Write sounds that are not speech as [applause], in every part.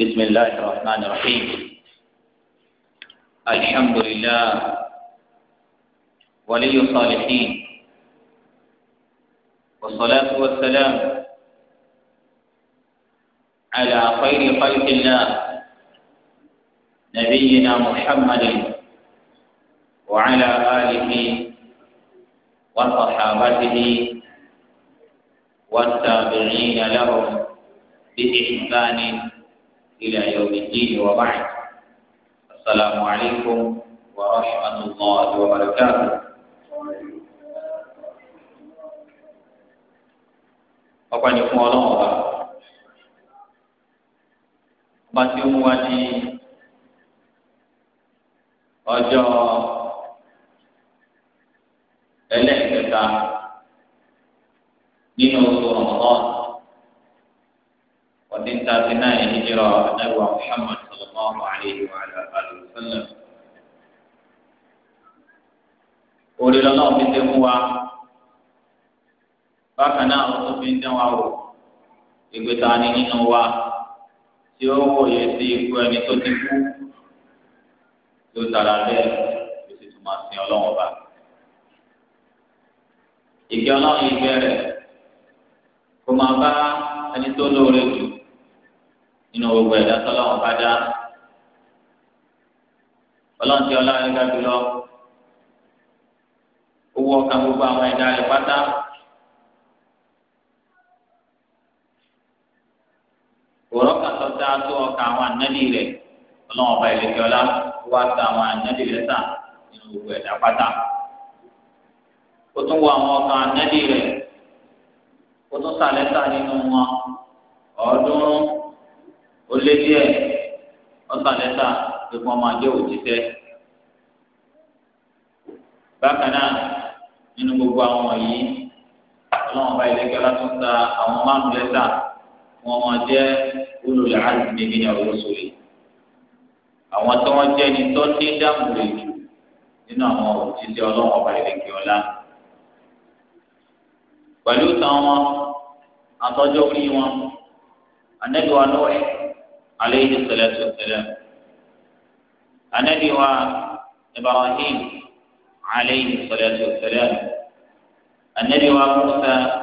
بسم الله الرحمن الرحيم الحمد لله ولي الصالحين والصلاة والسلام على خير خلق الله نبينا محمد وعلى آله وصحابته والتابعين لهم بإحسان إلى يوم الدين وبعد السلام عليكم ورحمة الله وبركاته ọpẹ́ ni fún Ọlọ́run ọba ọba tí ó mú wa ní ọjọ́ ẹlẹ́ẹ̀kẹta nínú oṣù Ramadan ترى نبوى محمد صلى الله عليه وعلى آله وسلم orí lọ́nà fi ṣe fún wa bákan náà ó tún fi ń dán wa wò ìgbésà ni nínú wa tí ó wòye sí ikú ẹni tó ti kú tó tara lẹ́ẹ̀ tó sì tún máa sin ọlọ́wọ́n bá. ìgbẹ́ ọlọ́run ìgbẹ́ rẹ̀ kò máa bá ẹni tó lóore jù nínú gbogbo ẹ̀dá tọ́lọ́wọ́n bá dá ọlọ́run tí ọlọ́run ẹ̀ka jùlọ owó ọkàn gbogbo àwọn ẹ̀dá rẹ̀ pátá. òrọ́ kan tó dáa tó ọkàn àwọn ànábì rẹ̀ ọlọ́run ọba ìlẹ̀kẹ́ ọlá wá ta àwọn ànábì rẹ̀ tà nínú gbogbo ẹ̀dá pátá. ó tún wọ àwọn ọkàn ànábì rẹ̀ ó tún sàlẹ̀ tà nínú wọn ọ̀ọ́dúnrún ó lé díẹ̀ ọ̀tàn lẹ́tà pé kí wọ́n máa jẹ́ òjíṣẹ́ bákan náà nínú gbogbo àwọn wọ̀nyí ọlọ́run bá ilé kẹ́lá tó ń ta àwọn márùn lẹ́tà wọ́n máa jẹ́ olùlẹ̀ àdìmí ní ọ̀rọ̀ sórí àwọn tó wọ́n jẹ́ ni tó ní dáàbò rẹ̀ jù nínú àwọn òjíṣẹ́ ọlọ́run ọba ilé kẹ́ọ́lá pẹ̀lú tán wọn àtọ́jọ́ orí wọn anẹ́gbẹ̀wá lọ́wọ́ ẹ̀. عليه الصلاة والسلام النبي إبراهيم عليه الصلاة والسلام النبي موسى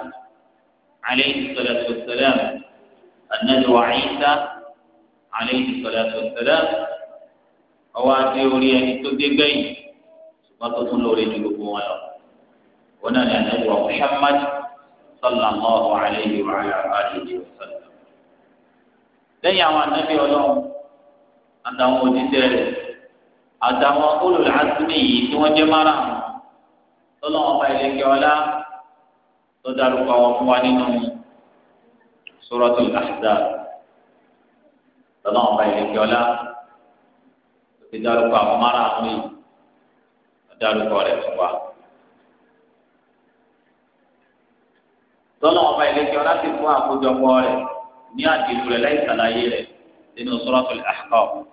عليه الصلاة والسلام النبي عيسى عليه الصلاة والسلام هو أتيوري أن تدقين ما تطلوري جلوبه ولو ونال النبي محمد صلى الله عليه وعلى آله وسلم lẹ́yìn àwọn anábì ọlọ́run àtàwọn òjíṣẹ́ rẹ̀ àtàwọn olùlàásílẹ yìí tí wọ́n jẹ́ mara tọlọmọ ọba ìlẹkẹ ọlá tó dárúkọ àwọn fún wa nínú Suratul Ahzab tọlọmọ ọba ìlẹkẹ ọlá tó ti dárúkọ àwọn mara àwọn yìí tó dárúkọ fún wa. tọlọmọ ọba ìlẹkẹ ọlá ti fún àkójọpọ̀ rẹ̀. نياتي يقول ليس لا يلي إنه صورة الأحقاب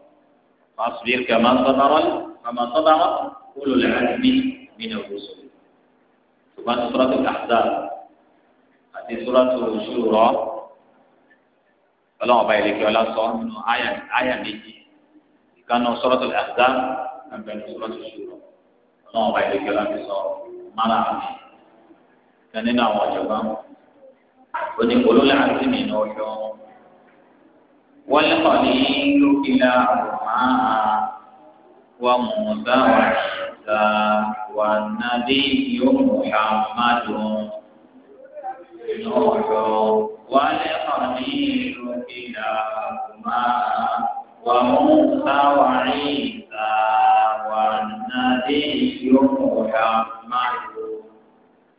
فأصبر كما صدر كما صدر كل العلم من الرسل ثم صورة الأحزاب هذه صورة الشورى فلا أبايلك ولا صور منه آية آية نجي كان صورة الأحزاب أم بين صورة الشورى فلا أبايلك ولا صور ما لا أمي كان هنا واجبا oní olólà àti nínú ọjọ́ wọ́n lẹ́kọ̀ọ́ ní lókìlá àwòrán wa mọ̀ọ́dá wa ṣẹ̀dá wa nàbí yóò Muhammadu nínú ọjọ́ wọ́n lẹ́kọ̀ọ́ ní lókìlá àwòrán wa mọ̀ọ́dá wa ṣẹ̀dá wa nàbí yóò Muhammadu.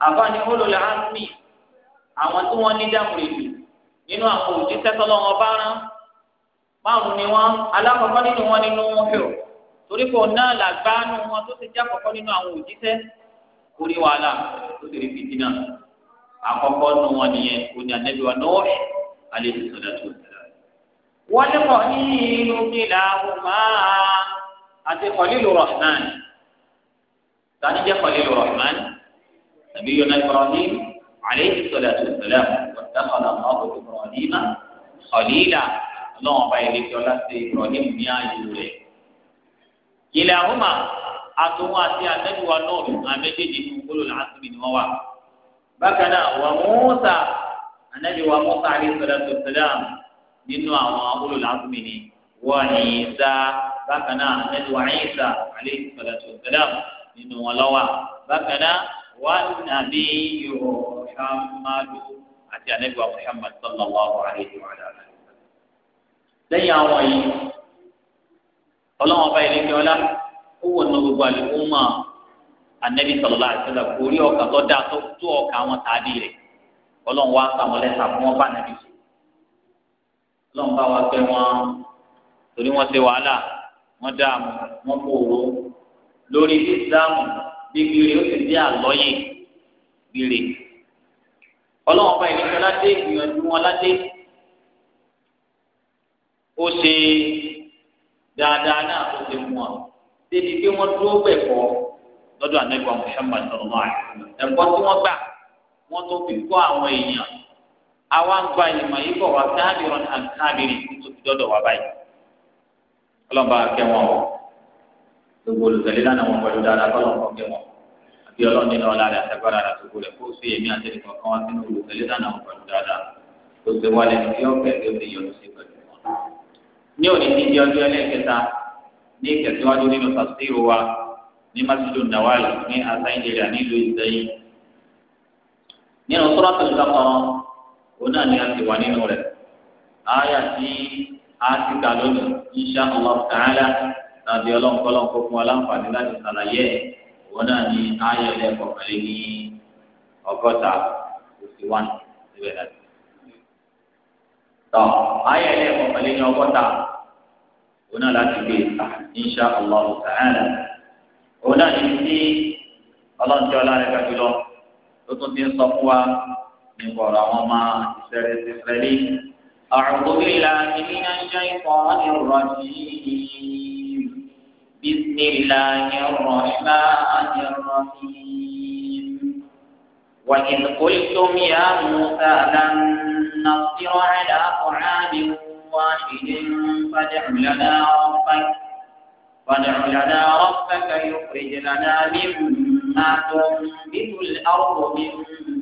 àbá ni olólà àti nínú àwọn tí wọ́n ní dàmú rèébi nínú àwọn òjíṣẹ́ tọ́lọ́wọ́n bá rán márùn ni wọ́n alákọ̀ọ́kọ́ nínú wọn nínú hìrò torí kò náà làgbáánu wọn tó ti jẹ́ àkọ́kọ́ nínú àwọn òjíṣẹ́ orí wàhálà tó ti rí fìdínà àkọ́kọ́ nínú wọn nìyẹn òní ànẹ́bí wa náà wọ́n alẹ́ ìsọdá tó tẹ̀lé. wọ́n ní kọ́ ní inú kìlá ọ̀hún àti kọ́lílù rọ̀hánì tani jẹ́ kọ́lílù rọ̀hánì عليه الصلاة والسلام واتخذ الله إبراهيم خليلا اللهم بارك ولا إبراهيم يا يوري كلاهما أتوا أتي النبي والنور أمجد يقول العصر من موا بكنا وموسى النبي وموسى عليه الصلاة والسلام من àwọn olùlàkùnmí ni wọ́n ní ìsá bákan náà nínú àyíṣà àlẹ́ ìsọ̀lá tó والنبي محمد àti anabi wa muhammad sallallahu alayhi wa sallam. lẹ́yìn àwọn yìí ọlọ́wọ́n bá ilé kíọ́lá ó wọ̀ ní gbogbo àlùkò mọ́ anabi sallallahu alayhi wa sallam kò rí ọkà tó dáa tó tó ọkà àwọn tàbí rẹ̀ ọlọ́wọ́n wá sàmọ́ lẹ́sà fún wọn bá nàbí sùn. ọlọ́wọ́n bá wa pẹ́ wọn torí wọ́n ṣe wàhálà wọ́n dáàmú wọ́n kó owó lórí islam igi rẹ̀ ó sì jẹ́ àlọ́yè gbére ọlọ́wọ́n bá ìdíkan ládé ìgbìyànjú wọn ládé ó ṣe dáadáa náà ó ṣe mú wọn débi pé wọ́n dúró gbẹ̀kọ́ lọ́dọ̀ anagba Muhammad sọlọ́mọ ẹ̀kọ́ tí wọ́n gbà wọ́n tó fi kọ́ àwọn èèyàn àwa ń gba ìmọ̀ yìí bọ̀ wá sábìrán àti sábìrì tó ti dọ́dọ̀ wá báyìí ọlọ́mọba kẹwọn wọn gbogbo olùtẹ̀lé lánàá wọn pẹ̀lú dáadáa kọ́ lọ́wọ́ kọ́kẹ́ wọn àti ọlọ́run nínú ọ̀la rẹ̀ àtẹ̀gbára rẹ̀ àtúgbò rẹ̀ kó sí èmi àti ẹnì kọ̀ọ̀kan wá sínú olùtẹ̀lé lánàá wọn pẹ̀lú dáadáa tó ṣe wá lẹ́nu tí ọ̀fẹ́ tó ti yọ sí pẹ̀lú wọn. ní òní ti di ọjọ́ ẹlẹ́ẹ̀kẹta ní ìtẹ̀síwájú nínú tafsiru wa ní masjidu nawali ní asayin nàìjíríà nílùú Ìṣẹ̀yìn nínú suratul Baqara òun náà Allah ta'ala tàbí ọlọ́nkọ́lọ́n kó fún aláǹfààní láti ṣàlàyé ẹ̀ òun náà ní ayọ̀lẹ̀ kọ̀ọ̀kẹ́lẹ́ ní ọgọ́ta fifty one níbẹ̀ láti. tọ́ ayọ̀lẹ̀ kọ̀ọ̀kẹ́lẹ́ ní ọgọ́ta òun náà láti gbé ìta e, insha allah ta'ala òun náà ní sí ọlọ́njọ́ lára ẹ̀ka tó tún ti ń sọ fún wa nípa ọ̀rọ̀ àwọn ọmọ ìṣẹ̀rẹ̀ ìṣẹ̀rẹ̀ lé. أعوذ بالله من الشيطان الرجيم بسم الله الرحمن الرحيم وإذ قلتم يا موسى لن نصبر على طعام واحد فادع لنا ربك فادع لنا ربك يخرج لنا مما تنبت الأرض من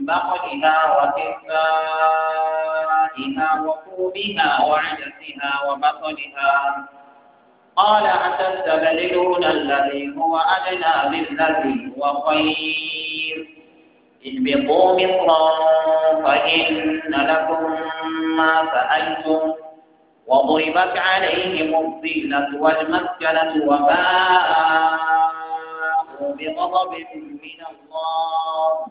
بقلها وكفائها وكوبها وعدسها وبصلها قال أتستبدلون الذي هو أدنى بالذي هو خير اهبطوا مصرا فإن لكم ما سألتم وضربت عليهم الذلة والمسكنة وباءوا بغضب من الله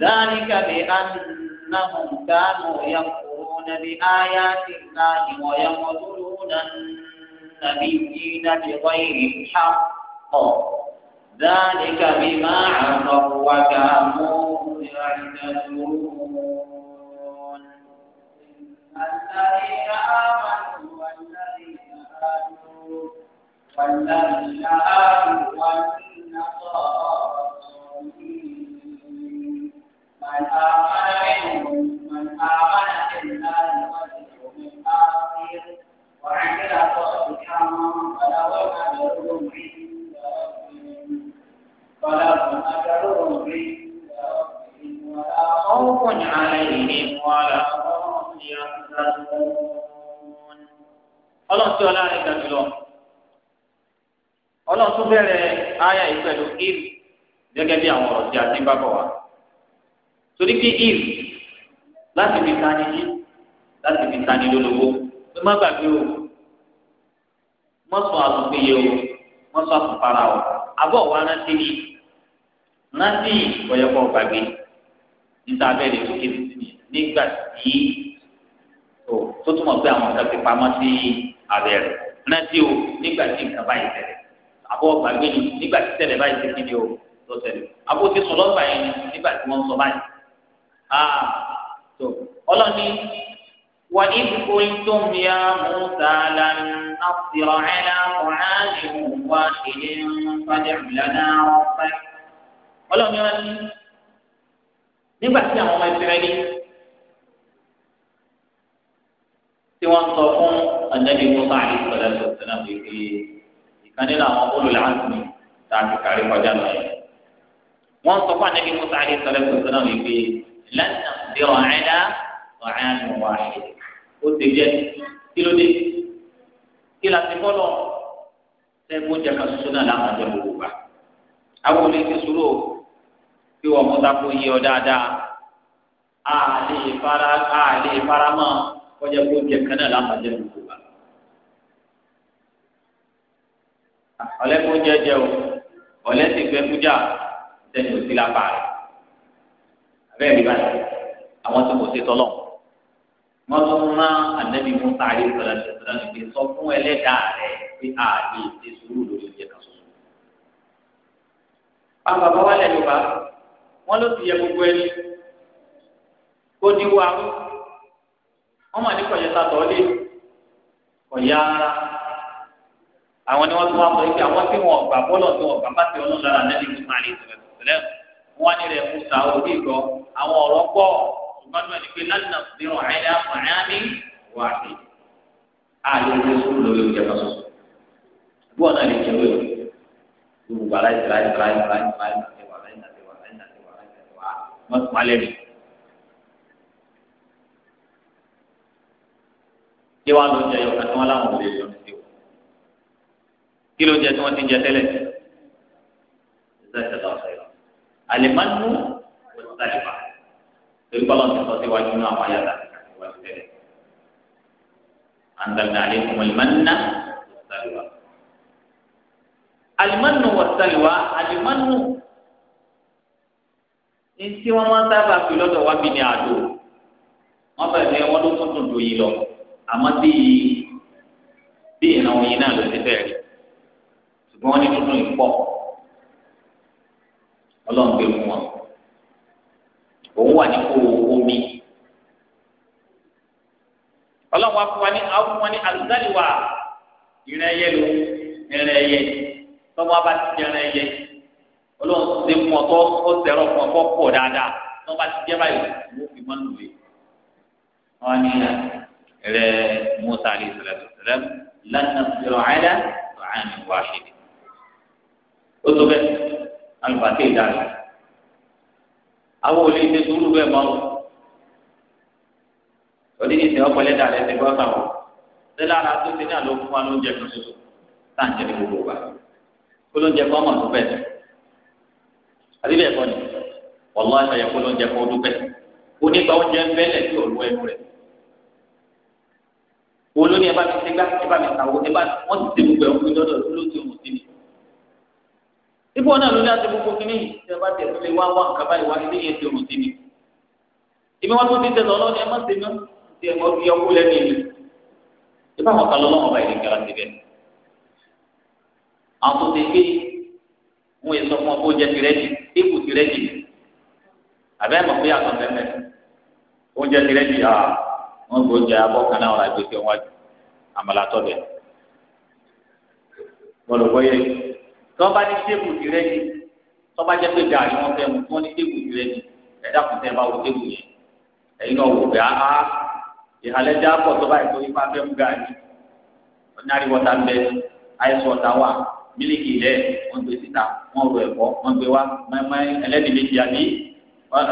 ذلك بأنهم كانوا يكفرون بآيات الله ويقتلون الناس النبيين بغير الحق ذلك بما عصوا وكانوا يعتذرون الذين آمنوا والذين هادوا والذين آمنوا والنصارى من آمن منهم من آمن بالله واليوم الآخر وعندنا قصد حرام فلا وهم أجرهم عند ربهم فلا هم أجرهم عند ربهم ولا خوف عليهم ولا هم يحزنون ọlọ́run tí ọlá rẹ̀ gbàgbé lọ ọlọ́run tún bẹ̀rẹ̀ àyà yìí pẹ̀lú if gẹ́gẹ́ bí láti fi tani jí lólobó pé má gbàgbé o má sọ àtúnpéye o má sọ àtúnpara o àbọ̀ wa rántí ni rántí ìkọ̀yẹ́kọ̀ gbàgbé níta abẹ́rẹ́ tó kéde sí mi nígbà tí o tó túmọ̀ pé àwọn kan ti pamọ́ sí abẹ́rẹ́ rántí o nígbà tí nǹkan báyìí tẹ̀lé àbọ̀ gbàgbé ni nígbà tí tẹ̀lé báyìí tẹ̀lé ni o tó tẹ̀lé àbò ti sùn lọ́gbà yẹn nígbà tí wọ́n sọ báyìí. وإذ قلتم يا موسى لن نصبر على طعام واحد فادع لنا ربك ọlọ́run yóò ní nígbà tí àwọn ọmọ ìsirẹ́lì tí wọ́n sọ fún ànábì musa àdìsọ́lá tó sẹ́nà wípé ìkan nínú àwọn olùlàásìmì tá a ti kárí kọjá lọ yẹn wọ́n sọ fún ànábì musa àdìsọ́lá tó sẹ́nà wípé lẹ́nà bí ọ̀rẹ́dá ọ̀rẹ́ àlùwáṣẹ́ ó ti jẹ kí ló dé kí la ti fọlọ ṣe kó jẹ ká soso náà láwọn ọjọ́ gbogbo wa àwọn olè ti sùúrù kí wọn mú sáfù yí ọ dáadáa a lè fara a lè fara mọ́ kọjá kó jẹ ká náà láwọn ọjọ́ gbogbo wa ọlẹ́kùn jẹjẹ o ọlẹ́sìn gbẹkújà sẹ́ni òsì lápá rẹ̀ abẹ́rẹ́ bá yẹ àwọn tó kò ṣe tọ́lọ̀ wọn tún rán ànábì musa àyè sọlá sọlá níbi sọ fún ẹlẹ́dàá rẹ pé ààyè ti sùúrù lórí oúnjẹ kan sọsọ. bàbá bá wà lẹ́nu bá wọn ló ti yẹ gbogbo ẹni kó ní wa wọn mà ní kọjá sàtọ lé kọjá ara àwọn ni wọn tún wá sọ pé àwọn tí wọn gbà bọlọ tí wọn gbà bá ti ọlọ́run lára ànábì musa àyè sọlá sọlá wọn á ní rẹ musa òbí gbọ́ àwọn ọ̀rọ̀ gbọ́. وقال ملك لن نصبر على طعام واحد أهل الرسول لو يوجد نصر هو أنا اللي جاوي يقول على إسرائيل إسرائيل إسرائيل إسرائيل إسرائيل إسرائيل إسرائيل إسرائيل إسرائيل إسرائيل kí wàá lọ jẹ yọkan tí wọn láwọn ò lè yọ ní tiwọn kí ló jẹ tí wọn ti jẹ tẹlẹ tí ẹ sẹ ẹ sẹ lọ sẹ yọ alimánu ọsẹ alimánu. torí bọ́lá ti sọ síwájú náà àwọn ayáta ti kà síwájú tẹ́lẹ̀. àǹdàgbà àlékún alimanna wàsálùwà. alimannu wàsálùwà alimannu ní tí wọ́n máa ń sábà fi lọ́dọ̀ wá bí ní àdó wọ́n bẹ̀rẹ̀ ní wọ́n ló dùn dùn yìí lọ àmọ́ bí bí ìran oyin náà ló ti bẹ̀rẹ̀ ṣùgbọ́n wọ́n ní tuntun ìpọ̀ ọlọ́run gbé fún wọn òun wà nípò omi ọlọ́run wa fún wa ní àwọn wọn ní alùdáliwa ìrìn ẹyẹ ló ìrìn ẹyẹ tọ́wọ́ bá ti jẹ́ ìrìn ẹyẹ ọlọ́run ti mú ọtọ́ ó tẹ̀rọ fún ọkọ́ pọ̀ dáadáa tọ́wọ́ bá ti jẹ́ báyìí wọ́n fi mọ́ nùwé wọn ní rẹ Musa alayhi salatu salam lana sọ̀rọ̀ àyà sọ̀rọ̀ mi wá ṣe. ó tó bẹ́ẹ̀ alùpàtẹ́ ìdára àwọn olè ṣe sùúrù bẹ́ẹ̀ mọ́ oníyìí ṣe ọ̀pọ̀lẹ́ dà lẹ́sẹ̀ bọ́ sàwọn ṣé lára tó ṣe náà ló fún wa lóúnjẹ kan ṣoṣo tá à ń jẹ ní gbogbo wa kó lóúnjẹ kan mọ̀ tó bẹ́ẹ̀ àbí bẹ́ẹ̀ kọ́ ni wọ́lá ìfẹ̀yẹ̀ kó lóúnjẹ kan ó dúpẹ́ onígbà oúnjẹ ń bẹ́lẹ̀ tí ò lú ẹnu rẹ̀ olóní ẹ bá mi ṣe gbá ẹ bá mi ṣàwọ ẹ bá wọ́n ti ṣe gbogbo ẹ̀ Ibu náà ló ní àti gbogbo kínní ìṣẹ́ bá tẹ̀ sílé wá wá nǹkan báyìí wá ilé yẹn ti rùn sí mi. ìbí wọn tó ti tẹ̀lé ọlọ́ni ẹ má ṣe mọ́ ti ẹ̀mọ́ fi ọkú lẹ́nu ìlú. ìbá wọn kà lọ́wọ́ ọba ìdí kẹra síbẹ̀. àwọn tó ti gbé wọn yẹ sọ fún ọ kó jẹ tìrẹ́dì ikú tìrẹ́dì àbẹ́ mọ̀ pé àtọ̀ mẹ́mẹ́ oúnjẹ tìrẹ́dì à wọ́n gbọ́ jẹ abọ́ kan náà ọ̀rọ̀ àgbẹ̀kẹ̀ tọ́ba ní tébù ìrẹ́jì tọ́ba jẹ́ pé gàrí wọn fẹ́ mu tí wọ́n ní tébù ìrẹ́jì ẹ̀dá kò tẹ́ bá wo tébù yẹn ẹ̀yin náà wò pé áá ah, ah, ìhàlẹ́ já pọ̀ tọ́ba ètò ipa fẹ́ mu gàrí ordinary water bẹ ice water wà mílíkì lẹ̀ wọ́n gbé síta wọ́n rọ ẹ̀fọ́ wọ́n gbé wá mẹ́mẹ́ ẹlẹ́dìí méjì àbí wọ́n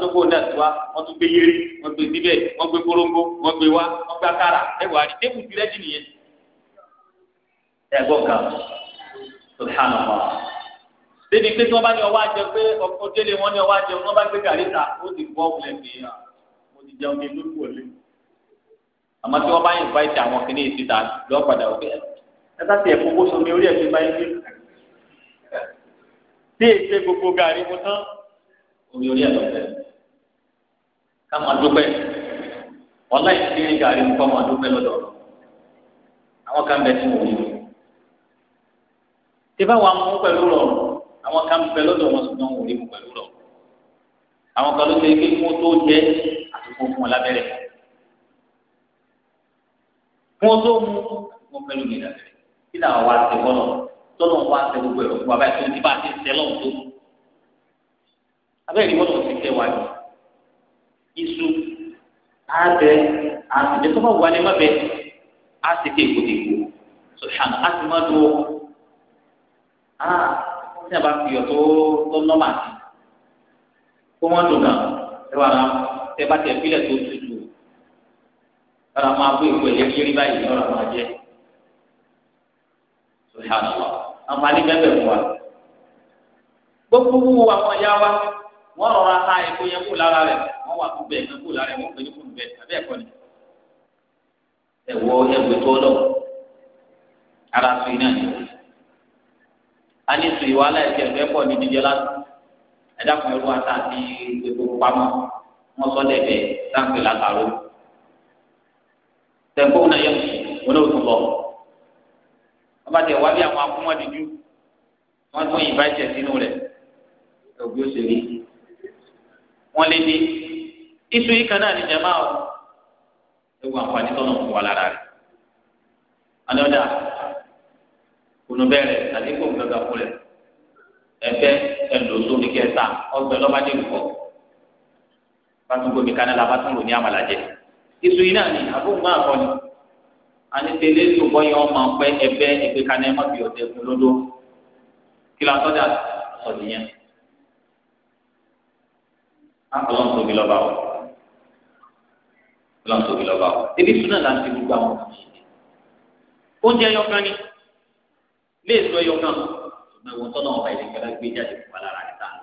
tó kó náà wá wọ́n tó gbé yéré wọ́n gbé síbẹ̀ wọ́n gbé korongo wọ́n gbé wá wọ́n gbé akara ẹ̀wà àti tébù ìrẹ́jì nìyẹn ẹ̀gbọ́n kan subhanallah débi pé tí wọn bá ní ọwọ́ àjẹ pé ọkọ délé wọn ní ọwọ́ àjẹ wọn bá gbé gàrí ta ó ti bọ ọkùnrin ẹgbẹ yẹn ó ti jẹun ní lórí wọlé àmọ́ tí wọn bá yìn fáìtì àwọn kìnìún ti ta lọ padà ọgbẹ ẹ sáti ẹ fún bóso mi orí ẹgbẹ báyìí gbé tí èsè gbogbo gàrí mu tán omi orí ẹlọfẹ ká máa dúpẹ́ ọlá ìṣirí gàrí mu kọ́ máa dúpẹ́ lọ́dọ̀ àwọn kan bẹ tí mo wù tẹ́fẹ́ wa mú pẹ̀lú rọrùn àwọn kan bẹ lọ́dọ̀ wọn ṣùgbọ́n wọn ò rí mú pẹ̀lú rọrùn àwọn kan ló ṣe kí mú tó jẹ àtúkò fún wọn lábẹ́rẹ́ fún wọn tó mú wọn pẹ̀lú mi lábẹ́rẹ́ kí làwọn wá ṣe bọ́lọ̀ tọ́lọ̀ wá ṣe gbogbo ẹ̀rọ fún wa báyìí tó ti bá ti ṣẹ́ lọ́wọ́ tó abẹ́rẹ́ ìwọ́n lọ sí tẹ́ wa yìí iṣu àbẹ àtìjẹ́ tó bá wà ní mọ́bẹ á ti ké sọ̀tàn á má dúró. Ah, ní àbá fi ọ̀tọ̀ tó nọ́mà sí kó wọ́n dùn náà ẹ wà náà tẹ bá tẹ fílẹ̀ tó tutù ọ̀rọ̀ máa bó ìwé ẹ̀yẹ́kiri báyìí ọ̀rọ̀ máa jẹ́ subhanallah àǹfààní bẹ́ẹ̀ fún wa gbogbo àwọn ọ̀yá wa wọ́n rọra ta èkó yẹn kú lára rẹ̀ wọ́n wà kú bẹ́ẹ̀ kan kú lára rẹ̀ wọ́n pè é kú abẹ́ ẹ̀kọ́ ni ẹ̀wọ́ ẹ̀wọ́ tó lọ ara sùn náà ni ani sùn ìwà aláìsí ẹgbẹ́ pọ̀ ní dídí ọlá ẹ̀dá kan irú ata àti epo pamọ́ wọn sọ lẹ́bẹ̀ẹ́ sáǹpì làkàró tẹ̀kọ́ wọn yẹ wọn náà tún bọ̀ wọn bá tẹ̀ wá bí àwọn akúmọ̀ dídú wọn tún yìnbá ìtẹ̀ sínú rẹ̀ òbí ó ṣe wọn lé ní iṣu yìí kan náà ní jẹ̀máà ó ewu àǹfààní tọ́nà fún wa lára rẹ̀ alẹ́ ọ̀dà kunu bẹ̀rẹ̀ tàbí kò gbẹgbẹ kulẹ ẹfẹ ẹlò sómi kẹta ọgbẹ lọbadé lùkọ bàtúgbòmí kanala bàtúgbò ní amalajẹ isu yìí náà ni àbúrò máa kọ ni anitele tó bọyọ ọmọ pẹ ẹbẹ ẹgbẹ kanẹ má fi ọtẹ kún lódó kí la sọdá sọdìyẹn akọlọ́n tóbi lọ́ba o akọlọ́n tóbi lọ́ba o ebi sunu náà ti gbogbo àwọn ọmọ yìí oúnjẹ yọ ni. lé èso ẹyọ kan ṣùgbọ́n ìwọ̀n tọ́nà ọba ìdíkẹ́lá gbé jáde fún wa lára rẹ̀ tán.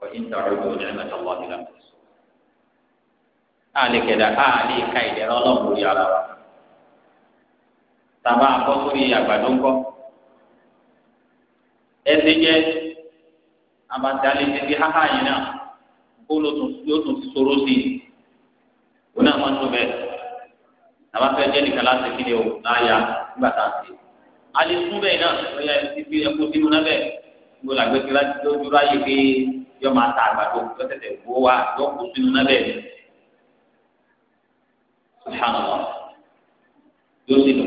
وإن تعودوا نعمة الله لا تحصوها àlè kẹdà àlè ka ìdẹ̀rẹ̀ ọlọ́run lórí ara wa tàbá àbọ̀ sórí àgbàdo ńkọ́ ẹsẹ̀ jẹ́ abatali títí háhá yìí náà kó ló tún yóò sí i náà bẹ́ẹ̀. àwọn afẹ́ jẹ́ nìkan láti kí ni o láàyà nígbà tá a ti. a lè fún bẹ́ẹ̀ náà ó yẹ ibi ẹkú sínú náà bẹ́ẹ̀ gbogbo làgbé ti láti lójú láyé pé yọ máa ta àgbàdo yọ tẹ̀tẹ̀ gbó wa yọ kú sínú náà bẹ́ẹ̀. subhanallah yóò sì lò.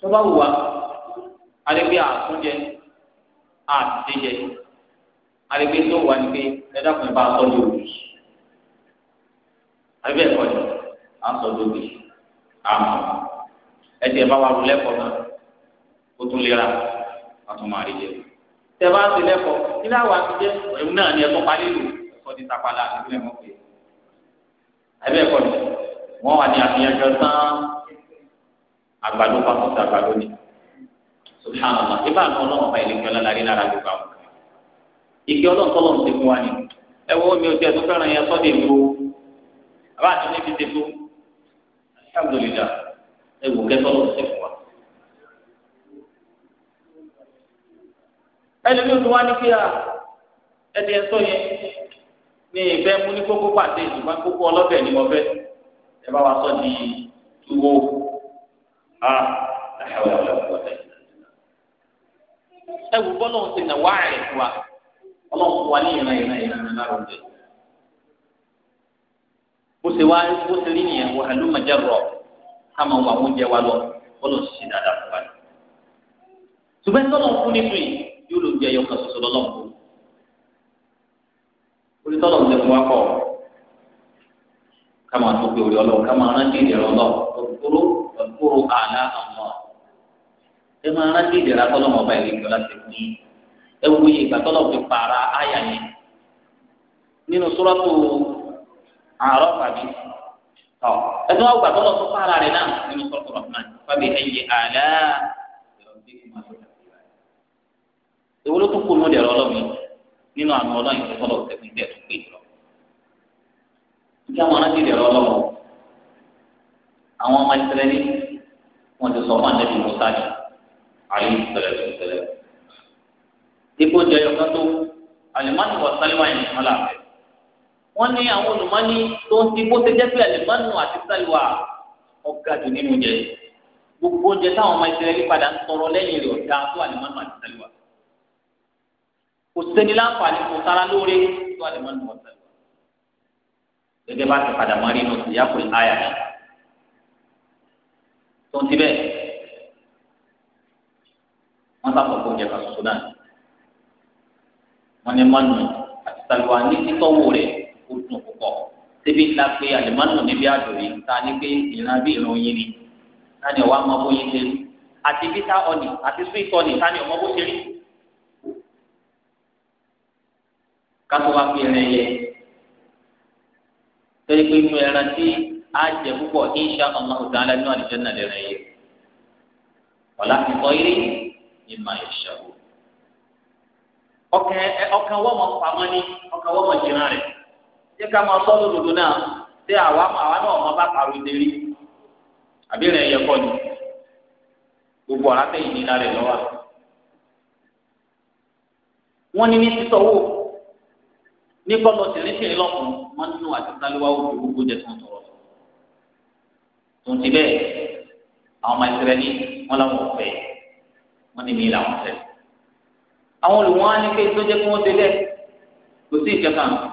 tó bá wù wá a lè gbé àtúnjẹ àtúnjẹ a lè gbé tó wà ní pé ẹ dákun ẹ bá tọ́jú òbí. a lè bẹ́ẹ̀ kọ́ ni à ń sọ lóde àmọ́ ẹsẹ̀ bá wà lù lẹ́kọ̀ọ́ náà ó tún lera wọ́n tún máa rí jẹ. tẹ bá ń ti lẹ́kọ̀ọ́ nílẹ̀ àwọn àtijọ́ ẹ̀wù náà ni ẹ̀tọ́ parí lò ẹ̀kọ́ ti tapala àdúgbò ẹ̀mọ́ pé ẹ̀bẹ̀ ẹ̀kọ́ ni wọ́n wà ní àfihànjọ tán àgbàdo papọ̀ sí àgbàdo ni subhanallah ibà ní ọlọ́run ọba ìlẹ̀kẹ́ ọlọ́lárí lára gbogbo àwọn ìkẹ́ ọlọ́run tọ́lọ́run ti fún wa ni ẹ̀wọ́ mi ò tiẹ̀ tó fẹ́ràn yẹn sọ́dẹ̀ ìgbò àbá àti níbi tètò alhamdulillah ẹ wò kẹtọ́ lọ fún wa. ẹlẹ́mi tó ní kí a ẹni ẹ sọ yẹn ní ìfẹ́ mú ní kókó pàdé ìgbà kókó ọlọ́bẹ̀ ni mo fẹ́ ẹ bá wa sọ di tuwo a fún wa ọlọ́run fún wa ní bó ṣe wá bó ṣe rí nìyẹn wọ àlùmọ jẹ rọ káma wà oúnjẹ wa lọ bọlọ ṣiṣẹ dáadáa fún wa ni. ṣùgbọ́n tọ́lọ̀ ń fún nínú yìí yóò lóúnjẹ yọ kan ṣoṣo lọ́lọ́ fún un. orí tọ́lọ̀ ń lẹ́kùn wá kọ̀ káma tó gbé orí ọlọ́wọ́ káma rántí ìdẹ̀rẹ̀ ọlọ́wọ́ ọ̀dùkúrú ọ̀dùkúrú àlá àmọ́ ẹ máa rántí ìdẹ̀rẹ̀ akọ́lọ́mọ ọba ìrìnkì ọlá ti fún yín ẹ wúye ìgbà tọ́lọ̀ fi àárọ̀ fàbí ọ ẹni wọn gbà tó lọ tó fara rẹ náà nínú sọtò rahman fàbí ẹyẹ àlá ìwúlò tó kú lóde ọ̀rọ̀ lọmi nínú àmì Ọlọ́run tó tọlọ tẹsán tẹ tó pé jùlọ ìjà wọn láti dẹrọ lọ́wọ́ àwọn ọmọ ìsirẹlẹ wọn ti sọ fún àdébí musa ni àyè ìsirẹlẹ ìsirẹlẹ ipò jẹyọ kan tó alimani wa saliwa yìí wọ́n ní àwọn olùmọ́ni tó ń ti bó ṣe jẹ́ pé àlùmọ́nù àti sálùwà ọ̀gá jù nínú oúnjẹ gbogbo oúnjẹ táwọn ọmọ ìṣẹ̀lẹ̀ padà ń tọrọ lẹ́yìn rẹ̀ ọ̀dà tó àlùmọ́nù àti sálùwà kò sẹ́ni láǹfààní kò sára lóore tó àlùmọ́nù àti sálùwà gẹ́gẹ́ bá ti padà mọ́rí inú ìyá pé àyà rẹ̀ tó ń ti wọ́n sábà kó oúnjẹ kan ṣoṣo náà wọ́n ní ó dùn púpọ̀ síbi ńlá pé àlùmọ́nù níbi àdòrí ta ni pé ìran bí ìran oyin ni táni ọwọ́ ọmọ bóyin ṣe rí àti bíta ọ̀nì àti sweet ọ̀nì táni ọmọ bó ṣe rí. kátó wá pé ẹran yẹ torí pé inú ẹran tí a jẹ púpọ̀ insha Allah ta'ala nínú àdìjọ́ náà lẹ́ran yẹ ọ̀la fi kọ́ eré ìmọ̀ ìṣàwọ̀ ọkàn wọ́n mọ̀ pamọ́ ní ọkàn wọ́n mọ̀ jìnnà rẹ̀ ṣé ká máa sọ lódodo náà ṣé àwa àwa náà máa bá kàrò ìdérí àbí rẹ̀ yẹ kọ́ ni gbogbo ọ̀rá tẹ̀yìn ní lálẹ́ lọ́wọ́ wọ́n ní ní sísọ́wọ́ ní kọ́lọ́ tìrìntìrìn lọ́kùn wọ́n nínú àti sáléwá òkú gbogbo jẹ tó ń tọrọ tó ń ti bẹ́ẹ̀ àwọn ọmọ ìsirẹ́lì wọn làwọn ò fẹ́ wọn ní mi làwọn àwọn olùwọ́n á ní pé tó jẹ́ kí wọ́n délẹ̀ kò sí ìjọba nù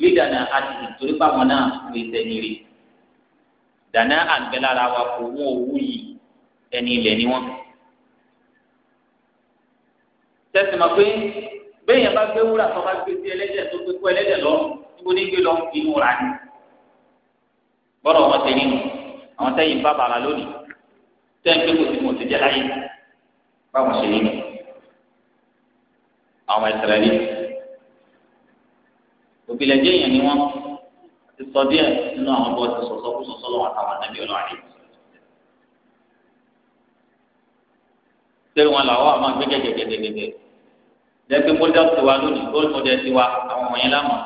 lídà náà a ti torí báwọn náà wọ ìsẹ̀ni rí dàná àgbẹ̀lára wa kò wọ́n owó yìí ẹni ilẹ̀ ni wọ́n. tẹ́sí ma pé bẹ́ẹ̀ yẹn bá gbé wúrà tó bá gbé sí ẹlẹ́dẹ̀ tó gbé kó ẹlẹ́dẹ̀ lọ níbo ní gbé lọ inú ra ni bọ́dọ̀ wọn ti nínú àwọn tẹ́yìn bá bàrà lónìí tẹ́yìn pé kò sí mo ti jẹ́ láyé báwọn ṣe nínú àwọn ìsirẹ́lì ìpìlẹ̀ jẹ́ èèyàn ni wọ́n ti sọ díẹ̀ nínú àwọn bọ́ọ̀ ti sọ̀sọ́ kó sọ̀sọ́ lọ́wọ́ àtàwọn ànábì ọlọ́run àdé. sẹ́yìn wọn làwọn àmọ́ gbé gẹ́gẹ́gẹ́gẹ́gẹ́ jẹ́pẹ́ mọ́dẹ́l ti wa lónìí góòlù mọ́dẹ́l ti wa àwọn wọ̀nyẹn lámọ̀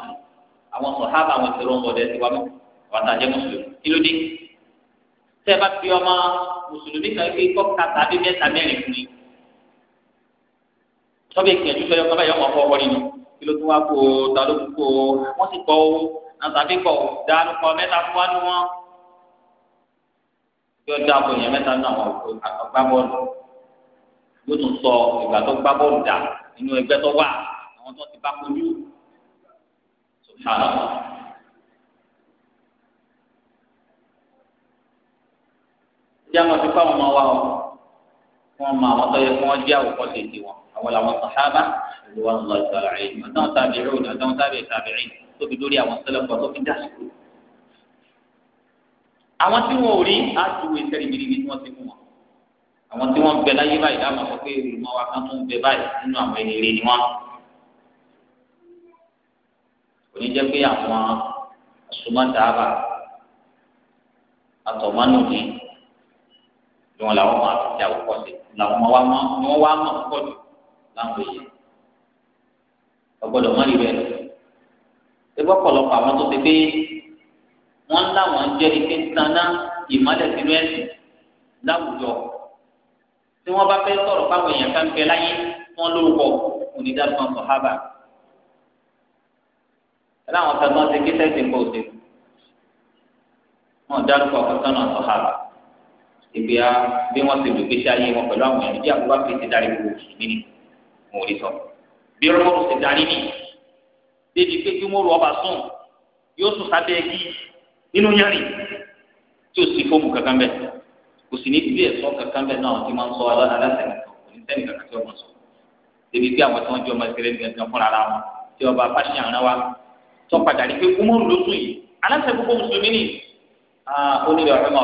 àwọn sọ̀hábà àwọn ti rọ́ mọ́dẹ́l ti wa mọ́ wàtà jẹ́ kí ló tún wá kó o ta ló tún kó o wọ́n sì kọ́ o nàtàbí kọ́ o dáadó kọ́ mẹ́ta fún wa ní wọn. kí ọ dáàbò yẹn mẹ́ta ní àwọn àgbà bọ́ọ̀lù yóò tún sọ ìgbà tó gbá bọ́ọ̀lù dà nínú ẹgbẹ́ tó wà àwọn tó ti bá kojú. Tí a máa fi fáwọn ọmọ wa ọ, wọ́n máa wọ́n tọ́ yẹ kí wọ́n jẹ́ àwòkọ́ tètè wọn àwọn làwọn sàhábà ìlú wa ń lọ ìtàlá rẹ̀ àtàwọn tàbí ìròyìn àtàwọn tàbí ìtàbírin tó fi dórí àwọn sẹlẹ̀kọ̀ tó fi dà sí. àwọn tí wọn ò rí àjùwé sẹ́rí mìíràn tí wọ́n ti mú wọn àwọn tí wọ́n ń bẹ láyé báyìí dáhùn àwọn pé olùmọ̀ wa kan tó ń bẹ báyìí nínú àwọn ẹni ni wọ́n. oníjẹ́ pé àwọn asomọ́dàbà àtọ̀mọ́nùdín ni wọ́n làwọn máa fi jà sí làwọn wá wá mọ̀ pọ̀ jù láwọn èèyàn ọgbọ́dọ̀ má rí bẹ́ẹ̀ ẹgbẹ́ ọ̀pọ̀lọpọ̀ àwọn tó ti pé wọ́n láwọn jẹ́ ike sanná ìmọ́lẹ̀ sínú ẹ̀sìn láwùjọ tí wọ́n bá fẹ́ sọ̀rọ̀ fáwọn èèyàn kan bẹ láyé wọ́n lórúkọ onídàgbọn sọ̀hábà láwọn kan náà ti ké sẹ́sì ń bọ̀ òde wọn dárúkọ kankan náà sọ̀hábà ìgbéyà bí wọ́n ti lò gbéṣẹ́ ayé wọn pẹ̀lú àwọn èèyàn bí àbúrò àti ti gbogbo ìgbìmí mo rí sọ bí rọmọrù ti darí mi débi pé kí mọrù ọba sùn yóò sùn sábẹ́ ẹgí nínú yẹrin tí o sì fóòmù kankan bẹ kò sì ní bí ẹsọ kankan bẹ náà ti máa ń sọ aláṣẹ nìkan kò ní sẹ́ni kankan tí o máa sọ débi pé àwọn tí wọn jẹ ọmọ ìṣẹ̀lẹ̀ nìkan kan fúnra ara wọn tí ọba fásitì àrùn wa tó padà rí pé kúmọrù ló sùn yìí aláṣẹ gbogbo mùsùlùmí ni onílé ọ̀rẹ́ mọ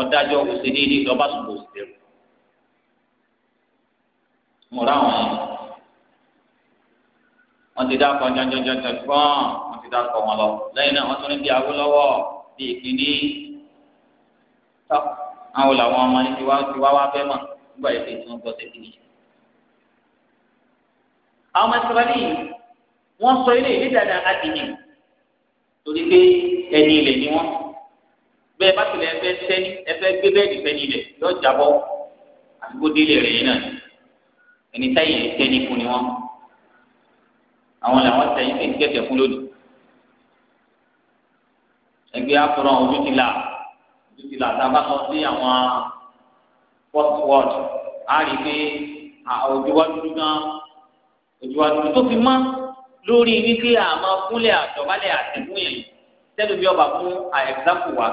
ọdájọ òṣèlérí lọba sùn kò sì dẹrù mo ráwọn yẹn wọ́n ti dákọ jọjọjọjọ gbọn wọ́n ti dákọ wọn lọ lẹ́yìn náà wọ́n tún ní bí Awólọ́wọ̀ bí ìkíní tọ àwọn làwọn ọmọ yìí ti wá ti wá wá fẹ́ mọ̀ nígbà yìí tí wọ́n gbọ́ sí ìkíní. àwọn ọmọ ìsirẹ́lì wọ́n sọ ilé ìdí dáadáa adìyẹ torí pé ẹni ilẹ̀ ni wọ́n bẹ́ẹ̀ bá tilẹ̀ ẹfẹ́ sẹ́ni ẹfẹ́ gbé bẹ́ẹ̀dì sẹ́ni ilẹ̀ yọ àwọn làwọn tẹ̀yìn tẹ̀yìn kẹ̀kẹ́ fún lónìí ẹgbẹ́ afọ̀rọ̀ ojú ti là ojú ti là sábà lọ sí àwọn port world a rí i pé ojú wa dúdú gan ojú wa dúdú tó fi mọ́ lórí wípé àmọ́ kúnlẹ̀ àtọ̀bálẹ̀ àtẹ̀kùn yẹn tẹ́lu bí ọba fún àyẹ̀kúsáfù wa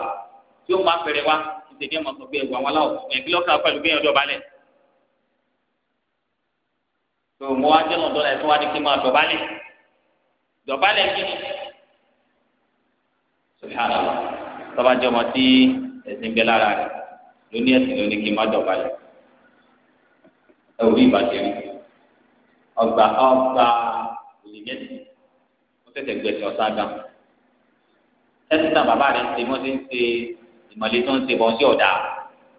tí ó máa fẹ̀rẹ̀ wa ìṣèjẹ́ mọ̀ sọ pé ẹ̀wọ̀ àwọn aláwọ̀ ẹ̀kí lọ́kàn pẹ̀lú bí ẹ̀yọ́ dọ̀bálẹ̀ tó mo wá jẹ́ lọ́dọ́ ẹ̀ tó wá ní kí n máa dọ̀bálẹ̀ dọ̀bálẹ̀ kí ni sọ̀rọ̀ tọ́ba jẹ́ ọmọ tí ẹ̀sìn bẹ́ lára rẹ̀ lóní ẹ̀sìn lóní kí n máa dọ̀bálẹ̀ ẹ ò rí ìbàjẹ́ rí ọgbà ọgbà òyìnbẹ́sì ó tẹ̀sẹ̀ gbẹ̀sẹ̀ ọ̀sá gan ẹ̀sìn náà bàbá rẹ̀ ń ṣe wọ́n ti ń ṣe ìmọ̀lẹ́ tó ń ṣe bọ́ sí ọ̀dà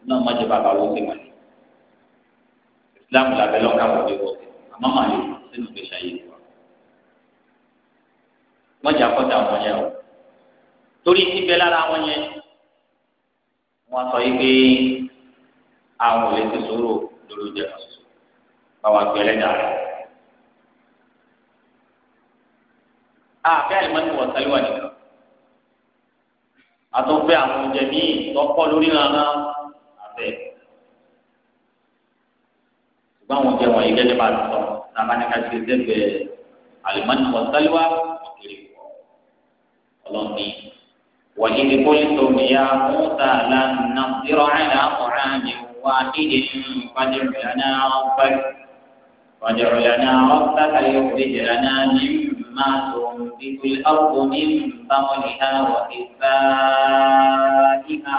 náà má jẹ́ bàbá wọ́n ṣe mọ̀lẹ́ àmọ́ màá yọ sínú ìgbésí ayé wa. wọ́n jà kọ́ta wọn yẹn o torí síbẹ̀ lára wọn yẹn wọ́n sọ yìí pé àwọn ò lè ti sòrò lórí jẹ́ kan ṣoṣo báwa gbé ẹlẹ́dàá rẹ̀. àfẹ́ àìmọ́ni wọ̀ sálíwà nìkan àtúnfẹ́ àwọn oúnjẹ míì tọ́kọ́ lórí rárá àfẹ́ ṣùgbọ́n àwọn oúnjẹ wọ̀nyí gẹ́gẹ́ bá a sọ nàbáníkà ti sẹ́gbẹ̀ẹ́ alimọ́nì mọ̀tálíwá ọ̀kẹ́rẹ́ ìwọ̀ ọlọ́ni wàyí ni kólítò níyà mọ́tà lánà zero àìlà ọ̀ràn mi wá nídìí fàjọ̀rọ̀ lánà ọ̀pẹ́ fàjọ̀rọ̀ lánà ọ̀pẹ́ kàlẹ́ òkúrẹ́jẹ̀ lánà ní mọ́tò bíbí ọ̀pọ̀ ní bámọ́lìhà wà ìgbà ìhà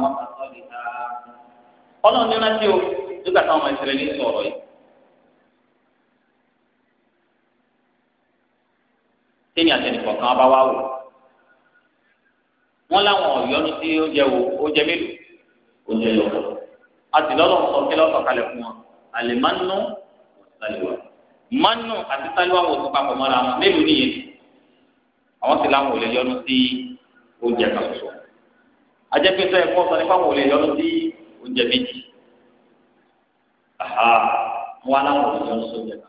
wà ọlọ́run ní rántí o nígbà táwọn ọmọ ìṣẹ̀lẹ̀ ní sọ̀rọ̀ yìí. téèyàn àtẹnìkọ̀ kan bá wá wò wọ́n láwọn ọ̀yọ́nu tí ó jẹ́ wo ó jẹ́ mélòó ó jẹ́ lọ́wọ́ àti lọ́lọ́ sọ kí lọ́sọ̀ kalẹ̀ fún wọn àlè mánú sálíwá mánú àti sálíwá wo tó papọ̀ mọ́ra wọn mélòó nìyẹn àwọn sì láwọn ò lè yọnu sí oúnjẹ kan ṣoṣo ajẹ́pẹ́sẹ́ ẹ̀kọ́ sọ nípa wọn ò lè yọnu sí oúnjẹ méjì aha wọn aláwọ òṣìṣẹ́ ń sọ jẹba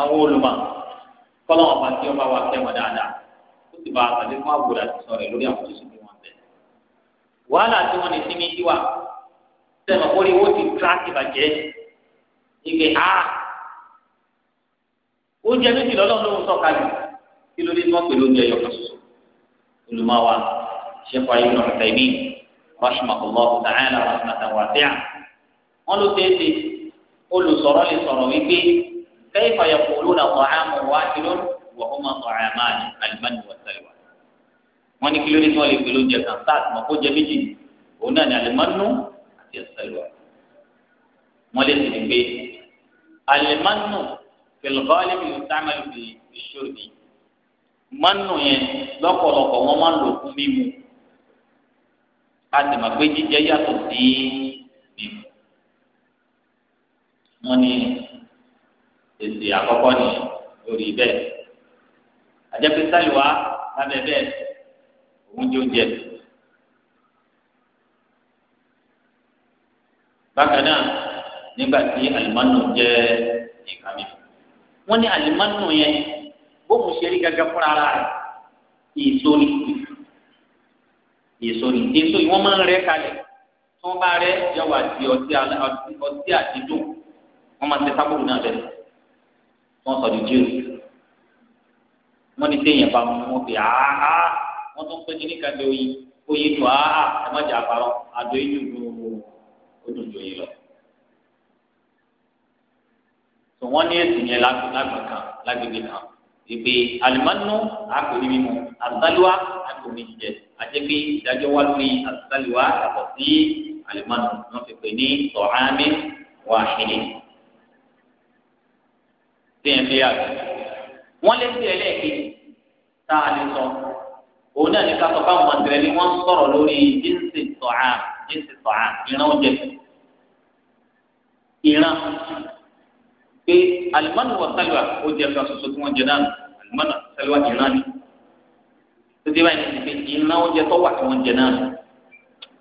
àwọn olùmọ kọlọ wọn bá tí wọn bá wà tẹwọn dáadáa ó sì bá àtàlẹ fún àbúrò àti sọ̀rọ̀ lórí àwọn oṣù tí wọn bẹ wàhálà tí wọn ní sí ní tiwa sẹmọ orí owó ti tíráàkì bàjẹ́ ike a oúnjẹ méjì lọ́lọ́ ló ń sọ̀kalẹ̀ kí ló dé tí wọ́n pè lóúnjẹ yọ̀kan ṣoṣo olùmọ̀ wa ṣẹ́kọ̀ọ́ ayé lọ́rọ̀ tẹ̀mí rahimahullahu ta'ala rahmatan wasi'a wọn ló tẹsí olùsọ̀rọ̀ lè sọ̀rọ̀ wípé kayfa yaquluna ta'amun wahidun wa huma ta'aman al-mannu was-salwa wọn ní kílódé tí wọn lè pèlú oúnjẹ kan sáà tìmọ kó jẹ méjì òun náà ní al-mannu àti as-salwa wọn lè sì ní pé al-mannu fil ghalib yusta'malu fi ash-shurbi mannu yẹn lọ́pọ̀lọpọ̀ wọn máa ń lò fún mímu a sì mọ̀ pé jíjẹ yàtọ̀ sí mímu. wọ́n ní èsì àkọ́kọ́ ni lórí bẹ́ẹ̀ àjẹpẹ́ sáyẹ̀wá lábẹ́ bẹ́ẹ̀ òun jẹ́ oúnjẹ. bákan náà nígbà tí alimánù jẹ́ nǹkan mi wọ́n ní alimánù yẹn bóun ṣe rí gẹ́gẹ́ fúnra rẹ̀ èso ni èso ni èso yìí wọ́n máa ń rẹ́ kalẹ̀ tí bá rẹ́ yóò wá di ọtí àdídùn wọ́n máa ń tẹ sábòrò náà bẹ́ẹ̀ wọ́n sọ di jíò wọ́n ní téèyàn bá mú wọn fi àhá wọ́n tún pé kíní kan lè oyin oyin tó àhá ẹ má jà àpárọ̀ àdó inú gbogbo ó dùn lọ. tó wọ́n ní èsì yẹn lágbègbè kan lágbègbè kan ìgbé alimánú àpò ní mímu àtàlùwà àpò ní jíjẹ àti pé ìdájọ́ wá lórí àtàlùwà yàtọ̀ sí àlùmọ́nù wọn fi pè ní tọ̀hámì wàhìnì tí ẹ̀ ń fi àgbẹ̀. wọ́n lé sí ẹlẹ́ẹ̀kejì tá a lè sọ òun náà ní ká sọ fáwọn ọ̀sẹ̀rẹ̀ ni wọ́n ń sọ̀rọ̀ lórí jíǹsì tọ̀há jíǹsì tọ̀há ìran oúnjẹ ìran pé àlùmọ́nù wàtàlùwà ó jẹ́ ká soso tí wọ́n jẹ náà àlùmọ́nù àtàlùwà ìran ni tètè báyìí ní ti fi iná oúnjẹ tó wà tí wọ́n jẹ náà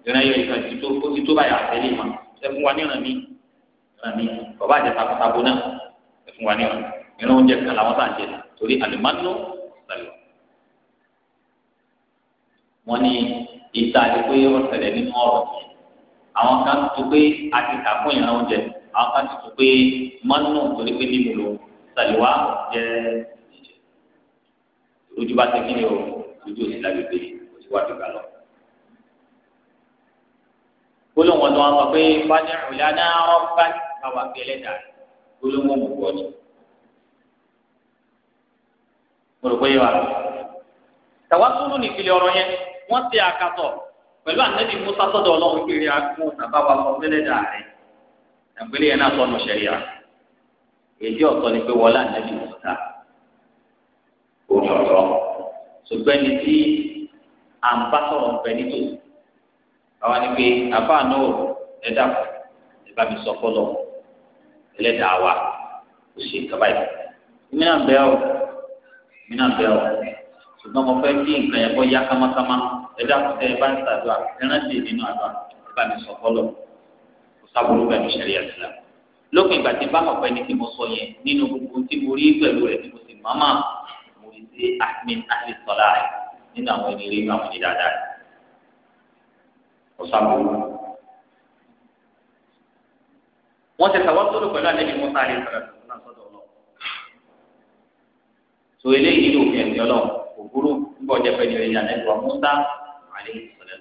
ìran yóò ìkan ti tó ó ti tó báyìí àtẹlé ma ẹ fún wa ní ìran mi ìran mi bàbá àjẹ takọtabo náà ẹ fún wa ní ìran ìran oúnjẹ kan làwọn tá à jẹ torí àlùmánú lálẹ́ wọn ní ìta àdìpé ọ̀sẹ̀lẹ̀ nínú ọ̀rọ̀ yìí àwọn kan tó pé àti kàkún ìran oúnjẹ àwọn kan tó pé mánú torí pé nínú lò sàlùwà jẹ ìjẹ lójú tẹ kí ni o ojú òní lágbègbè kò sí wájú gbà lọ. gbólóhùn ọ̀dọ́ wọn sọ pé fani ìlànà ọ̀gbá káwa fi ẹlẹ́dà gbólóhùn mú bọ́ ni. mo rò pé yẹ wa tàwa túnú nìpìlẹ̀ ọ̀rọ̀ yẹn wọ́n ti àkàtọ̀ pẹ̀lú ànẹ́bí musa sọ́dọ̀ ọlọ́run kiri akún tàbáwá sọ fẹ́lẹ́dà rẹ̀ ẹ̀pẹ́lẹ́ yẹn náà sọnù sẹ́ríà èdè ọ̀tọ̀ ni pé wọlé ànẹ́bí musa òun ọ̀rọ̀ ṣùgbọ́n ní tí à ń bá sọ̀rọ̀ ń bẹ àwọn ni pé àfa náà ẹ dàpọ̀ ẹ bá mi sọ fọlọ ẹlẹ́dàá wa kò ṣe kaba yìí mí náà bẹ́ẹ̀ o mí náà bẹ́ẹ̀ o ṣùgbọ́n mo fẹ́ kí nǹkan yẹn bọ́ yá kámákámá ẹ dàpọ̀ tẹ ẹ bá ń ṣàdúrà ẹ rántí nínú àdúrà ẹ mi sọ fọlọ kò sábúrú bẹ́ẹ̀ mi ṣẹlẹ̀ yàtọ̀ la ìgbà tí bá ọ̀pẹ ní tí mo sọ yẹn nínú gbogbo tí mo rí pẹ̀lú rẹ̀ tí mo sì máa ti sí ahmin ahli sọlá rẹ nínú àwọn ẹni rí àwọn ẹni dáadáa rẹ ọsàn gbogbo. wọn ti sàwọn tó lò pẹ̀lú àlejò mọta àlè sọlá sọlá sọ́dọ̀ ọlọ tó eléyìí ló fi ẹ̀mí ọlọ òbúrò ńgbọ jẹ pẹ̀lú ẹ̀yìn àlejò mọta àlè sọlá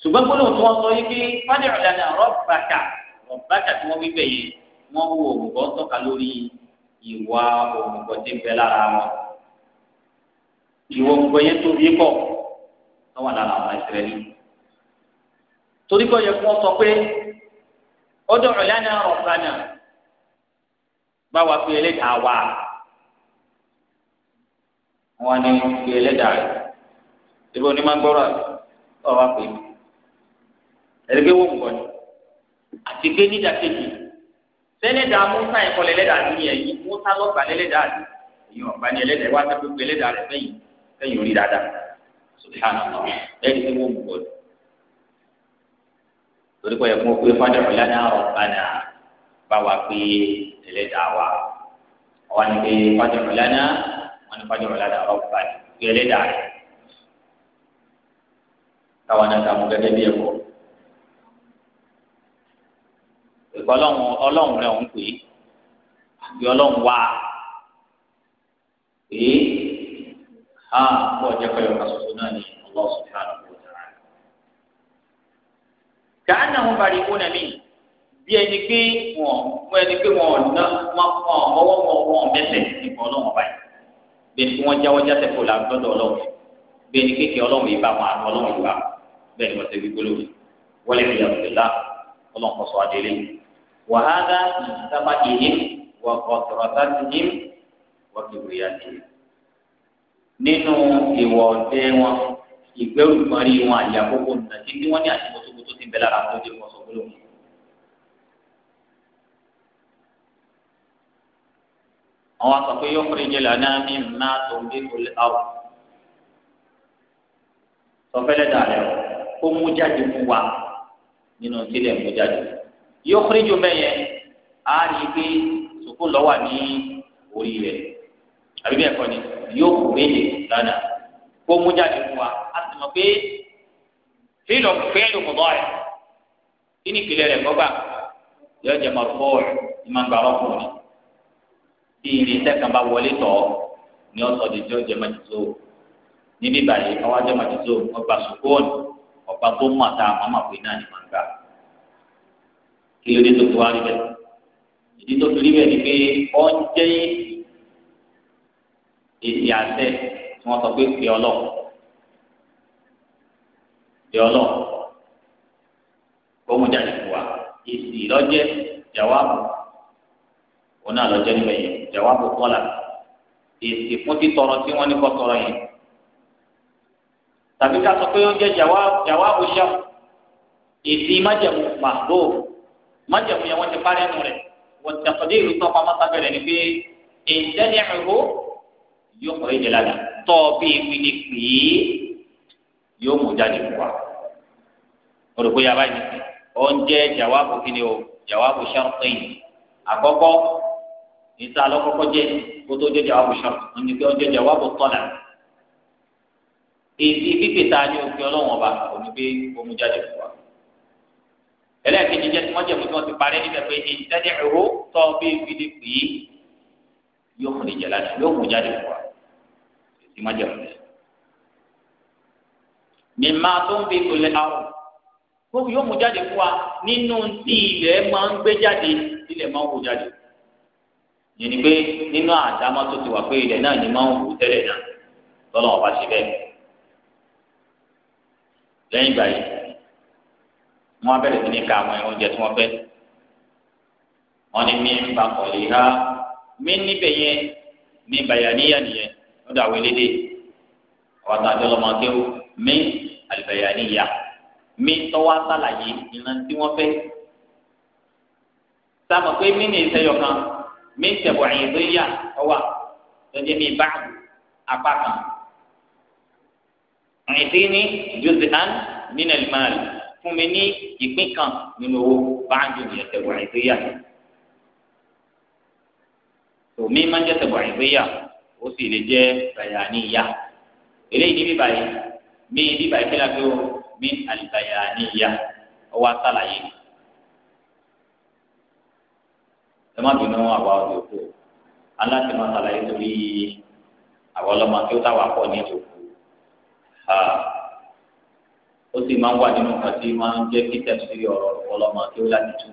ṣùgbọ́n gbọ́dọ̀ tí wọ́n sọ yìí pé fádìrì ọ̀dà rọ́ọ̀bù bàkà rọ́ọ̀bù bàkà tí wọ́n wí bẹ̀yẹ wọ́n wò ìwà òmùgọ̀dé bẹ lára wọn ìwọ òmùgọ̀ yẹn tóbi pọ̀ lọ́wọ́ lára àwọn ìsirẹ́lì torí kọ́ yẹ kó sọ pé ọdọ̀ ọ̀lànà ọ̀gbànà bá wa fi ẹlẹ́dàá wà wọn ni fi ẹlẹ́dàá rẹ̀ ibi oní máa ń ẹ̀rẹ́gẹ́wò ń bọ̀ ni àti gbé nídàkejì sẹ́lẹ̀dà musa yẹn kọ́ lẹ́lẹ́dà dúnìyà yìí musa lọ́gbà lẹ́lẹ́dà rẹ̀ èyàn ọ̀gbà ni ẹlẹ́dà wá sẹ́kọ̀ gbé lẹ́dà rẹ̀ fẹ́yìn fẹ́yìn orí dáadáa subhanallah ẹni tí wọ́n mú bọ́ ni. torí pé ẹ̀kún pé fadé ọ̀lànà ọ̀gbàna bá wa pé ẹlẹ́dà wa wọn ni pé fadé ọ̀lànà wọn ni fadé ọ̀lànà ọ̀gbàna pé ẹlẹ́dà rẹ̀ káwọn náà kà mú gẹ́gẹ́ bí ẹ̀kọ́ pé ọlọ́run ọlọ́run rẹ̀ ń pè é àbí ọlọ́run wá pé á bọ́ ọjọ́ pẹ̀lú ọ̀kan náà ní Allah subhanahu wa ta'ala. kàánà wọn bá rí ikú nàmí bí ẹni pé wọn mú ẹni pé wọn ọ̀nà wọn ọwọ́ wọn wọn mẹsẹ̀ nípa ọlọ́run ọba bẹ́ẹ̀ ni wọ́n jáwọ́ jáde kó la gbọ́dọ̀ ọlọ́run bẹ́ẹ̀ ni kéèké ọlọ́run yìí bá wọn àná ọlọ́run yìí bá wọn bẹ́ẹ̀ ni wọ́n ti wí gbólóhùn wọ́n lè fi yàtọ̀ وهذا من سفههم وغطرستهم وكبريائهم nínú ìwọ ọdẹ wọn ìgbẹrùmọrí wọn àyè àkókò nà títí wọn ní àtìmọtòmọtò ti bẹ lára àtọjú wọn sọ gbólóhùn. àwọn akọ̀pẹ́ yóò kúrò ìjẹ́lẹ̀ náà ní nná tó ń bí olè àwọ̀ sọfẹ́lẹ́ dàrẹ́ o kó mú jáde fún wa nínú sílẹ̀ mú jáde fún wa yóò kúrẹ́ jù mẹ́yẹ á rí i pé sùkúù lọ́ wà ní orí rẹ̀ àbí bẹ́ẹ̀ kọ́ ni yóò kú méje lánàá kó mú jáde fún wa á sì mọ̀ pé fílọ̀ fẹ́ẹ́lù kò bọ́ rẹ̀ kí ni ìpìlẹ̀ rẹ̀ gbọ́gbà yóò jẹ́ mọ̀rùfọ́ rẹ̀ ní máa ń gba ọkùnrin tí irinṣẹ́ kan bá wọlé tọ̀ ní ọ̀sọ̀ di tí ó jẹ́ màjìzó níbí báyìí àwọn ajẹ́ màjìzó ọgbà sùkúù ọ̀gbà tó mọ̀ tá a mọ̀ mọ̀ ni màá gbà kí ló dé tó fi wá rí bẹ́ẹ̀ ìdí tó fi rí bẹ́ẹ̀ ni pé ọ́ ń jẹ́ èsì àtẹ tí wọ́n sọ pé pè ọ́ lọ pè ọ́ lọ kó mo jáde fún wa èsì lọ́jẹ́ jàwáàbù òun náà lọ́jẹ́ níbẹ̀ yẹn jàwáàbù kọ́là èsì fún títọrọ tí wọ́n ní kọ́ tọrọ yẹn tàbí ká sọ pé ó ń jẹ́ jàwáàbù ṣáà èsì májẹ̀mú màgbóò májẹ̀mú yẹn wọ́n ti parí ẹnu rẹ̀ wọ́n ti àtọ̀dé ìlú tó pamọ́ sábẹ́ rẹ̀ ni pé ìdẹ́ni ẹ̀hó yóò kọ́ ìdè ládàá tọ́ bí ibi ni pè é yóò mú jáde fún wa. olùkó yà bá yìí oúnjẹ jàwáàbò kí ni o jàwáàbò ṣàǹpé yìí àkọ́kọ́ ìta lọ́kọ́kọ́ jẹ́ kó tó jẹ́ jàwáàbò ṣàǹpé ní pé oúnjẹ jàwáàbò tọ́lá èsì pípé ni òfin ọlọ́wọ́n ọba òní pé ó mú jáde fún ẹlẹ́ẹ̀kejì jẹ́ tí wọ́n jẹ́ mọ́tò wọn ti parí níbẹ̀ pé ìtẹ́lẹ̀ ẹ̀rọ tọ́ bí fìdí pè é yóò fún ìjà lánà yóò mú jáde fún wa èsì má jẹ́ mọ́tò. mímá tó ń bí ìtòlẹ̀ àrùn tó yóò mú jáde fún wa nínú tí ilẹ̀ máa ń gbé jáde ilẹ̀ máa ń wò jáde. yẹn ni pé nínú àdámọ́ tó ti wà pé ilẹ̀ náà ni máa ń wò tẹ́lẹ̀ náà tọ́lọ́ wọn bá lẹ́yìn ìgbà yìí wọn bẹ̀rẹ̀ sí ní ka àwọn oúnjẹ tí wọ́n fẹ́ wọn ni mí ń ba kọ̀lé ha mí níbẹ̀ yẹn ní bayaniya nìyẹn lọ́dọ̀ àwọn elédè ọ̀rọ̀ tó àjọ lọ́mọ kéwù mí alibayaniya mí tọ́wọ́ sàlàyé ìran tí wọ́n fẹ́ sáàmù pé mí ní ìsẹ́yọ̀ kan mí ń tẹ̀wọ̀ ẹ̀yìn tó yà ọwà lọ́jọ́ mi bá apá kan ẹ̀yìn tí ní jùzìán nínú ẹ̀lmáàlì fún mi ní ìpín kan nínú owó báńkì ní ẹsẹ̀ wà ìgbéyà tòmí máa ń jẹ́ ẹsẹ̀ wà ìgbéyà ó sì lè jẹ́ bàyàníyà eléyìí níbí báyìí mí níbí báyìí kí lápẹ́ o mí àlìbàyàníyà ọwọ́ àtàlàyé ẹ má bínú àwa ọdún òkú aláṣẹ máa ṣàlàyé torí àwọn ọlọ́mọ tó táwà pọ̀ ní ìjòkó ó sì máa ń wà nínú nǹkan tí máa ń jẹ́ kí tẹ̀síì ọ̀rọ̀ ọlọ́mọ tí ó láti tú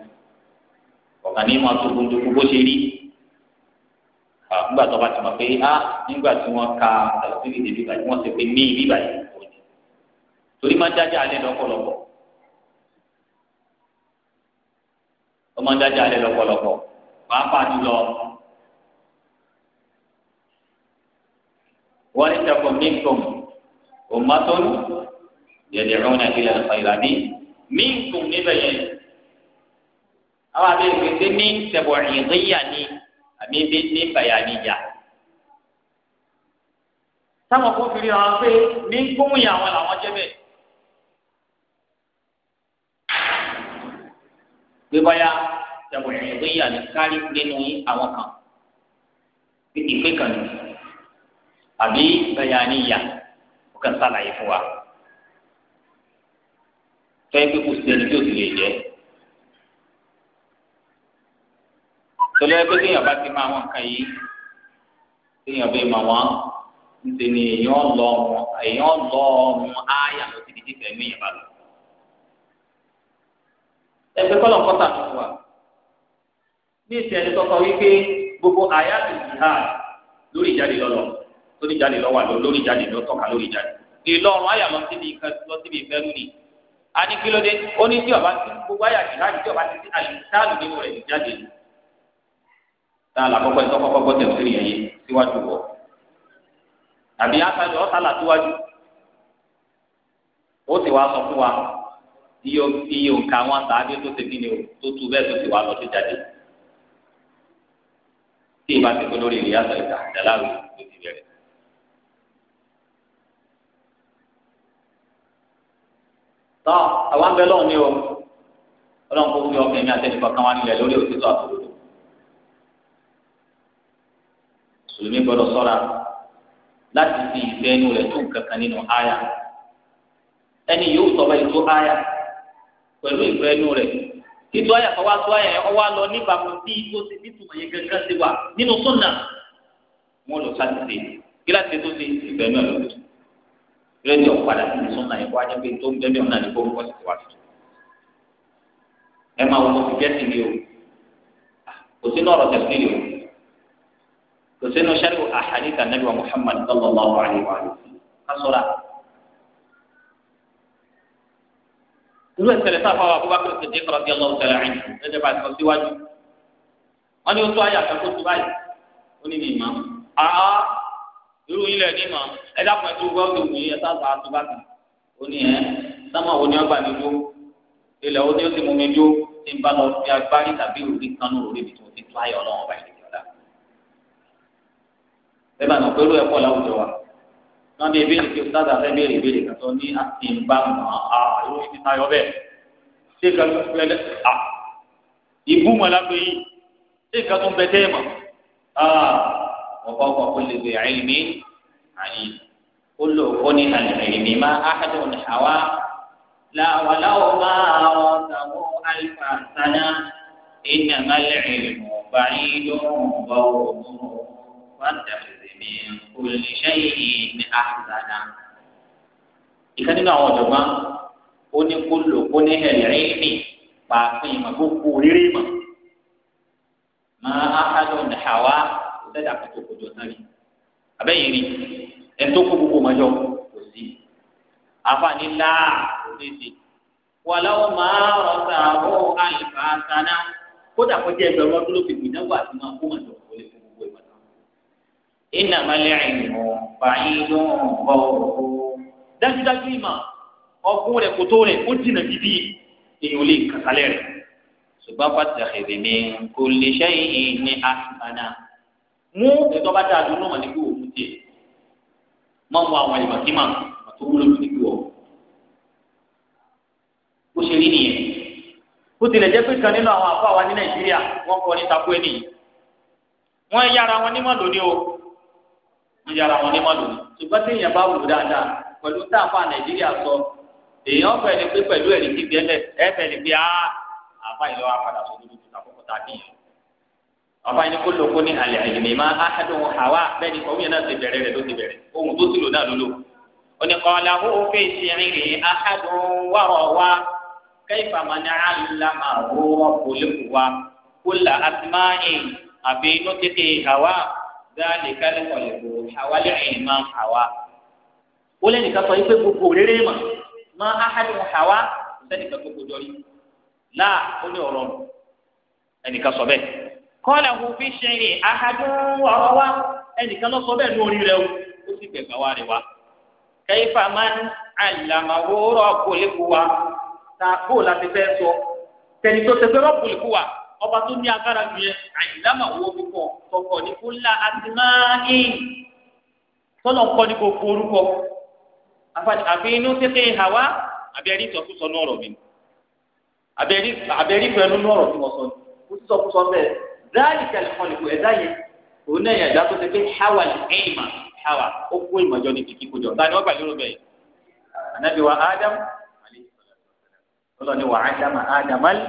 ọ̀kan ní máa tó gbogbo bó ṣe rí nígbà tó bá ti mọ̀ pé á nígbà tí wọ́n ka tẹ̀síì débi báyìí wọ́n ti pe ní ibi báyìí òní torí máa ń dájà alẹ́ lọ́pọ̀lọpọ̀ ó máa ń dájà alẹ́ lọ́pọ̀lọpọ̀ pàápàá jùlọ wọ́n ní sẹ́kọ̀ọ́ mí yẹ̀dẹ̀rún ilẹ̀ ìlànà mí nkùn níbẹ̀ yẹn. àwọn abẹ́rẹ́ gbèsè ní sẹ̀bọ̀ ìrìnyà ni àbí ní bàyàníjà. táwọn kò fìrí hàn pé mí nkùn yà wọn làwọn jẹ́ bẹ́ẹ̀. gbébáyà sẹ̀bọ̀ ìrìnyà ni kárí nínú àwọn kan ìpè kan àbí bàyàníjà ó kàn sálàyé fún wa fẹ́ẹ́ pé kò sẹ́ni tí ò sì lè jẹ́. tọ́lá ẹgbẹ́ téèyàn bá ti máa wọn kàn yìí téèyàn bẹ́ẹ̀ máa wọn níṣẹ́ ni èèyàn lọ wọn èèyàn lọ wọn ááyà lọ sí ibi tẹ̀mí yẹn bá lọ. ẹgbẹ́ kọ́lọ̀ kọ́tà tó wà ní ìsẹ̀ni tọkọ wípé gbogbo àyà ti di ha lórí ìjáde lọ́lọ́ lórí ìjáde lọ́wọ́ lórí ìjáde lọ́tọ̀ka lórí ìjáde. ìlọrun áyà lọ síbi ìfẹ́ lónìí ani kílódé ó ní tí ọba tí gbogbo ayé àti láti tí ọba ti ti àyè táàlù nínú rẹ̀ ti jáde ní. tá a là kọ́kọ́ ẹ̀tọ́ kọ́kọ́ gbọ́ tẹ̀sí rẹ̀ yé síwájú wọ̀ tàbí àtàlù ọ̀sálà síwájú ó sì wá sọ fún wa iye iye òǹkà àwọn àtàdé tó ti kíni o tó tu bẹ́ẹ̀ tó ti wà lọ sí jáde tí ìbá ti pé lórí ìrìyà sọ̀rọ̀ ìdàláwì ló ti bẹ̀rẹ̀ tọ́ àwọn abẹ́ lọ́wọ́ ni o ọlọ́run kò fi ọkàn mi àtẹnukọ̀ kan wá nílẹ̀ lórí òtítọ́ àtòlódò sùlùmí gbọ́dọ̀ ṣọ́ra láti fi ìfẹ́ inú rẹ̀ tó kankan nínú àyà ẹni yóò sọ̀rọ̀ ètò àyà pẹ̀lú ìfẹ́ inú rẹ̀ ètò àyà kan wá tó àyà yẹn ọwọ́ lọ níbàámu bí ó ti bí tùmọ̀ yẹn gángan ti wà nínú súnà wọn lọ sáti ṣe kí láti ṣe tó ṣe ìfẹ́ inú lẹ́yìn ọ̀padà sí sunna yìí wájú pé tó ń bẹ́ẹ̀ bẹ́ẹ̀ náà ní kó ń kọ́ sí wa tuntun. ẹ máa wọ sí jẹ́sì ni o kò sínú ọ̀rọ̀ tẹ̀sí ni o kò sínú sẹ́ríwò àhàdìtà nàbí wa Muhammad sallallahu alayhi wa sallam irú ìṣẹ̀lẹ̀ sáfà wa Abubakar Siddiq radiyallahu ta'ala anhu lẹ́jẹ̀ bá ti sọ síwájú wọ́n ní o tó ayé àtàkùn tó báyìí ní irú yín lẹ̀ ní ma ẹ dákun ẹ tó gbọ́ tó wù yín ẹ sáà tó bá kàn ó ní ẹ sáma wo ni ọgbà mi dúró ilẹ̀ wo ni ó ti mú mi dúró tí n bá lọ fi agbárí tàbí òbí kanú òbí mi tó ti tó ayọ̀ ọlọ́wọ́n bá ìdíje ọ̀la. bẹ́ẹ̀ bá nà pẹ̀lú ẹ̀kọ́ láwùjọ wa náà bí ebéèrè kí o sáàdà fẹ́ béèrè ìbéèrè kan tó ní àti ah, n bá mọ̀ á ah, irú yín ti tayọ bẹ́ẹ̀ ṣé ìka tó fẹ́ lẹ́ à mọ̀ lápẹ́ ṣé ìka tó ń bẹ tẹ́ mọ̀ ah, وفوق كل ذي علم عليم كل غنى العلم ما أحد حوى لا ولو ما راسه ألف سنة إنما العلم بعيد بعوض فاتخذ من كل شيء أحسنا ìkan nínú àwọn ọ̀jọ̀gbọ́n ó ní kó kó ní ẹ̀rẹ̀ ìmì pàápín ìmọ̀ gbogbo rírì mọ̀ máa ákádùn dàwa sẹ́dá kan tó kojọ sáré abẹ́yìn rí ẹ̀ tó kó gbogbo mọ́jọ kò sí àfààní ńlá kò lè dé wàláwọ̀ máa rọ̀ta ó àyíká sáná kódà kó jẹ́ ẹgbẹ̀rún ọdún ló fi gbìn náà wà sí máa kó mọ́jọ kò lè kó gbogbo ìmọ̀ta. iná malẹ̀ ìmọ̀ fàáyín ló ń bọ̀ ọ́ dájúdájú ìmọ̀ ọkùnrin rẹ̀ kò tó rẹ̀ ó jìnnà bíbí èèyàn lè kàkálẹ̀ rẹ̀ ṣùgbọ́n pàtàkì rẹ̀ ní kò lè ṣẹ́yìn ní àtìmánà mú ẹ̀tọ́ bá dáa dùn náà ní kí wò mú tiẹ̀ máa mú àwọn ìwà kí máa mà tó wúlò ní kí wò. ó ṣe rí nìyẹn ó tilẹ̀ jẹ́ pé kan nínú àwọn àfọ àwa ní nàìjíríà wọ́n kọ́ ní takú ẹ̀nì wọ́n yára wọn ní mọ̀lò ní o wọ́n yára wọn ní mọ̀lò ní ṣùgbọ́n tí èèyàn bá wù dáadáa pẹ̀lú táàfà nàìjíríà sọ èèyàn fẹ́ ni pé pẹ̀lú ẹ̀rí ti bẹ́ẹ̀ ẹ̀ fẹ́ ni pé àá àbá ìlọ́wọ́ ọba yẹn kó lóko ní alẹ́ àyìnbí má ahadùn hàwa bẹ́ẹ̀ ni òun yẹn náà ti bẹ̀rẹ̀ rẹ̀ ló ti bẹ̀rẹ̀ ohun tó ti lò náà ló lò òní kọ́lá ó fẹ́ ṣe rìnrìn ahadùn wàrọ̀ wa kẹ́yìn fàmánà àlámà rọ̀ kólókù wa kólà àtìmáyìn àbí nọ́tìkì hàwa dáàlì kálí kọ̀lẹ̀kù hàwa lẹ́yìn má hàwa. ó lẹ́nu ká sọ pé gbogbo rere mà má ahadùn hàwa sẹ́nìkan gbogbo dọ́rí láà ó ní ọ̀rọ̀ ẹnìkan sọ bẹ́ẹ̀. kọ́lá fi ṣe rè ahadún ọ̀rọ̀ wa ẹnìkan lọ sọ bẹ́ẹ̀ ní rẹ o ó sì gbẹ̀gbà wa rè wa. kẹ́yìfà máa ń àlàmàwò rọ́ọ̀kù lẹ́kọ̀ọ́ wa ta bó o láti fẹ́ sọ tẹ̀lé tó wa ọba tó ní agbára ju yẹn àìlámàwò púpọ̀ ní kó kọ́ àfi inú tètè ọ̀rọ̀ mi àbẹ̀rí ọ̀rọ̀ tí mo sọ ní dáàlìkà ìkọlùkù ẹ̀dá yẹn òun náà yẹn ẹ̀dá tó ti pé hawa ẹ̀yìnmá hawa ó kó ìmọ̀jọ ní kìkì kójọ tani wọ́n gbà lérò bẹ́ẹ̀ anabi wa adam ọlọ́ni wa adam adam al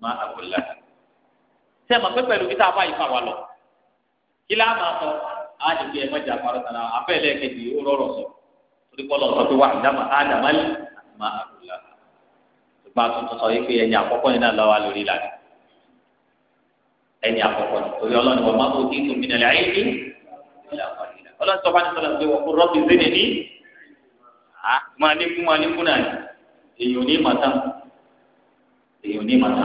ma abula sẹ́ ma pé pẹ̀lú kí tá a fà yìí fà wà lọ kí lá máa sọ á ní bí ẹ má jà parọ́ tán afẹ́ lẹ́ẹ̀kejì ó rọrọ̀ sọ torí kọ́ lọ sọ pé wa adam adam ma abula ìgbà tuntun sọ yìí pé ẹ̀yìn àkọ́kọ́ yìí náà lọ́wọ́ lórí ìlànà ẹni àkọ́kọ́ ni torí ọlọ́run wọn máa kó kí tún minna láyé ní ọlọ́run sọ fún àtúntò pé wọ́n kó rọ́bì zéne ní máa ní fún máa ní fún náà èèyàn ní màtá èèyàn ní màtá.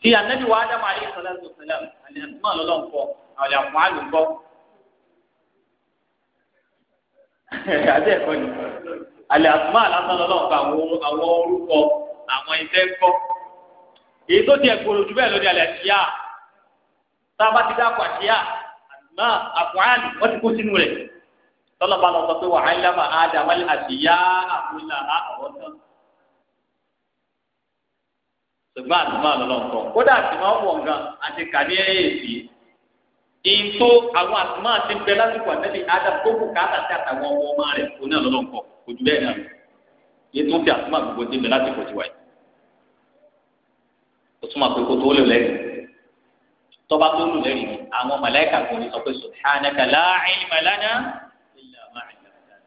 tí anabi wa adamu alayhi salatu wa salam àti àtúmọ̀ lọ́lọ́ ńkọ́ àwọn àfọ̀ àlù ńkọ́. [laughs] àti ẹ̀kọ́ ni àlẹ́ àtúmọ̀ àlásán lọ́lọ́ àwọn orúkọ àwọn iṣẹ́ ńkọ́ èyí tó tiẹ̀ kúrò jù bẹ́ẹ̀ lórí alẹ́ àṣìyá tá a bá ti dákọ̀ àṣìyá àtìmá àkùránì wọ́n ti kó sínú rẹ̀ tọ́lọ́ba lọ sọ pé wà á ń lábà á dà wálé àṣìyá àkúnyà á ọ̀rọ̀ tán. ṣùgbọ́n àtìmá lọ́lọ́kọ̀ kódà àtìmá wọ̀ gan àti kàní èèfì èyí tó àwọn àtìmá ti bẹ lásìkò àtẹ́lẹ̀ ádám tó kù káàtà sí àtàwọn ọmọ rẹ̀ kó ó túmọ̀ pé kó tó lò lẹ́yìn tọ́ba tó lò lẹ́yìn ni àwọn màláíkà kò ní sọ pé subhanaka la ilma lana illa ma 'allamtana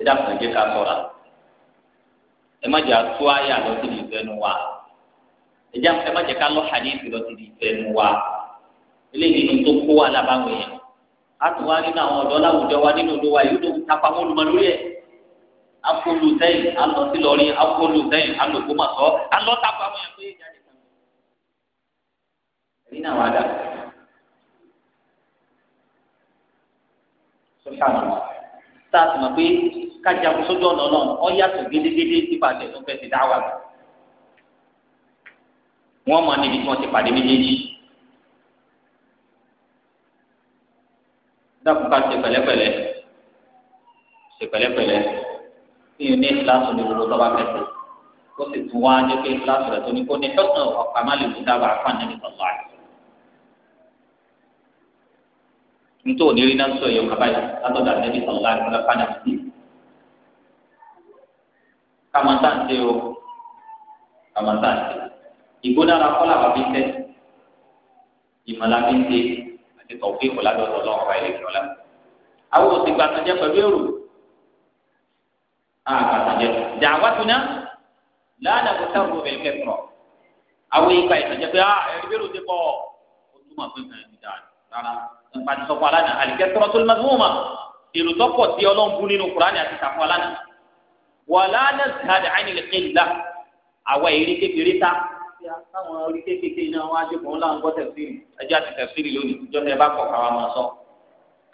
ẹdá kan jẹ ká ṣọ́ra ẹ má jẹ atú àyà lọ sí ìfẹ́ nu wa ẹ má jẹ ká lọ hadith lọ sí ìfẹ́ wa eléyìí nínú tó kó wa lábáwọn yẹn a tún wá nínú àwọn ọ̀dọ́ láwùjọ wa nínú olówó ayé tó tapamọ́ olùmọ̀ ẹ̀ akolu sẹ́yìn alọ sí lọrin akolu sẹ́yìn alọ gbọmọtọ alọ tako àwọn yẹn pé jáde kan ẹni náà wà dà sọfàlù sáàtì mọ pé kájà sójú ọ̀nà náà ọ yàtọ̀ gédégédé nípa àtẹ̀tún fẹ́ẹ́ ti dá wà wọ́n mọ níbi tí wọ́n ti pàdé méjèèjì. dákun ká ṣe pẹ̀lẹ́pẹ̀lẹ́ ṣe pẹ̀lẹ́pẹ̀lẹ́ kí ni kíláàsì lè wúlò lọ́ba fẹ́ẹ́ ó sì tún wá ní pé kíláàsì rẹ̀ tó ní kó ní tọ́sán ọ̀pá má lè wúdà wà fún àná nìkan lọ́wọ́ àti. nítorí onírin náà sọ èèyàn kaba yìí látọ̀dọ̀ àti nìkan lọ́wọ́ àti nìkan lọ́wọ́ àti kàmáńtàǹtì o kàmáńtàǹtì ìgbónára kọ́lá wà fi tẹ́ ìmọ̀lá fi ń tẹ́ àti tọ̀wé ìkọ̀lá lọ́wọ́ àgbàtàjẹ dàwátúná lánàbó sábò bẹ̀rẹ̀ kẹsàn-án àwọn ìgbà ìtàjẹ pé ẹ̀rọ ti bọ̀ ó túmọ̀ pé nǹkan ẹ̀mí dáa rárá nípa ti sọ́kọ́ alánà àlìkẹ́sọ̀rọ̀ tó lọ́mọdé wọ́n mà èrò tó pọ̀ sí ọlọ́mbù nínú kùránì àti ìtàkùn alánà wàlá nàzàdà àìnílẹ̀kẹ́ ìlà àwa èrí kékeré ta táwọn orí kékeré náà wá dé fún láwọn gbọ́tẹ̀ sírì ẹjọ́ àti tẹ̀sírì lónìí ìjọba ẹ bá kọ̀ káwa máa sọ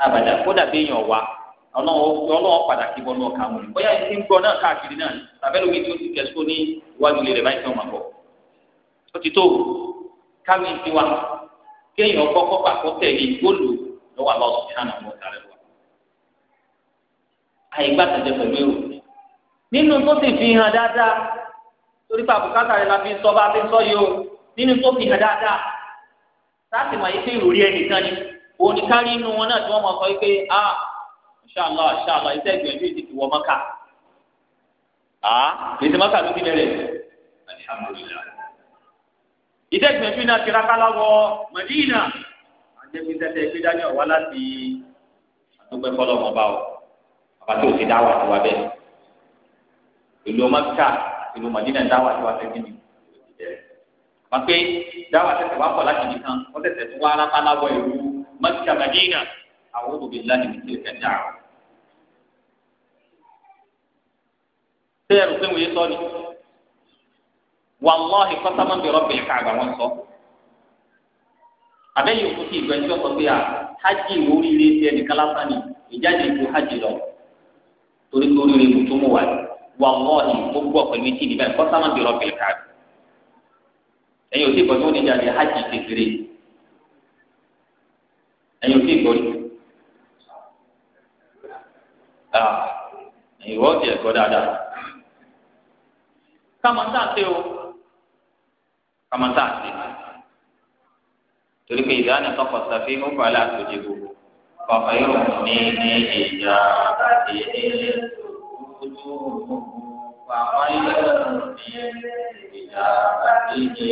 àbàdà kódà bí èèyàn wà ọlọ́wọ́ padà kí bọ́ọ̀lù ọ̀ka wọn ni bóyá ẹni ń gbọ́ náà káàkiri náà tàbẹ́lú mi tí ó ti kẹ́sọ́ ní iwájú ilé rẹ̀ báyìí fẹ́ wọn bọ̀ ó ti tó kámi ti wa kéèyàn kọ́kọ́ pàkó tẹ̀lé gbólù lọ́wọ́ àbá ọ̀sùn hàn àwọn ọ̀tá rẹ̀ wá àyígbà tẹ̀lé pẹ̀lú èrò nínú tó sì fi hàn dáadáa torí pé àbùkátà rẹ̀ la fi sọ bá fi sọ yìí o nínú tó fi hàn dáadáa ṣáàlá ṣáàlá iṣẹ́ ìgbìyànjú yìí ti ti wọ mọ́kà á ètò mọ́kà ló ti bẹ̀rẹ̀ iṣẹ́ ìgbìyànjú náà ti rákà lọ́wọ́ Mẹdínà àjẹmí sẹ́sẹ́ ìgbé dání ọ̀wá láti àtúgbẹ́ fọlọ́ wọn bá ọ bàbá tó ti dáwà tó wa bẹ́ẹ̀ ìlú mọ́kà ìlú Mẹdínà dáwà tó wa sẹ́kì ni pàpé dáwà tẹ̀sẹ̀ wá pọ̀ láti nìkan wọ́n tẹ̀sẹ̀ tó wá rákà lọ́wọ́ ìlú mọ́kà Mẹdínà àwọn òbí ńlá ni mi dáa. ṣé ẹrù pé wòye sọ ni wàláhì kọ́sámà bí rọ́bì káàbà wọn sọ àbẹ́yẹ̀ òkú sí ìgbà ẹjọ́ sọ pé à hajj oríire ti ẹnìkan lásán ni ìjáde ju hajj lọ torí pé oríire kò tó mú wa wàláhì tó gbọ́ pẹ̀lú etí níbẹ̀ kọ́sámà bí rọ́bì káàbà ẹ̀yin ò tí gbọ́dọ̀ ní ìjáde hajj kékeré ẹ̀yin ò tí gbọ́dọ̀ ẹ̀yin wọ́ọ̀tì ẹ̀kọ́ kámọ́tàṣe o kámọ́tàṣe torí pé ìdáná tọkọ sàfé ó bá la tó dìbò bàbá yóò fún ní ní ìjà àti ní ojú bàbá yóò fún ní ìjà àti ní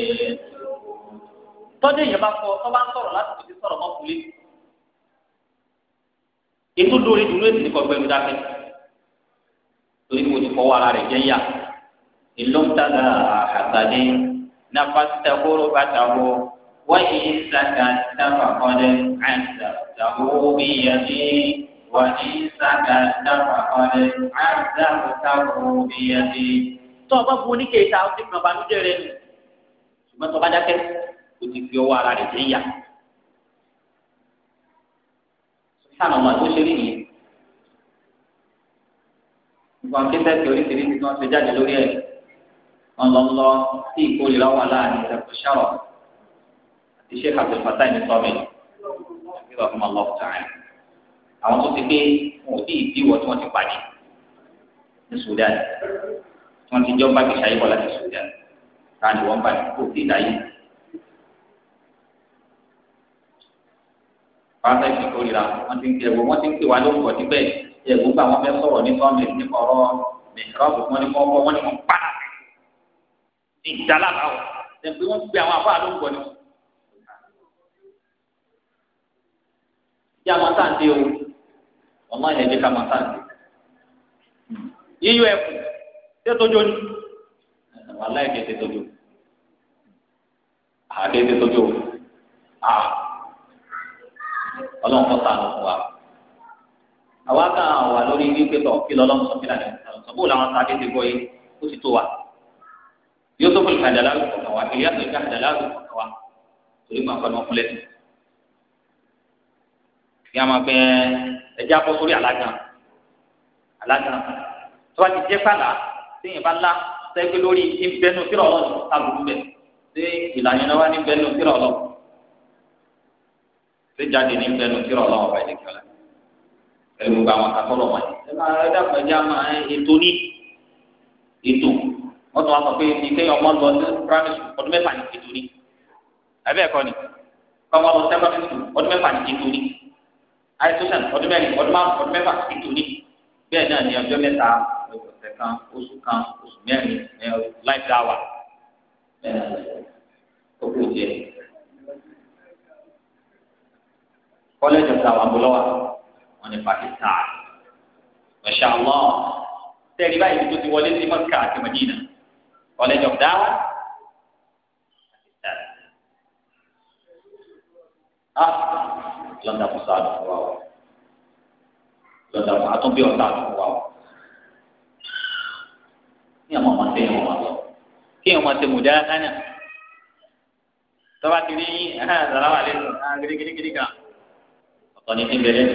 tọ́jú èèyàn bá kọ tọ́ bá ń sọ̀rọ̀ láti tòbi sọ̀rọ̀ mọ́kùnrin ètò lórí dùnú èsì nìkan pẹ̀lú dákẹ́ torí mo ti fọwọ́ ara rẹ̀ jẹ́ yá ìlúmtàdà àkàdé nàfàtà kóróbàtàwó wáyé sàkà dàfàkọ́dé àìsà tàwó bìyàdé wáyé sàkà dàfàkọ́dé àìsà tàwó bìyàdé. tó o bá bu oníkèéta o ti fi ọba lójú rẹ nù ṣùgbọ́n tó o bá dákẹ́ o ti fi ọwọ́ ara rẹ̀ sẹ́yà. sáà ọmọ tó ṣe rí nìyẹn. kí sẹ́ẹ̀tì oríṣiríṣi tí wọ́n ṣe jáde lórí ẹ̀ ọlọlọ tí ìkórìíra wà láàrin ìdàgbọ ṣáwà àti sheikh abdul fatah ní sọmi ìgbéra fún ọlọpù tààrin àwọn tó ti gbé wọn ò tí ì bíwọ tí wọn ti pàdé ní Sudan tí wọn ti jọ bá gbèsè ayé wọn láti Sudan ta ni wọn bá ní kó ti dáyé. pàṣẹ ìkórìíra wọn ti ń kí ẹwọ wọn ti ń kí wa ló ń pọ̀ síbẹ̀ ẹ̀gbọ́n gbà fẹ́ sọ̀rọ̀ ní sọmi nípa ọ̀rọ̀ mẹ̀rọ̀ wọn ni wọn kọ́ wọn ni wọn pa ìdálàbà wọn ẹgbẹ wọn gbé àwọn afọ àlóńgbò ni wọn. yá àwọn sáǹdé o ọmọ yẹn ní ká máa sáǹdé yíyọ ẹkù tẹtọjọ ni wàhálà ẹkẹ tẹtọjọ àkẹ tẹtọjọ à Ọlọ́run kọ sànù fún wa àwa kan wà lórí wípé tọ kí lọlọrun sọ kí lànà ìsọfún làwọn sáà dé gbọ́ yìí ó ti tó wa yóò tó fún ìkàdà láàrú kọ̀ọ̀kan wa ìyá tó ìkàdà láàrú kọ̀ọ̀kan wa torí máa fọdún ọkùnrin lẹ́sìn. ìyá máa gbẹ ẹja bọ́ sórí alága alága tó bá ti jẹ́ pàlà téèyàn bá lá sẹ́gbẹ́ lórí ìbẹ́nu síra ọlọ́run tábùkù bẹ̀ ṣé ìlànà náà wá ní ìbẹ́nu síra ọlọ́run ṣé jáde ní ìbẹ́nu wọ́n tún wá sọ pé ní kéèyàn ọmọ lọ sí primary school ọdún mẹ́fà ní ti torí àbẹ́ ẹ̀kọ́ ni kọ́mọ lọ secondary school ọdún mẹ́fà ní ti torí àìsóṣàn ọdún mẹ́rin ọdún márùn ọdún mẹ́fà ní ti torí bẹ́ẹ̀ náà ní ọjọ́ mẹ́ta ọ̀sẹ̀ kan oṣù kan oṣù mẹ́rin láì dá wà kókó jẹ kọ́lẹ́jì ọ̀sẹ̀ àwọn abúlọ́wà wọn ní Pakistan masha Allah tẹ́ẹ̀rí báyìí tó ti wọlé sí Mọ́kà àti Madina. College of Dawa ah lọ́dà kò sáà lọ́wọ́ wa o lọ́dà kò sáà tó bí ọ̀tá lọ́wọ́ wa o ní àwọn ọmọ tẹ ìwọ̀n wọn lọ kí ìwọ̀n tẹ mọ̀dá kánà tọ́ba kiri sàlámà lẹ́nu gírígírí kan ọ̀tọ̀ ní ti bẹ̀rẹ̀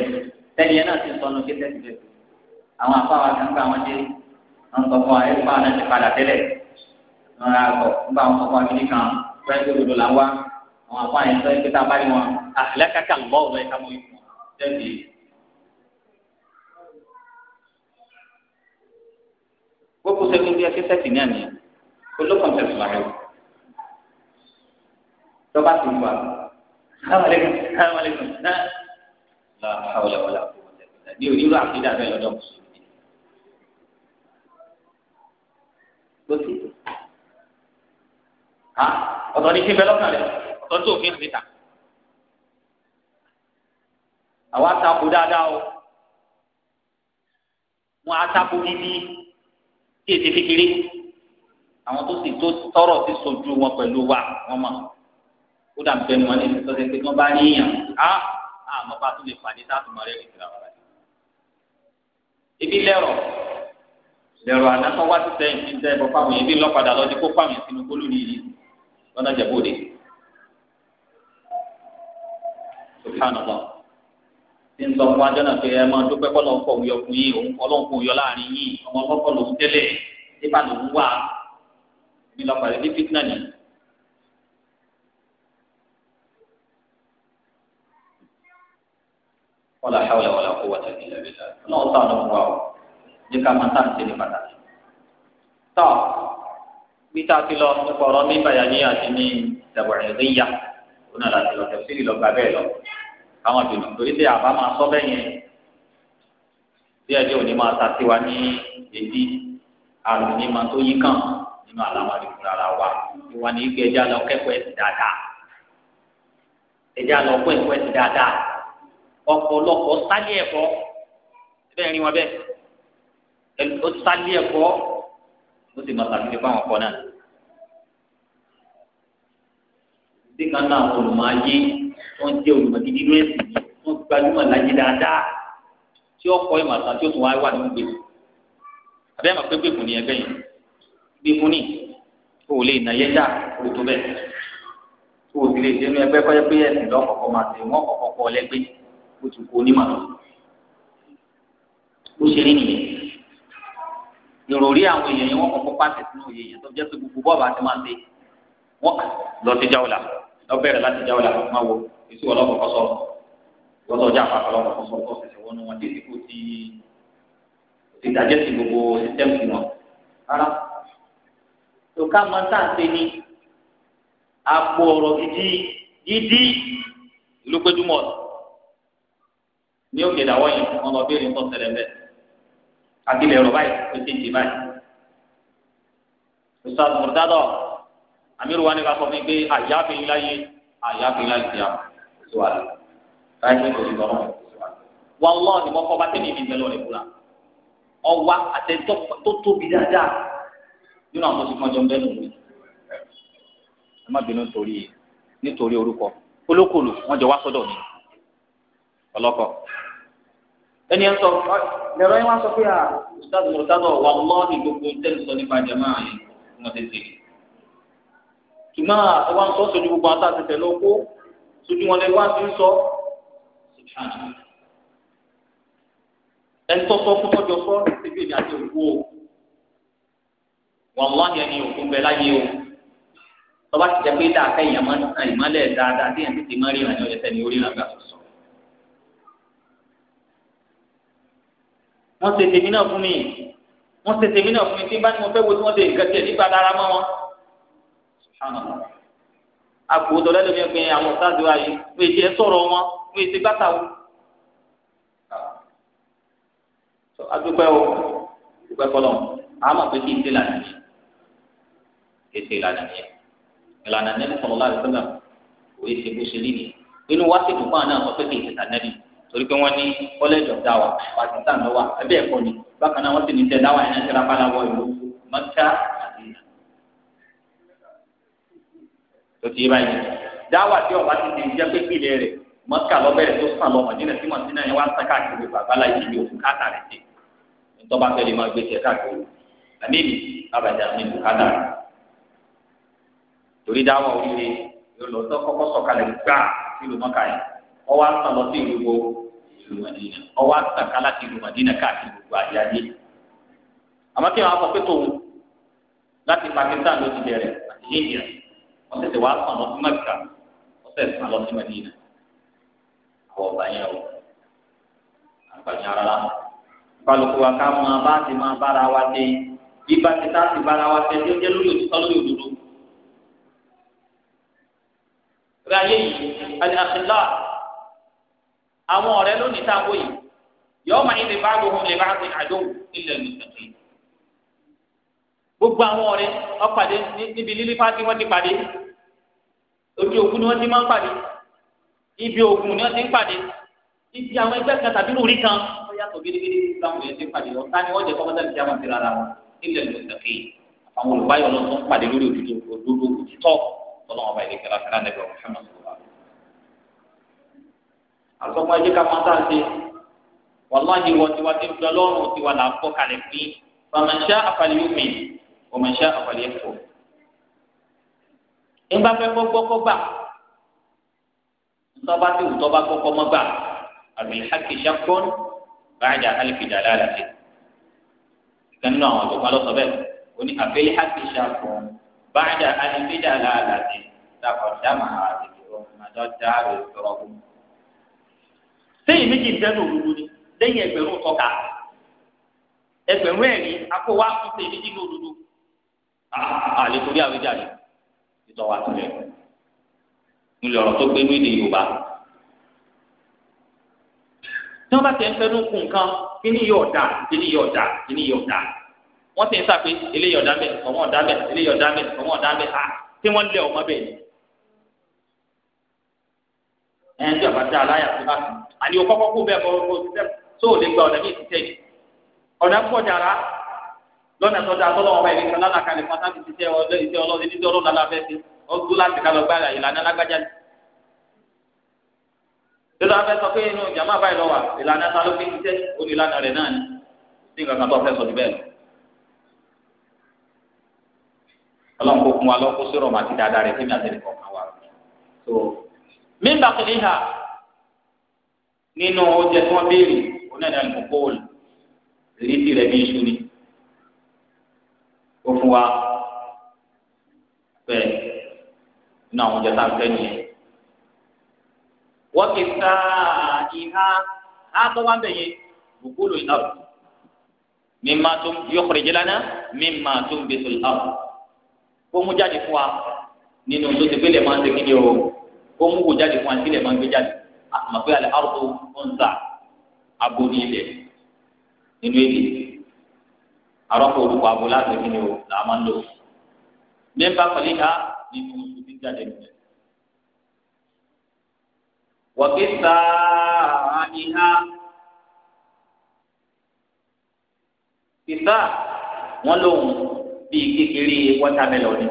tẹ́lẹ̀ yẹn náà ti sọnù kí tẹ́lẹ̀ bẹ̀rẹ̀ àwọn afáwa kan gbà wọ́n dé wọ́n sọ fún wa ẹ̀ fún ti padà tẹ́lẹ̀ wọn ra àgọ nígbà wọn kọ́kọ́ akéde kan fẹẹ tó dodo là ń wá àwọn àpá yẹn sọ pé tá a bá rí wọn àlẹ kàkà lọ ọ̀rọ̀ yẹn ká mọ ìfún wọn sẹbi. gbogbo sẹ́gun bí ẹsẹ̀ sẹ́tì náà nìyẹn olókùn tẹ̀sán lára yìí tọ́ba ti wà sáwàlẹ́kùn sáwàlẹ́kùn náà làwọlẹ́wọlẹ́ àkókò ha ọ̀tọ̀ ní ti bẹ lọ́kàn rẹ̀ ọ̀tọ̀ tó fi hàn níta. àwa takò dáadáa o wọn atakò gidi tí èsì kékeré àwọn tó sì tó tọrọ sí sojú wọn pẹ̀lú wa wọn mọ̀ ó dà bẹ́ẹ̀ mọ́ ní ìsọ̀tẹ̀ pé wọ́n bá yíyàn á àmọ́ bá tún lè pàdé sátúmọ̀ rẹ̀ kìkìrà wọn. ibi lẹ́rọ̀ lẹ́rọ̀ àná kan wá sí sẹ́yìn tí ń tẹ́ ẹ̀bọ̀ fáwọn yẹn bí lọ́padà lọ́dí kó fáwọn yẹn sínú kólú nìyí lọ́nà jẹ̀bóde subhanallah ti ń sọ fún ajọ́ náà pé ẹ máa dúpẹ́ kọ́lọ́ ń kọ̀ òun yọ fún yín òun ọlọ́run kò yọ láàrin yín ọmọ ọlọ́kọ̀ ló ń tẹ́lẹ̀ nípa lòún wà mí lọ́pàá rẹ̀ ní fitna nìyí. wala hawla wala quwwata illa billah ọlọ́run sáà ló ń wá o jẹ́ ká máa tá à ń pàtàkì bí tá a ti lọ nípa ọ̀rọ̀ ní bayaniya àti ní tẹ̀wẹ̀rẹ̀dẹ́yà ó náà láti lọ tẹ̀síìrì lọ gba bẹ́ẹ̀ lọ káwọn bìnnú torí pé àbá máa sọ bẹ́ẹ̀ yẹn bí ẹjọ́ òní máa ta tiwa ní èdè àrùn ní máa tó yí kàn nínú àlàmọ́ àdìgún ara wa ìwà ní ibi ẹja lọ kẹ́kọ̀ọ́ ẹ̀sìn dáadáa ẹja lọ kọ́ ẹ̀kọ́ ẹ̀sìn dáadáa ọ̀pọ̀lọpọ̀ sálí ẹ̀kọ́ ó sì máa tàbí fún àwọn ọkọ náà. Ṣé kan náà àwọn olùmọ̀ ayé wọ́n jẹ́ olùmọ̀ gidi ló ẹ̀sìn ni wọ́n gbajúmọ̀ láyé dáadáa tí ó kọ́ ìmọ̀ àtàtí ó tún wáyé wà nínú gbèsè. Àbẹ́ àmọ̀ pé gbèkùn ni ẹgbẹ́ yẹn. Gbèkùn ni kò lè nà yẹ dá kó tó bẹ̀. Kò sì lè dénú ẹgbẹ́ kọ́jọ́ pé ẹ̀sìn lọ́kọ̀ọ̀kọ̀ máa tẹ̀ wọ́n kọ̀ọ̀kọ̀ lẹ́gbẹ́ ó ti kó onímọ̀ lọ. Ó ṣe rí nìyẹn ìròrí àwọn èèyàn yẹn wọ́n kọ́kọ́ pàṣẹ sínú òye yẹn tó jẹ́ pé gbogbo bọ́ọ̀bù àti máa ṣe wọ́n lọ sí jáwèlà lọ bẹ̀rẹ̀ láti jáwèlà máa wo èsì wọn lọ́kọ̀ọ́kọ́ sọ wọ́n sọ jáfa lọ́kọ̀ọ́kọ́ sọ tó ṣẹṣẹ wọnú wọn títí kò ti ti dàjẹ́ sí gbogbo sísẹ́mù sí wọn rárá. tó ká máa tà ṣe ni àpò ọ̀rọ̀ gidi gidi ló péjú mọ́ ni ó yẹn wọn lọ béèrè ń tọ́ abilẹ̀ ọ̀rọ̀ báyìí ó ti di báyìí. ustaz murtado amiru wa ni ka sọ fún mi pé àyà àfihàn láyé àyà àfihàn láyé ti à sí wa lọ láyé tó ti lọ́rọ̀ wọn lọ ni wọn kọ bá tẹlẹ ibi ìbẹlẹ ọ̀rẹ́ fúnra ọwa àtẹtọ tó tóbi dáadáa nínú àwọn tó ti kọjọ bẹ́ẹ̀ nù mí ẹ má bínú torí nítorí orúkọ olókòlò wọn jọ wá sọ́dọ̀ mi ọlọkọ ẹni ẹ sọ lẹrọ yín wá sọ pé à ustaz murtado wà lọ́ọ̀nì gbogbo tẹ́lẹ̀ sọ nípa jama yẹn wọn ti tètè tùmọ̀ àwọn sọ sojú gbogbo ata ti tẹ̀lé oko sojú wọn lè wá sí sọ ẹni tó sọ fún ọjọ́ sọ síbi èmi àti òkú o wàlúwàhí ẹni òkú bẹ láyé o tọ́ba ti jẹ́ pé dáa kẹ́yìn àmọ́ ìmọ̀lẹ̀ dáadáa tí yẹn ti ti mọ́ rí ìrànlọ́yẹsẹ̀ ní orí ìrànlọ́yẹsẹ̀ sọ. wọ́n ṣe tèmi náà fún mi wọ́n ṣe tèmi náà fún mi tí bá ní mo fẹ́ wo tí wọ́n ṣe nǹkan tiẹ̀ nípa dára mọ́ wọn. àpòtò lẹ́nu mi pin àwọn ọ̀sáàdù ayé wọ́n èsì ẹ̀ sọ̀rọ̀ wọn wọ́n èsì gbàtà wọn. adúpẹ́ o dúpẹ́ kọ́lọ̀ àmọ̀ pé kí n ṣe lànà yẹn kí n ṣe lànà yẹn ìlànà nẹ́bí sọ̀rọ̀ láti sọ́nà òye ṣe bó ṣe rí nìyẹn inú wa sì dùn fún àná sọ pé kí n ṣe tà nẹ́bí torí pé wọ́n ní college of dawa pakistan ló wà ẹbí ẹ̀kọ́ ni bákan náà wọ́n sì ní tẹ dawa yẹn ṣẹlá bá láwọ ìlú mọ́tà àdéhà tó ti yé báyìí dawa tí ọba ti di jẹ́ pé ìpìlẹ̀ rẹ̀ mọ́tà lọ́bẹ̀rẹ̀ tó sàn lọ́mọ nínú tí wọ́n ti náà yẹn wá ń sá káàkiri bàbá láyé ìlú òkúta rẹ̀ dé nítorí wọn fẹ́ lè máa gbé tiẹ̀ káàkiri àmì àbàjá mi òkúta torí dawa oríire yóò lọ sọ kọ́kọ́ sọ̀kalẹ̀ ọwọ́ àtà lọ sí ìlú wo ìlú Madina ọwọ́ àtà ká láti ìlú Madina káàkiri gbogbo àyáyé àmọ́ kí wọ́n á sọ pé láti Pakistan ló ti bẹ̀rẹ̀ àti India wọ́n tẹ̀sẹ̀ wá sàn lọ sí Mẹ́kà wọ́n tẹ̀sẹ̀ sàn lọ sí Madina àwọn ọ̀bà yẹn o àgbàyàn ara la kálukú wa ká máa bá ti máa bára wa dé ibà ti tá ti bára wa dé tó jẹ́ lórí òtítọ́ lórí òdodo. Ìgbà yẹn yìí, àti àṣìlá àwọn ọ̀rẹ́ lónìí tá a wòye yọọ máa ibi báàgò hàn lè báàgò àdó ilẹ̀ olùsọ̀kì gbogbo àwọn ọ̀rẹ́ ọ̀pàdé níbi lílí fáti wọ́n ti pàdé ojú òkun ni wọ́n ti máa ń pàdé ibi òkun ni wọ́n ti ń pàdé ibi àwọn ẹgbẹ́ kan tàbí lórí kan wọ́n yàtọ̀ gidigidi láwọn èèyàn ti pàdé ọ̀tá ni wọ́n jẹ́ kọ́mọ́tà ti jáwọ́ síra ara wọn ilẹ̀ olùsọ̀kì àwọn olùbáyọ̀ lọ́sọ̀ àtọ́kọ́ ẹjẹ́ ká máa sáà ṣe wàláhì wọ tiwa tí ń fi ọlọ́run tiwa là ń kọ́ kalẹ̀ pín fàmàṣá àfàlẹ́yọ̀mì fàmàṣá àfàlẹ́yẹ̀fọ́. ìgbà fẹ́ gbọ́gbọ́ kọ́ gbà ntọ́ba tí wù tọ́ba kọ́kọ́ mọ́ gbà àbílẹ̀hàkì ṣàkóń báyìí àlẹ́fìdà lálàtì. ìkànnì náà àwọn ọ̀jọ̀gbọ́n lọ́sọ̀ bẹ́ẹ̀ ó ní àbílẹ̀hàkì ṣàkóń báyìí àlẹ́fìdà lálàtì dàpọ̀ sẹ́yìn méjì ń dẹ́nu òdodo ni lẹ́yìn ẹgbẹ̀rún tọ́ka ẹgbẹ̀rún ẹ̀rin akó wa tún sẹ́yìn méjì ní òdodo ah, àlè torí àwíjàre ìtọ́ wa tilẹ̀ ńlẹ̀ ọ̀rọ̀ tó gbé ní èdè Yorùbá tí wọ́n bá tẹ̀ ń fẹ́ nínú kun kan kí ni yóò dà kí ni yóò dà kí ni yóò dà wọ́n ti ń sàpé eléyìí ọ̀dà mẹ́ ọmọ ọ̀dà mẹ́ eléyìí ọ̀dà mẹ́ ọmọ ọ̀dà mẹ́ à ah, tí wọ́n lé ọmọ bẹ́ẹ̀ ni ẹni tí ọba tẹ aláyà tó bá sùn àní o kọ́kọ́ kó bẹ́ẹ̀ kọ́ o sísẹ́ tó o lè gba ọ̀nà míì títẹ̀ yìí ọ̀nà pọ̀ jàrá lọ́nà tọ́jà tọ́lọ́ ọba ìrìn kan lánàá kalẹ̀ pátá ti ṣiṣẹ́ ọlọ́ iṣẹ́ ọlọ́dún ní ọlọ́dún aláfẹ́ ṣe ọdún láti ká lọ gbára ìlànà alágbájá ni. tẹ́lẹ̀ afẹ́ sọ pé inú jàmá báyìí lọ wà ìlànà ta ló fi ṣiṣẹ́ orí ìlànà rẹ̀ náà ni ní nǹkan tó fẹ́ sọ jù bẹ́ẹ̀ lọ. ọlọ́run kò fún wa lọ́kọ́ sí rọ̀mà àti dáadáa rẹ̀ fẹ́mi àtẹnìkọ̀ọ̀kan wa mímbà kìlì hà nínú oúnjẹ tí wọ́n béèrè onáni alukóòlù rìsì rẹ̀ bí iṣu ni ó fún wa bẹ́ẹ̀ nínú àwọn oúnjẹ tá a fẹ́ nìyẹn wọ́n ti ta ìhà á tọ́ wá bẹ̀yẹ gbogbo ìlà rẹ̀ mímá tó yọkùnrin jẹ́ lánàá mímá tó ń bẹ̀sẹ̀ ìlà rẹ̀ kó jáde fún wa nínú tó ti gbélé máa ń segin ní o ó mú wò jáde fún àtìlẹ̀ máa ń gbé jáde àtùmọ̀ pé àlẹ́ àrùtò ń ta abo ní ilẹ̀ nínú èdè àrọ́pọ̀ orúkọ abo láti kí ni o là á máa ń lò mẹ́mbà pẹ̀lú ha nínú oṣù tí jáde nìyẹn. wọ́kí sáà ní ha kìsà lòun bíi kékeré wọ́tàmẹ́lọ̀ ni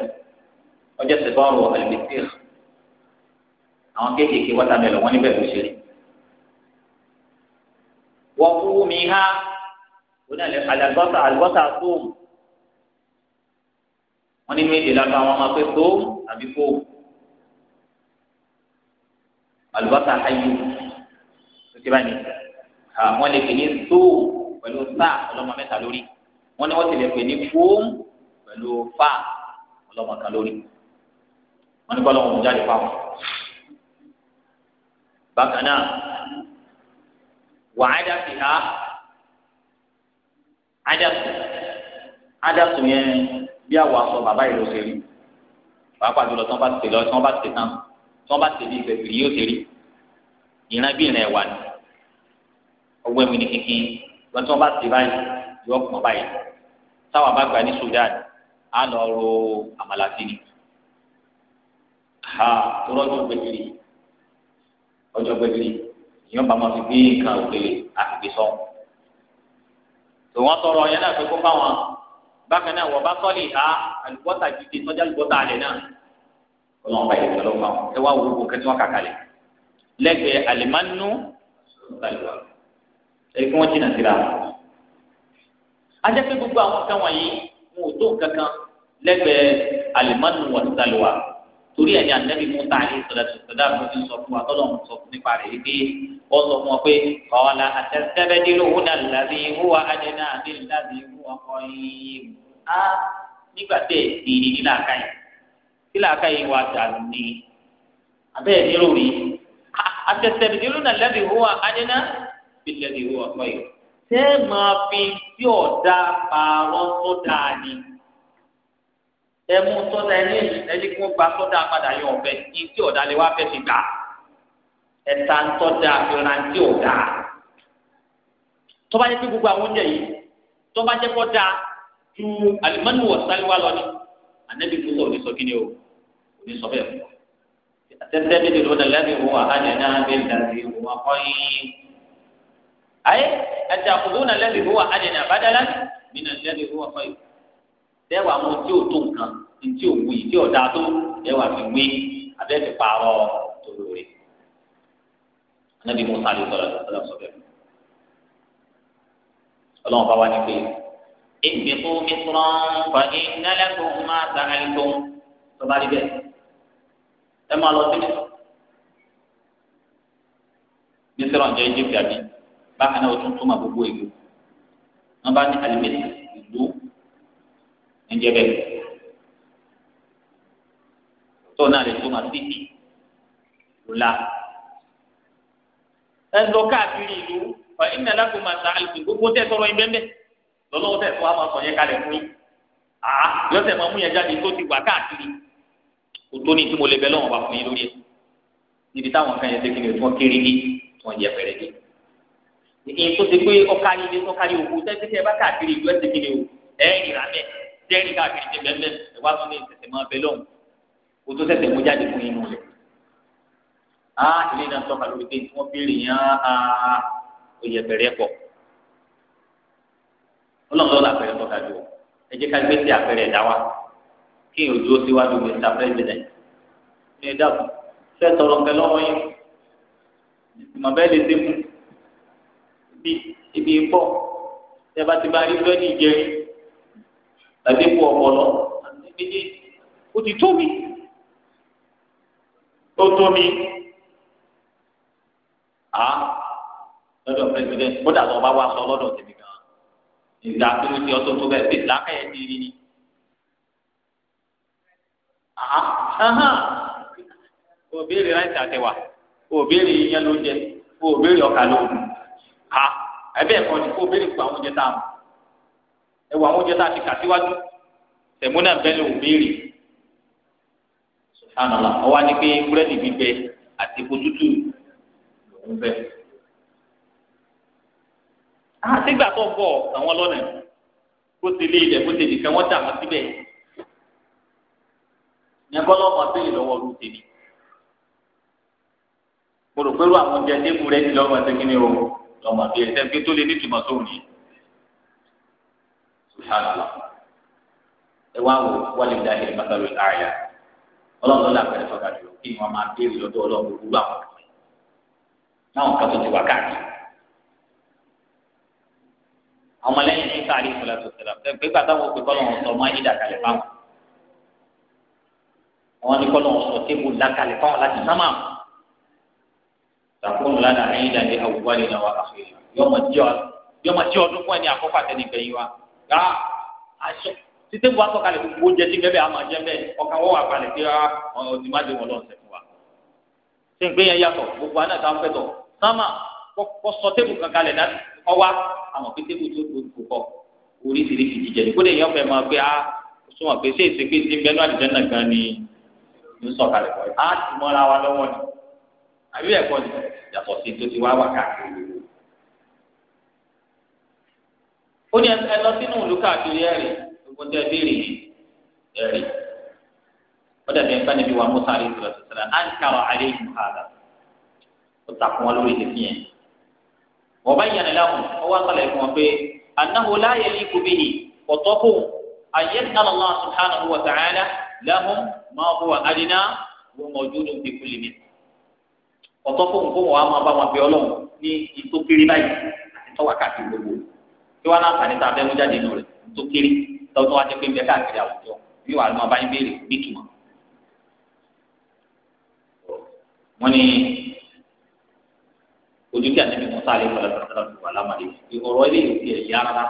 ọjọ́ sẹ́fọ́ọ̀rọ̀ àlùmísírì àwọn kéékèèké wọ́tàmẹ́lọ̀ wọn níbẹ̀ ló ṣe rí. wọ́n kú mi há onílẹ̀ àlàgbọ́sà àlùbọ́sà tóòmù wọ́n nínú èdè lábẹ́ àwọn ọmọ pé tóòmù àbí fóòmù àlùbọ́sà ayé tó ti báyìí wọ́n lè pè ní tóòmù pẹ̀lú sáà ọlọ́mọ mẹ́ta lórí wọ́n ní wọ́n ti lè pè ní fóòmù pẹ̀lú fáà ọlọ́mọ kan lórí wọ́n ní kọ́ lọ́wọ́ mú fáwọn bákan náà wà ádàtì ha ádàtì ádàtì yẹn bí àwọ aṣọ bàbá yìí ló ṣe rí pàápàá jùlọ tí wọn bá ti lọ tí wọn bá ti tán tí wọn bá ti di ìfẹsẹ yìí ó ṣe rí ìran bí ìran ẹwà ni ọgbẹ mi ní kíkín lọ tí wọn bá ti báyìí yọ ọkùnrin báyìí táwọn bá gbà ní Sudan á lọ ro àmàlà sí ni ha tó rọjò gbẹdìrì yìí ọjọ́ pẹ́ẹ́lí ìyọ́n bá máa fi gbé nǹkan òkèlè àtìgbè sọ. tò wọ́n tọrọ yẹn náà pé kó bá wọn bákan náà wọ́n bá sọ́ọ̀lì ha àlùbọ́tà gidi sọ́jà àlùbọ́tà alẹ̀ náà ọlọ́run bá yẹn lọ́wọ́ fáwọn ẹ wá wúwo kẹ́tí wọn kàkà lẹ̀ lẹ́gbẹ̀ẹ́ àlìmánú ṣùgbọ́n ẹ kí wọ́n jìnnà síra. ajẹ́ pé gbogbo àwọn kan wọ̀nyí wọn ò tó nǹkan kan lẹ́gbẹ̀ẹ́ àlìmánú wà torí ẹni àtẹ́bí mú tá a lè sọ̀rọ̀ sọ̀dá mi ti sọ fún wa tọ́lọ̀ ń sọ fún nípa rẹ̀ wípé ó sọ fún ọ pé ọ̀la àtẹ́sẹ́bẹ́dínlò ó dà lábí ó wà á àbí lábí ó wà yìí á nígbà tẹ̀ ìrì ní làákàyè tí làákàyè wà dàlú ni abẹ́ẹ̀ nílò rí àtẹ́sẹ́bẹ́dínlò náà lábí ó wà á dẹ́nà bí lábí ó wà kọ́ yìí. ṣé máa fi tí ọ̀dà pààrọ̀ tó dáa ni ẹmu sọdá ẹni ẹni kí wọn gba sọdá padà yọ ọbẹ ní tí ọdá lè wá fẹẹ fi gbà ẹta sọdá ìran tí ọdá tọba jẹ pé gbogbo àwọn oúnjẹ yìí tọba jẹ kọ da ju alimami wọ sáliwa lọ ni anabi musa òní sọ kíni o òní sọ bẹ́ẹ̀ fún wa tẹtẹ mi lè lọdà lẹbi wọn àhánà náà bẹ dàbí wọn kọ yín ayé ẹtì àkùnrin náà lẹbi wọn àhánà náà bá dàlá mi náà lẹbi wọn kọ yín tẹ́wàá mú tí ò tó nǹkan tí ò wuyì tí ò dáa tó tẹ́wàá fi wé abẹ́fẹ́ pààrọ̀ tó lóore. anábì musa lè sọ̀rọ̀ lọ́sọ̀rọ̀ sọ̀rọ̀ bẹ́ẹ̀. bá wá ní pé èmi tó mi sọ̀rọ̀ fa ìnálẹ́ tó máa ta ẹni tó tó bá rí bẹ́ẹ̀. ẹ máa lọ sí mi. mi sọ̀rọ̀ ǹjẹ́ egypt àbí bákan náà ó tún túmọ̀ gbogbo ìlú. wọ́n bá ní alimẹ́tì ìlú ẹ̀jẹ̀ bẹ́ẹ̀ tó náà lè túmọ̀ sí ìdí lula ẹnlọ káàkiri ìlú ọ ìnà lágbo máa ta àlùkò gbogbo tẹ sọ̀rọ̀ yín bẹ́ẹ̀ lọ́lọ́wọ́ tẹ̀ fún wa máa sọ yẹn kalẹ̀ fún yín àá lọ́sẹ̀ máa mú yẹn jáde tó ti wà káàkiri kò tó ní tí mo lè bẹ lọ́wọ́ wà fún yín lórí ẹ̀ níbi táwọn kan yẹn ṣe kíni tí wọ́n ní tí yẹ pẹ̀rẹ̀ ní. ìyẹn tó ti pé ọkàlí ni ọkàlí òkú tẹ́tí tẹ́ bá káàkiri ìlú ẹ̀ ṣe o ẹ̀ ìrà jẹ́rìí káàkiri ti bẹ́ẹ̀ bẹ́ẹ̀ ẹ wá tún ní tẹ̀sẹ̀ máa bẹ lóhùn kó tó tẹ̀sẹ̀ mú jáde fún inú rẹ̀ á ilé náà tọ́ka lórí pé wọ́n béèrè yẹn á oyè bẹ̀rẹ̀ pọ̀ ọlọ́run lọ́la àpẹẹrẹ tọ́ka jù ẹ jẹ́ ká gbé sí àpẹẹrẹ ẹ̀dá wa kí n ò dúró síwájú mr president ní ẹ dàbọ̀ fẹ́ tọrọ nǹkan lọ́wọ́ yín ìmọ̀ lè dé mú bí ibi ń bọ̀ tẹ́ bá ti bá rí lọ́ọ́ ní tàbí kú ọpọlọ àti méjèèjì ó ti tó mi ó tó mi à lọ́dọ̀ pẹ̀lúdẹ̀ kódà lọ́ba wa sọ lọ́dọ̀ tèmi gan ìgbà tó ti ọtún tó bẹ́ẹ̀ bíi làákàyè ti rí ni òbéèrè láìsí àtẹwà òbéèrè yẹn ló jẹ òbéèrè ọkà ló ha ẹbẹ ẹkọ ni kó òbéèrè pa oúnjẹ tá a mọ ẹwà àwọn oúnjẹ tá a ti kà síwájú tẹmúnà bẹlẹ ò béèrè sùhánàlá ọwọ ni pé búrẹ́dì gbígbẹ àti epo tútù lòún bẹ. àtìgbà tó bọ̀ àwọn lọ́nà bó ti lé ilẹ̀ bó ti dìkan wọ́n dà wọ́n síbẹ̀ yẹn bọ́ lọ́mọ sí ìlọ́wọ́ ló ti ní. mo rò pé irú àwọn oúnjẹ débù rẹ ti lọ́mọ sí kí o lọ́mọ bí ẹsẹ̀ gbé tó lé nítumọ̀ sóhun yìí subhanallah ẹ wá wò wọlé ní dáhìrì mọ́tàlú àyà ọlọ́run lọ́la pẹ̀lú tọ́ka jù kí ni wọ́n máa béèrè lọ́dọ̀ ọlọ́run òwúrọ̀ àwọn ọkùnrin náwọn kan tó ti wá káàkiri àwọn ọmọlẹ́yìn ní sáà ní ìfọlá tó ṣẹlẹ̀ pé gbígbà táwọn òpin kọ́ lọ́wọ́ sọ ọmọ ayé dàkalẹ̀ fáwọn àwọn ní kọ́ lọ́wọ́ sọ tébù dàkalẹ̀ fáwọn láti sámà takunu lana ayidan ni awuwalina wa akhirina yọmọ tí ọdún fún ẹni àkọ́kọ́ àtẹnigbẹ̀yìn wa gbà ah, aṣọ títí bu asọ̀kalẹ̀ gbogbo oúnjẹ tí bẹ́ẹ̀ bẹ́ẹ̀ àmọ̀ jẹ́ bẹ́ẹ̀ ọkàn wọ́n wà balẹ̀ pé ah, ọ̀dì má dé wọn lọ sẹ̀ fún wa. ṣé n gbé yẹn yàtọ̀ gbogbo aná ta ń fẹ́ tọ̀ sámà kọ́ sọ tébù kankan lẹ̀ láti kọ́ wá àmọ̀ pé tébù tó tó kọ́ oríṣiríṣi jíjẹ ní kódé yẹn fẹ́ máa pé a ah, súnmọ́ pé ṣé èsì pé ti ń bẹ́ẹ̀ náà gan ni ló ń sọ̀kalẹ̀ kọ́ yìí. a ti mọ́ra wa lọ́wọ́ ni àbí ẹ̀kọ́ ni yàtọ̀ sí tó ti wá wà káàkiri ó ní ẹ lọ sínú ìlú káàkiri ẹ̀rí gbogbo tẹ béèrè ẹ̀rí ó dàbí ẹ̀ka níbi wa Musa àlè ìtura sọ̀tàlá à ń kàwá àlè ìmùhàdà ó takùn wọn lórí ìdífín yẹn wọ́n bá yànnà láwùn ó wá sọ̀lẹ̀ fún wọn pé anáwó láàyè ní kùbí ni ọ̀tọ́ kù ayé nàlọ́ náà subhanahu wa ta'ala lahum ma huwa adina wa mawjudun fi kulli min ọ̀tọ́ kù kó wọn á máa bá wọn bẹ ọlọ́run ní ìtókiri báyìí àti tọ́wọ́ kí wọn láǹfààní tá a fẹ́ mú jáde nù rẹ̀ tó kéré tọ́tún wá jẹ́ pé ń bẹ káàkiri àwùjọ bí wàá lọ́mọ báyìí béèrè nítumọ̀. wọ́n ní ojú kí àti mímú sáré fọlọ́ fọlọ́ fọlọ́ alámàdé ọ̀rọ̀ ilé ìwé ẹ̀ yá rárá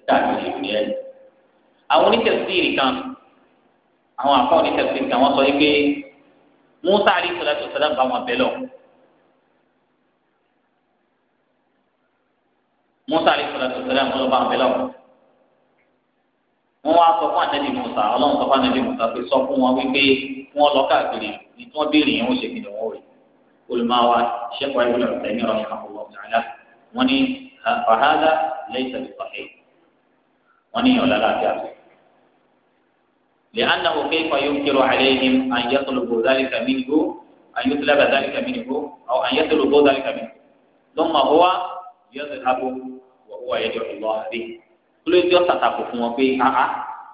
ẹ̀dá àti ìṣèlú ni ẹ̀. àwọn onítẹ̀síìrì kan àwọn àfọ̀ onítẹ̀síìrì kan wọ́n sọ wípé mú sáré fọlọ́ fọlọ́ bá wọn bẹ́ lọ́wọ́ musa alayhi salatu salam ló bá ń bẹ̀lẹ̀ wọn. wọ́n wá sọ fún anabi musa ọlọ́run sọ fún anabi musa pé sọ fún wọn wípé wọ́n lọ káàkiri ní tí wọ́n béèrè yẹn wọ́n ṣe kìnnìún wọ́n rè olùmọ̀wá sẹ́kọ̀ọ́ ìwé lọ́rọ̀ tẹ̀lé ọ̀rọ̀ ṣàkóso ọ̀tàlá wọ́n ní ọ̀hádà lẹ́yìn tẹ̀lé sọ̀hẹ́ wọ́n ní ọ̀lá láti àgbẹ̀. لأنه كيف ينكر عليهم أن يطلبوا ذلك منه أن يطلب ذلك منه أو أن يطلبوا ذلك منه ثم هو يذهب wọ ẹjọ ìlọ àdé olóyè tí ó tàtàkù fún wọn pé aha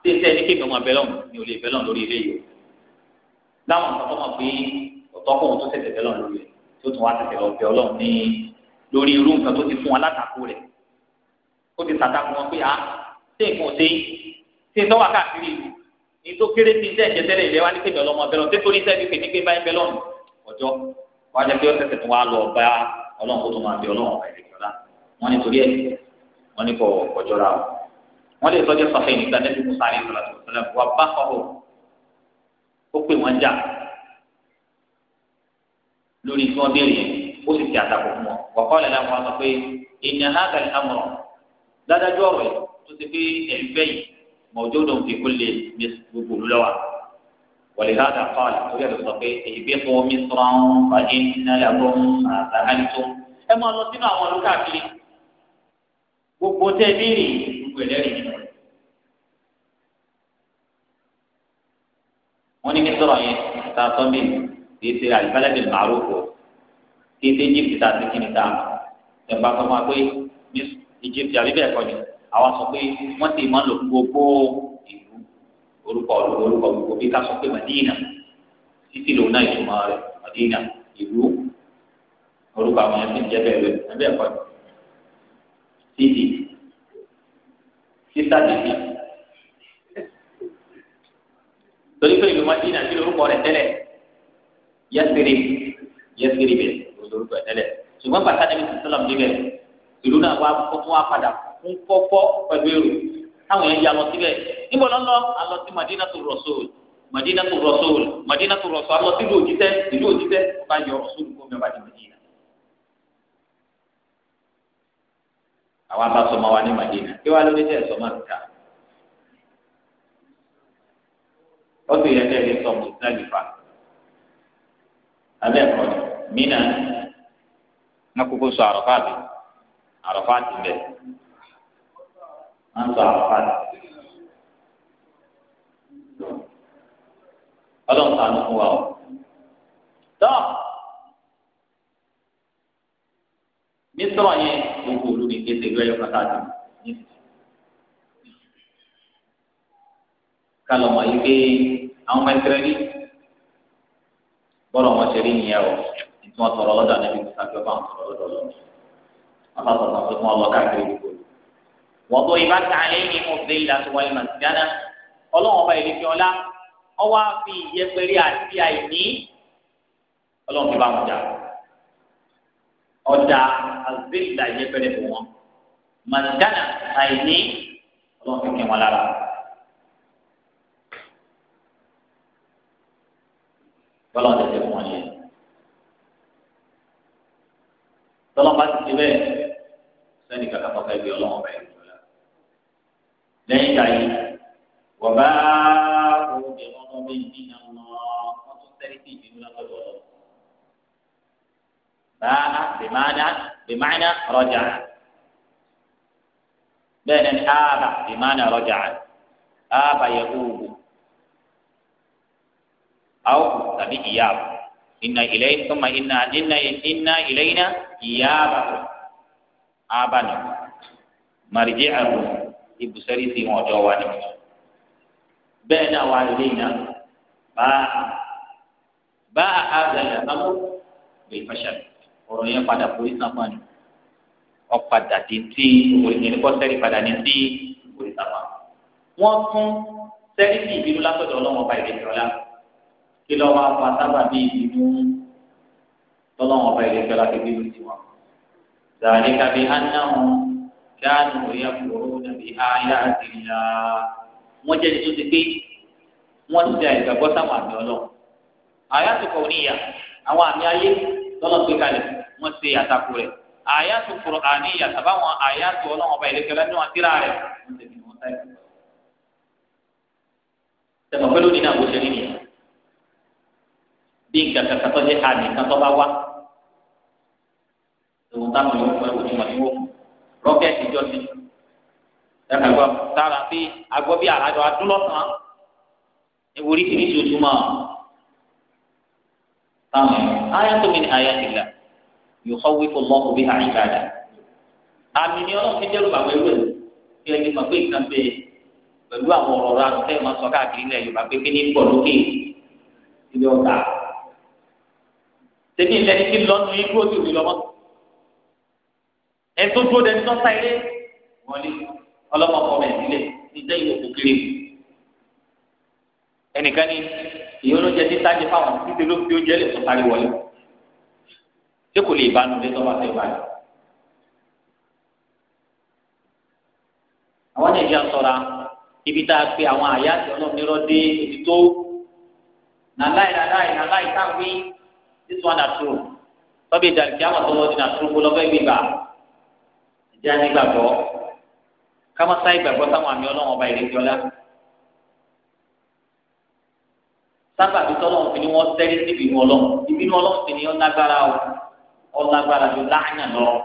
tí ń sẹ́ni kébì ọmọ abẹ́lọ́n ni ò lè bẹ́lọ́n lórí ilé yìí láwọn ọ̀tọ́ mọ̀ pé ọ̀tọ́kùn tó tẹ̀sẹ̀ bẹ́lọ́n lórí rẹ̀ tó tún wá tẹ̀sẹ̀ lọ bẹ́ ọlọ́run ní lórí irú nǹkan tó ti fún wọn látàkù rẹ̀ ó ti tàtàkù wọn pé ah tí nǹkan ṣe tí ń tọ́wọ́ káàkiri ìlú ní tó kéré tí ń sẹ́ǹjẹ tẹ́lẹ̀ ìlẹ́wà ní kébì ọlọ́run tó wọn ní kò kọjọra o wọn lè sọjọ sọfẹ nígbà nẹbi musa ní sọlá tó sọlá wà bá kọhọ ó pè wọn jà lórí tí wọn béèrè ó sì ti àtàkùn fún wọn wà kọ́ lẹ́la wọn sọ pé ìyẹn ha kàlí amọ̀ dádájú ọ̀rọ̀ yìí tó ti pé ẹ̀rí fẹ́ yìí mọ̀jọ́ dùn fi kó lè ní gbogbo olú lọ́wọ́ wọlé ha kà kọ́ ọ̀la tó yẹ kó sọ pé èyí bí kò mí sọ̀rọ̀ fàdí nílẹ̀ àbọ̀ àtàkàlì gbogbo tẹ bíìrì gbogbo ẹlẹ́rìí nínú rẹ̀. wọ́n ní kí sọ̀rọ̀ yẹn ta sọ́mbì kì í ṣe àlùbálẹ̀ bíi màrúkọ kì í ṣe egypt ta sí kíni ta ẹ̀ bá sọ́mọ́ pé egypt àbí bẹ́ẹ̀ kọ́ ni àwa sọ pé wọ́n ti máa ń lò gbogbo ìlú orúkọ orúkọ gbogbo bí ká sọ pé madina títí lòun náà ìtumọ̀ rẹ̀ madina ìlú orúkọ àwọn yẹn ti ń jẹ́ lọ ẹ̀ bẹ́ẹ̀ ni síbi sísá bìbí torí pé ìlú madina kí lórúkọ rẹ̀ tẹ́lẹ̀ yẹsiri yẹsiri bẹ lórúkọ rẹ̀ tẹ́lẹ̀ ṣùgbọ́n bàtà níbi sísọlọm níbẹ̀ ìlú náà wà fún wa padà fún kọkọ pẹ̀lú èrò táwọn yẹn yà lọ síbẹ̀ níbo lọ lọ alọ sí madina tó rọ sóòlù madina tó rọ sóòlù madina tó rọ sóòlù alọ sí ìlú òjítẹ ìlú òjítẹ ọba yọ rọ kó mẹba ní madina. àwa bá sọmọ wa ní Madina kí wàá lóde tẹ sọmọ nìkan ó sì yẹ kẹ ẹ sọ mùsùlùmí abẹ ẹkọ ni mina nakoko sọ àròfáàtì àròfáàtì bẹ wọn sọ àròfáàtì Ọlọ́run sànù fún wa o tọ. mísírọ yẹn gbogbo olú ní kété ìlú ẹyọ kàtà jù ní kálọmọ yìí pé àwọn ọmọ ẹsẹrẹ rí bọlọ wọn ṣe rí nìyẹn o tí wọn tọrọ lọ́dọ̀ ànábi tó sáfẹ bá wọn tọrọ lọ́dọ̀ lọ wọn bá tọrọ pé wọn lọ káàkiri gbogbo wọn tó ibà tààlẹ ní mo fẹ ìlà tó wáyé màtí dáná Ọlọ́run ọba ìlú fi ọlá ọwọ́ àfi ìyẹpẹrẹ àti àìní Ọlọ́run fi bá wọn jà ọ̀dà àgbélà yẹ pẹ̀lẹ́ fún wọn màdánà àìní ọlọ́run fi kẹ́ wọn lára. bọ́lá ọ̀dẹ̀ tẹ̀ fún wọn yẹn. tọ́lọ́mù bá ti ti bẹ́ẹ̀ sẹ́ni kàkà kọ́ fẹ́ bí ọlọ́run bẹ́ẹ̀ lọ́la. lẹ́yìn ìgbà yìí wọ́n bá òun jẹ́ wọn lọ́wọ́ ìdí náà wọ́n tún sẹ́ni tí ìbínú náà tọ̀ lọ́wọ́. باء بمعنى بمعنى رجع بين آب بمعنى رجع آب يؤوب أو تبي إياب إن إليه ثم إن إن إن إلينا إيابكم آبنا مرجعكم ibùsọ̀rí sí wọn ọjọ́ wa ni bẹ́ẹ̀ náà wà lórí iná bá bá àgbẹ̀lẹ̀ amú lè fẹ́ ṣàlẹ̀ ọ̀rọ̀ yẹn padà forí sàmà ni ọ̀padà di ti òrìṣẹ́ni kọ́ sẹ́rí padà ní ti forí sàmà. wọ́n tún sẹ́rí sí ìbínú látọ̀dọ̀ ọlọ́wọ́n ọba ìrẹsì ọ̀la kí lọ́wọ́ afa sábà bí ìbínú tọ́lọ́wọ́n ọba ìrẹsì ọ̀la kí bínú sí wọn. zàlẹ́ kàbí anáhùn dáàdùn òyà kúrò nàbí ayá àdìyà wọ́n jẹ́ nítorí pé wọ́n ti da ìgbàgbọ́ sáwọn àmì ọlọ́run àyà tó àwọn àmì ayé tọ́lọ́ gbé kalẹ̀ wọ́n ṣe àtakò rẹ̀ àyàtò Kùránì yàtàbá wọn àyàtò ọlọ́wọ́n ọba ìlẹ́kẹ̀lẹ́ ní wọn tíra rẹ̀ wọ́n ṣe ní wọn táyà. sẹ́kọ̀ pẹ́lú ní náà wọ́n ṣe nínú yẹn bí nǹkan kankan tó jẹ́ àmì kan tó bá wá lòun táwọn yóò fọ ìwòsàn wọn ni wọ́n rọ́kẹ́tì jọ sí ẹ̀ka sára pé agbọ́ bí àràjọ adúlọ́sàn ewúrí kìíní ti o túmọ̀ táwọn yẹn ayàtò mi ni ayàtì yukhawifu Allahu biha ibadahu àmì ni Ọlọ́run fi dẹ́rù bàwẹ́ wẹ̀ kí ẹni máa gbé nǹkan bẹ́ẹ̀ pẹ̀lú àwọn ọ̀rọ̀ rà tẹ́ máa sọ káàkiri ilẹ̀ Yorùbá pé kí ní bọ̀ lókè ilé ọ̀tá tẹ̀lé ilẹ̀ ní kí lọ́nu yín dúró sí òbí lọ́mọ́ ẹ̀ tó dúró dẹni tọ́ta ilé wọlé ọlọ́mọkọ rẹ̀ sílẹ̀ ní sẹ́yìn òkú kiri ẹnìkan ní ìyọ́nú jẹ títà fáwọn títí ló fi ó jẹ́ lè sọ ṣé kò lè bánu dé tọ́ba tẹ báyìí. àwọn nàìjíríà sọra ibi tá a pe àwọn àyà àti ọlọ́mìnirọ́ dé ibi tó nà láì nà láì nà láì táwí this one na true tọ́bi ìdàgbé àwọn tó lọ́ọ́ di na true kó lọ́fẹ́ gbígbà ìdí àti ìgbàgbọ́ kámọ́sá ìgbàgbọ́ táwọn àmì ọlọ́run ọba ìrètí ọlá sábà tó tọ́lọ́run fi ni wọ́n tẹ́lẹ̀ síbi inú ọlọ́run ìbínú ọlọ́run sì ni ó lágbára o ọlágbára ju láàyàn lọ.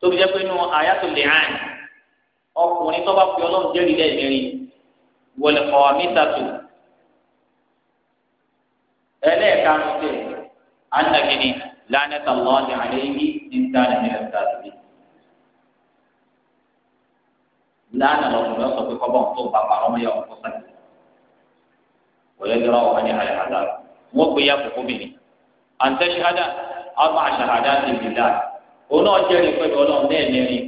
tóbi jẹ́ pé inú àyàtò lè hàn ọkùnrin tó bá fi ọlọ́run jẹ́rìí lẹ́ẹ̀mẹrin wọlé kọ́ mítà tó ẹlẹ́ẹ̀karùn-ún tẹ̀ anagini lánàtà lọ́ọ̀dì àlẹ́yìí ní sáàlì ní ẹ̀sàlì. lánàá lọ́kùnrin ọ̀sọ̀ pé kọ́bọ̀n tó bàbá ọmọ yà ọ̀kọ́ sáyé wọlé dọ́rọ̀ wọn ní àyàhàdà wọn gbé yà kókó bìnrin àǹtẹ̀ṣáda àwọn àṣàhàdá ti lè dá òun náà jẹ́rìí pẹ̀lú ọlọ́run náà lẹ́rìí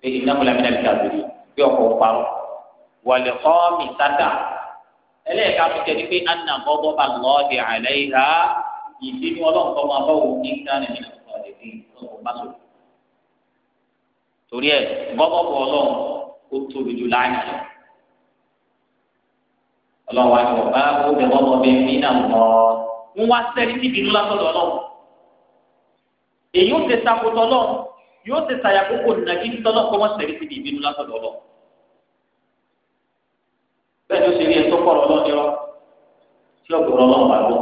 pé ìnáwó lamínà ti dàbírí bí ọkọ̀ parọ́ wàlẹ̀ kọ́ọ̀mì sádà ẹlẹ́ẹ̀ka tó jẹ́ ni pé anna bọ́bọ́ bá lọ́ọ̀dì àlẹ́ ìhà ìdíni ọlọ́run kọ́ máa bọ́wọ́ ní gánà nínú ọ̀dẹ̀ bíi ọkọ̀ bá sọ̀rọ̀ torí ẹ bọ́bọ́ bọ́ ọlọ́run ó tóbi jù láàyè ọlọ́run wa ni wọ́n wọn wá sẹ́rí síbi ńlá sọ̀dọ̀ lọ́wọ́ èyí ó ṣe sakotọ lọ yóò ṣe sàyàkókò nàbí tọ́lọ́ kọ́ wọ́n sẹ́rí síbi ìbínú lásọ̀dọ̀ lọ. bẹ́ẹ̀ ni ó ṣe rí ẹtọ́ kọ̀rọ̀ lọ́ni ọ tí ọ̀gbọ̀rọ̀ lọ́wọ́ bá gbọ́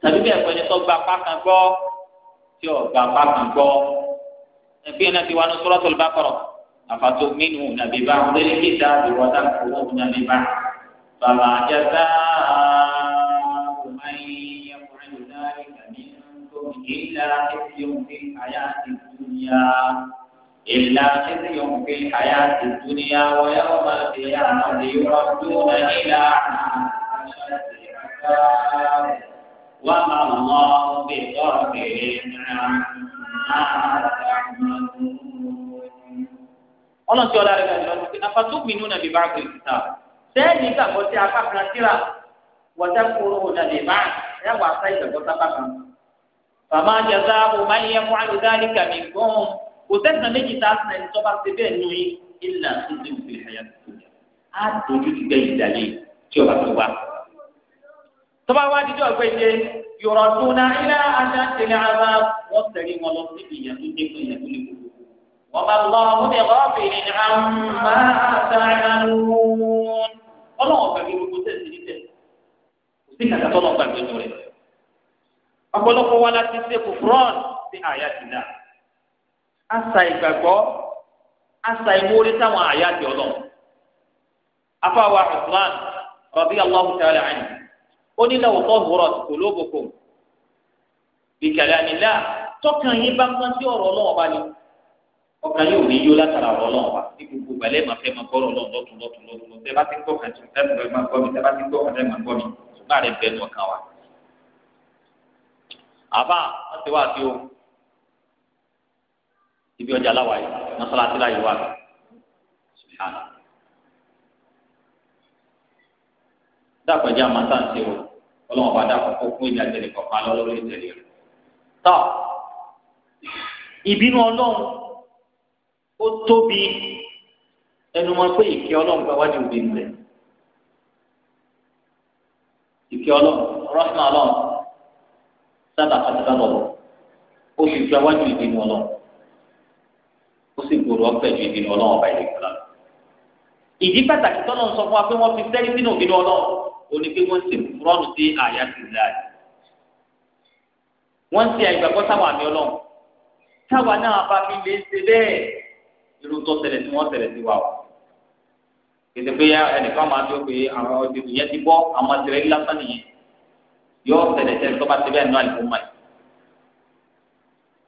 tàbí bí ẹ̀pẹ́ni tó gba apá kan gbọ́ tí ọ̀gbà apá kan gbọ́ ẹ̀bí ẹ̀ ti wá ní Suratul bàbá àjẹsà ọ̀gbọ̀n إلا خزي في الحياة الدنيا إلا خزي في الحياة الدنيا ويوم القيامة يردون إلى عذاب وما الله بغافل عما تعملون ọlọ́run tí ọlá rẹ̀ gbàdúrà ló fi afató mi nínú nàbí báàgì ìkìtà sẹ́ẹ̀nì gbàgbọ́ sí apá kan síra wọ́tá kúrò nàbí báàgì ẹ̀ wà sá ìgbàgbọ́ sábà kan fàmà jẹ́sà ọ̀bá yẹ fún àlùdáàlì kàmí gbọ́n kò tẹ̀sán méjì tá a sàn ẹni tó bá ṣe bẹ́ẹ̀ nù yín ìlà tó ti wù fìlà yà tó yà á dojú ti gbẹ ìdálé tí ọba tó wà. tọ́ba wá dídí ọ̀gbẹ́ ṣe yọ̀rọ̀ tó náà ilá ajá tẹ̀lé ara wọ́n tẹ̀lé wọn lọ síbi ìyà tó fún ìyà tó lè kúrò. bá lọ ọ̀hún ní ọ̀bì ní àmà àtàrànlọ́wọ́n ọlọ́wọ́n gbàgbé gbogbo tẹ̀sí ọ̀pọ̀lọpọ̀ wa láti ṣe kò fúrọ́ọ̀n sí àyà ti dà àṣà ìgbàgbọ́ àṣà ìmúrí táwọn àyà ti ọlọ́ afáwa Usman radiyallahu ta'ala anhu ó ní law tahurat qulubukum bi kalamillah tọkàn yín bá pọ́n sí ọ̀rọ̀ ọlọ́wọ́ bá ní ọkàn yóò ní yó látara ọ̀rọ̀ náà wá ní gbogbo balẹ̀ máa fẹ́ máa gbọ́rọ̀ lọ́n lọ́tún lọ́tún lọ́tún lọ́tún tẹ́ bá ti gbọ́ kàn tún tẹ́ bá ti gbọ́ kàn tún tẹ́ bá ti gbọ́ kàn tún tẹ́ máa gbọ́ mi ṣùgbọ́n àrẹ bẹ́ẹ̀ nù ọkàn wa àbá wọn ti wá sí o ibi ọjà láwàá yìí mọ́sálásí láyé wà sùhánà dàpọ̀jà màtá ń ṣe o ọlọ́wọ́n bá dàpọ̀ kó fún ìyá tẹ̀lé kọ̀ọ̀kan lọ́wọ́ lórí tẹ̀lé rẹ̀ tọ́ ìbínú ọlọ́run ó tóbi ẹnu mọ́ pé ìkẹ́ ọlọ́run gba wájú òbí rẹ̀ ìkẹ́ ọlọ́run rọ́ṣínà ọlọ́run sábà kàtàkà lọ́wọ́ ó sì fi awájú ìdènà ọlọ́ ó sì gbòòrò ọ̀fẹ́ ju ìdènà ọlọ́ ọba ìlẹ̀kùn lọ. ìdí pàtàkì tọ́nà sọ fún wa pé wọ́n fi sẹ́rí sínú ìdènà ọlọ́ ò ní pé wọ́n sì rọ́ọ̀nù sí àyà sí ìlàjì. wọ́n ti àìgbàgbọ́ sáwọn àmì ọlọ́run táwa náà bá mi lè ṣe bẹ́ẹ̀ irú tó ṣẹlẹ̀ sí wọ́n ṣẹlẹ̀ sí wa o kìtìpéyà ẹnìkan máa tó pé àwọn ọdún yọ ọ̀sẹ̀lẹ̀ tẹ́lẹ̀ tó bá ti bẹ́ẹ̀ nú àlùmọ́ ẹ̀.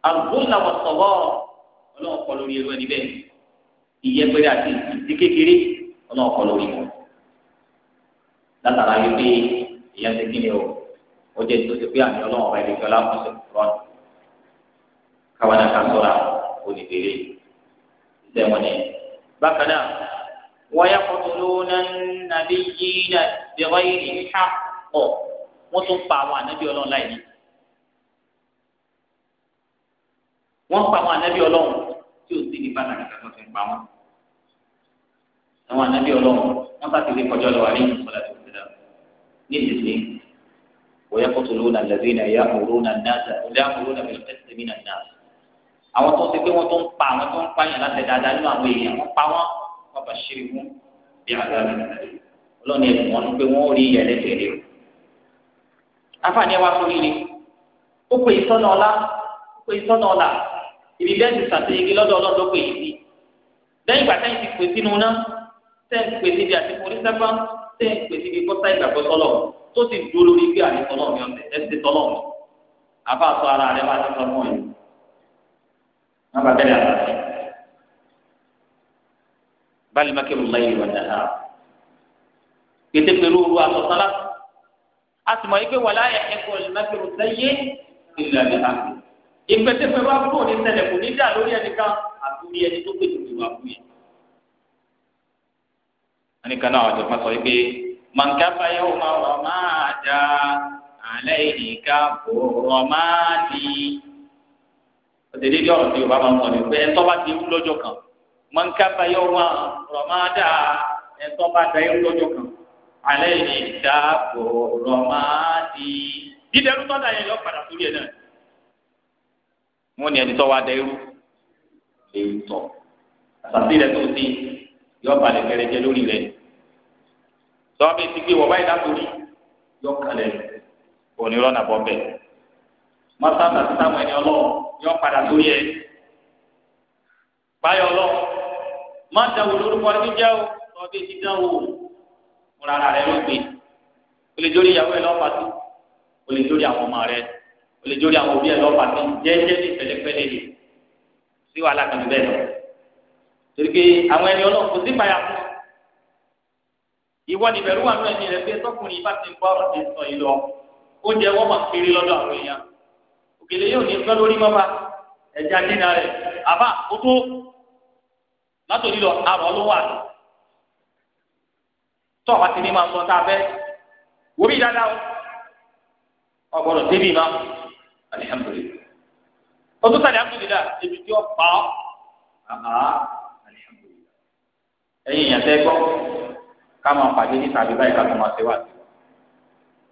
àlùbọ́n làwọn sọ̀rọ̀ ọlọ́run kọ lórí ẹrú ẹni bẹ́ẹ̀ ìyẹ́pẹ̀rẹ́ àti ìdí kékeré ọlọ́run kọ lórí wọn. látara yìí pé ìyá ti kíni o ó jẹ́ tó ti pé àmì ọlọ́run ọ̀rẹ́ ìdíjọ́ lápọ̀sẹ̀ rọ́ọ̀nù káwọn ẹ̀ka sọ́ra oníbèrè ìṣẹ́ wọn ni. bákan náà wọ́n yẹ kọ́tù lónà nàbí yìí nà wọ́n tún pa àwọn ànábì ọlọ́run láì ní. wọ́n pa àwọn ànábì ọlọ́run tí ò sí ní pàtàkì kankan fi pa wọn. àwọn ànábì ọlọ́run wọ́n bá ti rí kọjá lọ wà ní ìmọ̀lá tó ti dá ní ìdílé. ويقتلون الذين يأمرون الناس يأمرون بالقسط من الناس àwọn tó ń ṣe pé wọ́n tó ń pa àwọn tó ń pààyàn láti dáadáa nínú àwọn èèyàn wọ́n pa wọ́n wọ́n bá ṣírí fún bí àgbà mi ọlọ́ni ẹ̀sìn wọn pé wọ́n ó rí ìyẹ̀lẹ́tẹ̀ẹ́ rẹ̀ o àǹfààní ẹ wá sórí rẹ ó pè é sọ́nà ọ̀la ó pè é sọ́nà ọ̀la ìbí bẹ́ẹ̀ ti sàtẹ́yẹgẹ lọ́dọ̀ ọlọ́dọ̀ pè é sí lẹ́yìn ìgbà táyì ti pè sínú náà tẹ́ ń pè síbi àti forí sábà tẹ́ ń pè síbi kọ́sá ìgbàgbọ́ sọ́lọ̀ tó ti dúró lórí pé àní sọ́lọ̀ mi ọ̀tẹ̀ ẹ ti mi àbá sọ ara rẹ wá sí sọ́mọ́ yìí má bẹ́ẹ̀ àtàkì bálí mákèrú láyé ìwà dáhà kété pẹ̀lú olú asọ̀sálá a sì mọ̀ yìí pé wàlá ẹ̀kọ́ ìlẹ́mẹ́kẹ́rù sẹ́yé ìlànà àgbẹ̀. ìgbẹ́sẹ̀fẹ́ wa kúrò ní ṣẹlẹ̀ kò ní dà lórí ẹni kan àbúrí ẹni tó gbèsè ìwà àbúrí. wọ́n kan náà ọ̀jọ̀ kan sọ pé mọ̀nkáfà yóò máa wọ̀ máa dá àlẹ́ ìdíkà kò rọ̀ máa di. òdèdè ọ̀rọ̀ tí Yorùbá máa ń sọ ni pé ẹ̀tọ́ bá ti wú lọ́jọ́ kan mọ̀nkáfà yóò máa rọ̀ máa dá ẹ̀tọ́ bá da irú lọ́jọ́ kan alẹ́ ní dáàbò rọ̀mádì. dídẹrú tọ́da yẹn yọ padà sórí ẹ̀ náà. wọ́n ní ẹni tọ́ wa dẹrú èyí tọ̀ àtàtì rẹ̀ tó ti yọ balẹ̀ kẹrẹjẹ lórí rẹ̀. tọ́bi ti gbé wọ́n báyìí látòrí yọ kalẹ̀ onírọ́nà bọ́m̀bẹ̀. mọ́sáàtà ti táwọn ẹni ọlọ́ọ̀ yọ padà sórí ẹ̀. báyọ̀ ọlọ́ọ̀ má dáwọ́ lórúkọ ẹni jẹ́ o tọ́bi ti dáwọ́ o múra ara rẹ ló gbé o lè jórí ìyàwó ẹ lọ́pàá sí o lè jórí àwọn ọmọ rẹ o lè jórí àwọn òbí ẹ lọ́pàá sí jẹ́jẹ́ ní pẹ̀lẹ́pẹ̀lẹ́ yìí sí wàhálà kan bẹ́ẹ̀ lọ torí pé àwọn ẹni ọlọ́run kò sí ìpayà fún ọ ìwọ ni bẹ̀rù wà ní ẹni rẹ pé tọkùnrin bá ti gbọ́ ọ̀rọ̀ ti sọ yìí lọ oúnjẹ wọn máa kiri lọ́dọ̀ àwọn èèyàn òkèlè yóò ní pẹ́ lórí mọ́ba ẹ̀jẹ̀ àdínà tó àwọn ti ní máa sọ tá a fẹ́ wò bí dáadáa o ọgbọ́dọ̀ débi ma alihamudulilayi o tó sàlẹ̀ alihamudulilayi ebi tí o pa ọ́ àhà alihamudulilayi ẹ̀yin èèyàn tẹ́ gbọ́ ká máa pàdé ní tàbí báyìí ká tó máa ṣe wá sí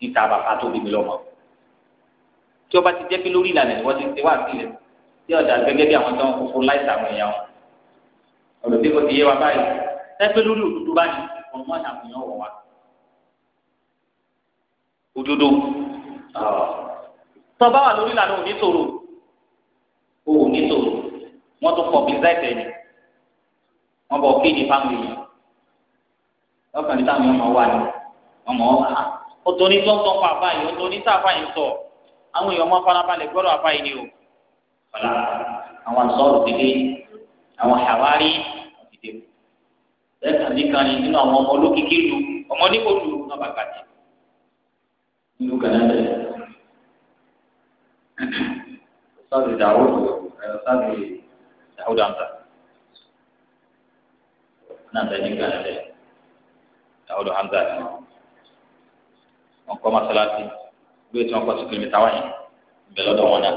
i níta bàbá tó bí mi lọ́mọ tí o bá ti jẹ́ pé lórí ìlànà ìwọ́n ti ṣe wá sí i tí ọ̀dà gẹ́gẹ́ bí àwọn tó ń kókó láìsàn àwọn èèyàn ọ̀rọ̀ tí yé wa báyìí tẹ́ pé lórí òdúdú báyìí ọmọ àtàwọn èèyàn wọ̀ wá. òdodo tọ́ba wà lórí ìlànà òní tòrò òní tòrò wọ́n tún pọ̀ bíi zẹ́ẹ̀tẹ̀ ni wọ́n bọ̀ kéde fáwọn èèyàn lọ́kàn ní táwọn ọmọ wà ní ọmọ ọ̀hún ọ̀tọ̀ni tó ń tọ́ pa àbáyé ọ̀tọ̀ni tá àbáyé ń sọ àwọn èèyàn ọmọ farabalẹ̀ gbọ́dọ̀ àbáyé ni o. àwọn àṣọ òkèlè àwọn àwárí lẹ́sàn nìkan ni nínú àwọn ọmọ olókìkí lu ọmọ nípò lu náà bàbá jẹ nínú kanáda yìí sáàdì dàwùd sáàdì dàwùd àǹtà náà bẹ ní kanáda yìí dàwùd àǹtà yìí wọn kọ́ masalasi bí ètò wọn kọ́ sí kìlómítà wáyé bẹ́ẹ̀ lọ́dọ̀ wọn náà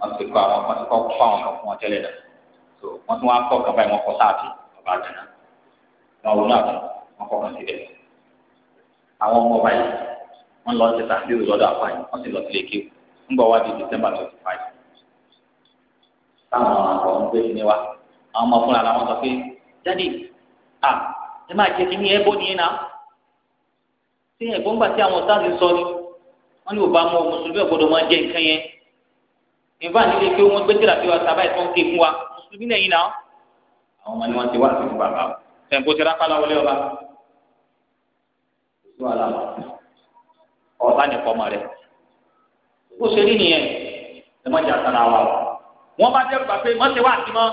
wọn ti kọ́ àwọn wọn ti kọ́ fún àwọn ọmọ fún wọn tẹ́lẹ̀ náà so wọn tún wá kọ́ kaba yìí wọn kọ́ sáàtì ọba àjànà wọn wò náà wọn kọkàn síbẹ̀ àwọn ọmọ báyìí wọn lọ sí tàbíù lọ́dọ̀ àpáyé wọn sì lọ sílé kéwù ń bọ̀ wá di december twenty five táwọn ọmọ ń gbé ní wa àwọn ọmọ fúnra làwọn sọ pé jáde à ẹ máa jẹ kí ní ẹ bó ní iná tí ẹ̀gbọ́n gbà tí àwọn sáàsì sọ ni wọn ní òbá mọ mùsùlùmí ọ̀gbọ́dọ̀ máa jẹ nǹkan yẹn ìfá nílé kéwù wọn gbé tìrà sí wa sábà ẹ̀ tó ń ké fún wa mùsùlùmí lẹ́yìn náà àwọn ọmọ ni wọn ti wá sí fún bàbá wọn tẹ̀ǹkó ti kala wọlé ọba oṣù àlàmà ọba nìkan ọmọ rẹ ó ṣe rí nìyẹn ẹ má jẹ àtàrà wa o wọn bá dẹrù pàpẹ mọ ṣe wá àti mọ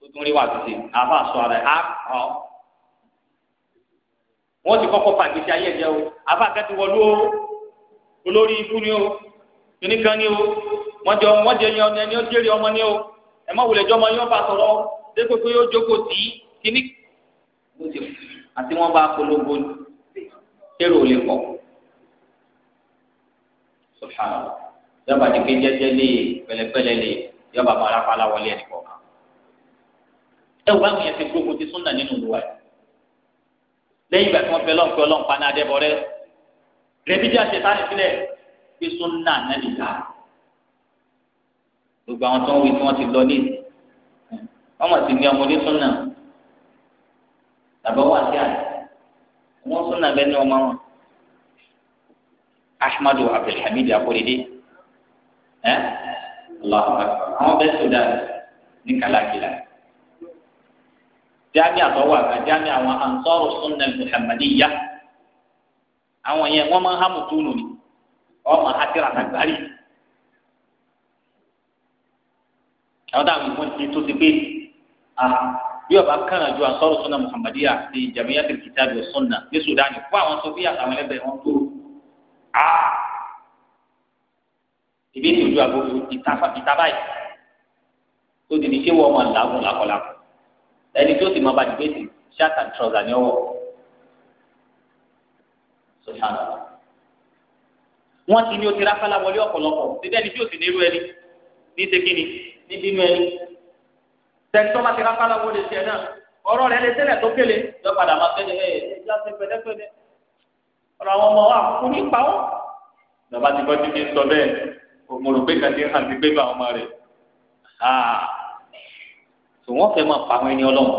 tó tún rí wà títí àbá sọ ara ẹ á ọ wọn ti kọ́kọ́ fàgbèsè ayé ẹjẹ o àbá kẹtì wọlú o olórí ikú ni o kìnnìkan ni o wọn jẹ wọn jẹ ẹni ọjẹrì ọmọ ni o ẹ má wulẹ̀ jọmọ yín ọba sọ̀rọ̀ dépò pé yóò jókòó tì kìnnìkan ó ti àti wọn bá polongo kéré ò lè kọ sọfàlà yọba dìgbé jẹjẹ lé pẹ̀lẹ́pẹ̀lẹ́ lé yọba balabala wọlé ẹnì kọ̀ọ̀kan ẹ wọ àwọn yẹn ti gbógun ti súnà nínú ìlú wa yìí lẹ́yìn ìgbà tí wọn fẹ́ lọǹkẹ ọlọǹpa náà dẹbọ rẹ rẹbíjà ṣètánì sílẹ̀ gbé súnà náà nìyà gbogbo àwọn tó ń wí tí wọn ti lọ ní ìsìn wọn mọ̀ sí ní ọmọ tàbí wà sí àná wọn sún náà bẹ ní ọmọ wọn ahmadu abdulhamid akorede ẹ lọhùn àwọn bẹ sudan ní kàlákìlá jami àtọwọ àgbà jami àwọn ansọrọ sunna muhammadiyya àwọn yẹn wọn máa ń hàmù túnú ni ọmọ àtìrà àtàgbárí àwọn táwọn ìfún ti tó ti pé ah bí ọba kàn ju ansọ́rọ̀ sunna muhammadiya ti jamiya ti kitabi sunna ní sudan fún àwọn sofiya àwọn ẹlẹgbẹ́ wọn tó a ìbí tó ju agogo ìtaba yìí tó di ní ṣé wọ́n máa làágùn làkọ̀làkọ̀ ẹni tó sì máa bá dìbẹ́tì ṣáàtà trọ̀zà ní ọwọ́ sọ̀tàn ti ní o ti rákàlà wọlé ọ̀pọ̀lọpọ̀ síbẹ̀ ni tí o sì ní irú ẹni ní ṣe ní bínú ẹni tẹ̀sítọ́ bá ti ká pálá wo lè tiẹ̀ náà ọ̀rọ̀ rẹ̀ lè tẹ́lẹ̀ tó kéle yọ padà máa tẹ́lẹ̀ ẹ̀ ẹ̀ já sí pẹ̀lẹ́pẹ̀lẹ́ ọ̀rọ̀ àwọn ọmọ wa kú nípa ó. ìjọba ti gbọ́ títí sọ bẹ́ẹ̀ òmùrò pé kàdé hàn ti gbé bá ọmọ rẹ̀ tò ah. wọ́n fẹ́ máa pa àwọn ẹni ọlọ́run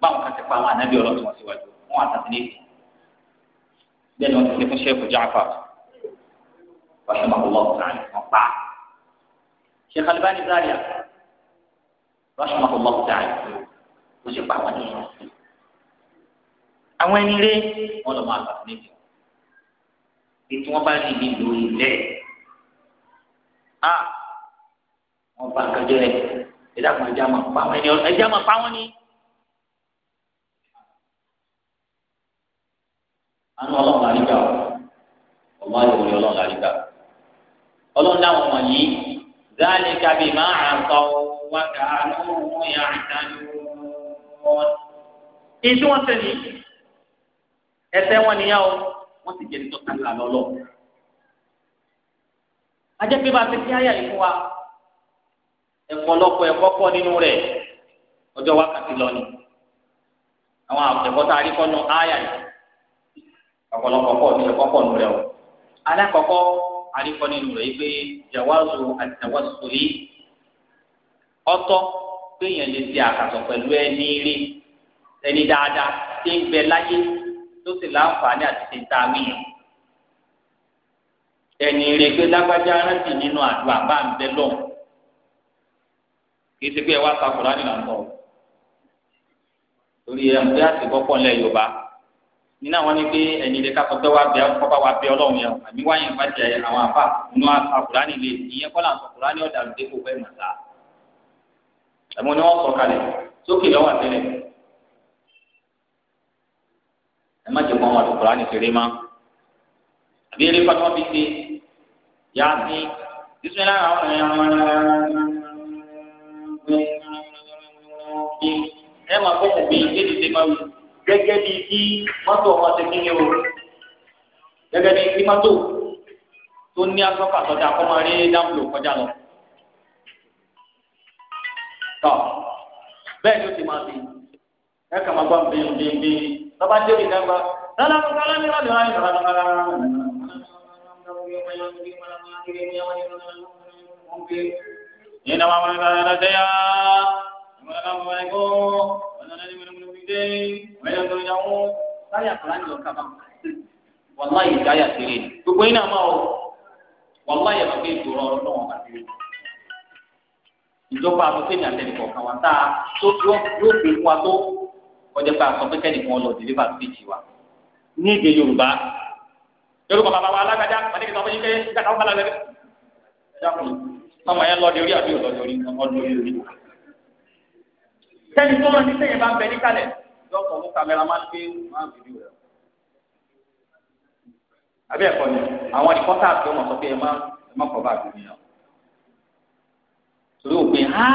báwọn kan ti pa àwọn ànábì ọlọ́run tí wọ́n ti wájú wọn àtàtì ní ìsìn ni wọ́n ti ṣe fún sẹ́ẹ̀fù jáfà wàhálà ọlọ́run tí wọ́n pa ṣe kalibani zaria lọ́sùn ọ̀pọ̀ mọ́tà kò sí pàwọn nìyẹn àwọn ẹni rẹ wọn lọ máa bàtà níbi ètò wọn bá rí ibi lórí ilẹ̀ a wọn bá kájọ rẹ ẹ̀dá kan ẹjẹ àmọ́ pa àwọn ẹni ẹjẹ àmọ́ pa wọn ni. anu ọlọ́run àríkà ọmọ ayọwò ni ọlọ́run àríkà ọlọ́run náà wọn yìí dáàlì kábíyì máa ń sọ وكانوا يعتدون إن شو أنتني أتواني يا wọ́n ti jẹ́ nítorí kan lálọ́ lọ. ajẹ́ pé bá a ti fi àyà yìí fún wa ẹ̀kọ́ lọ́kọ̀ ẹ̀kọ́ kọ́ nínú rẹ̀ ọjọ́ wákàtí lọ ni àwọn ẹ̀kọ́ tá a àyà yìí ọ̀pọ̀lọpọ̀ kọ́ ní ẹ̀kọ́ kọ́ nínú rẹ̀ o. alákọ̀ọ́kọ́ àríkọ́ nínú rẹ̀ yìí pé jawazu àtàwásólì ọ̀tọ̀ péyàn lè di àkàtọ̀ pẹ̀lú ẹni rí ẹni dáadáa tí ń bẹ láyé tó sì láǹfààní àti ti ta wíyàn ẹni rí pé lágbájá rántí nínú àdúrà bá ń bẹ lọ́hùn kì í ti pé ẹ wá kakùrá nínú àtọ̀ torí ẹ ń bẹ àti gbọ́pọ̀ ńlẹ̀ Yorùbá nínú àwọn ni pé ẹni lè kakọ pé wà bẹ ọkọ bá wà bẹ Ọlọ́run yẹn àmì wáyé ń bá jẹ àwọn àfà nínú àkùrá nílé ìyẹn kọ́ là ń sọ kùrá ní fẹ́ mọ̀ ẹ̀mú ni wọ́n sọ kalẹ̀ sókè lọ́wọ́ àtẹlẹ̀ ẹ má jẹ́ kó wọn àdùkúrá ní kéré má àbí eré pátá wọn fi ṣe yá sí bísímilá àwọn ẹ máa kó kò bíi kéde ṣe máa wù gẹ́gẹ́ bí kí mọ́tò ọmọ ṣe kíni o gẹ́gẹ́ bí kí mọ́tò tó ní asọ́kà sọ́jà kọ́ máa rí dáńbò kọjá lọ tọ̀ bẹ́ẹ̀ ni ó ti máa bí ẹ kà máa gbọ́ bímbímbí lọ́ba débi dẹ́gbà lọ́lọ́run kọ́lá ní ọ̀dọ̀ ayé lọ́lọ́run yìnyín náà wọn kọ́lá lọ́dọ̀ dẹ́yà wọn kọ́lá wọn kọ́ wọn nana ní wọn kọ́ dé wọn yẹ kọ́ yàwó káyà kọ́lá ní ọ̀ka bá wàláyé káyà kiri gbogbo yín náà máa wọ wàláyé máa fi ìdúró ọlọ́wọ́n bá kiri ìjọba àtúntẹ̀mí àtẹnìkọ̀ kan wá tá a tó yóò fi wá tó ọjọ́ pé àtọ́ pẹ́kẹ́ nìkan lọ dìlífà síjì wa ní èdè Yorùbá Yorùbá bàbá wa alágbájá pàtẹ́kì sọ fún yín pé ìjàkà wọn bá lágbẹ́ dákùn ọmọ yẹn lọ diorí àbí ọ̀dọ́ diorí ọdún orí orí. sẹ́ni tó lọ sí sẹ́yìn bá ń bẹ níkàlẹ̀ dọ́kọ̀ mú kámẹ́rà máa ń gbé máa ń fìdí rẹ̀. àbí ẹ̀kọ́ ni àwọn ìkọ́tà àti ọmọ sọ pé ẹ má ẹ má kọ́ bá àgbè torí òpin ha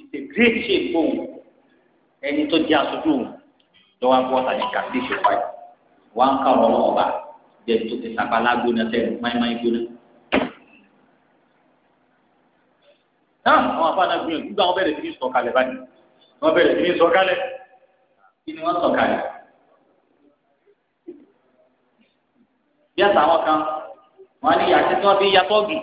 it's a great shape fóun ẹni tó jẹ́ aṣojú lọ́wọ́ abọ́ àtàlẹ́ kàtí ìṣèpá yìí wọ́n á ń kà wọ́n lọ́wọ́ bá jẹ́ tó ti sàpàlà gbóná tẹ́lẹ̀ máìmáì gbóná. náà àwọn afáàná gbìyànjú nígbà wọn bẹ̀rẹ̀ sí ní sọ̀kalẹ̀ báyìí wọn bẹ̀rẹ̀ sí ní sọ̀kalẹ̀ kí ni wọ́n sọ̀kalẹ̀. bí àtàwọn kan wọn á ní yàtí tí yàtọ̀ gbìn.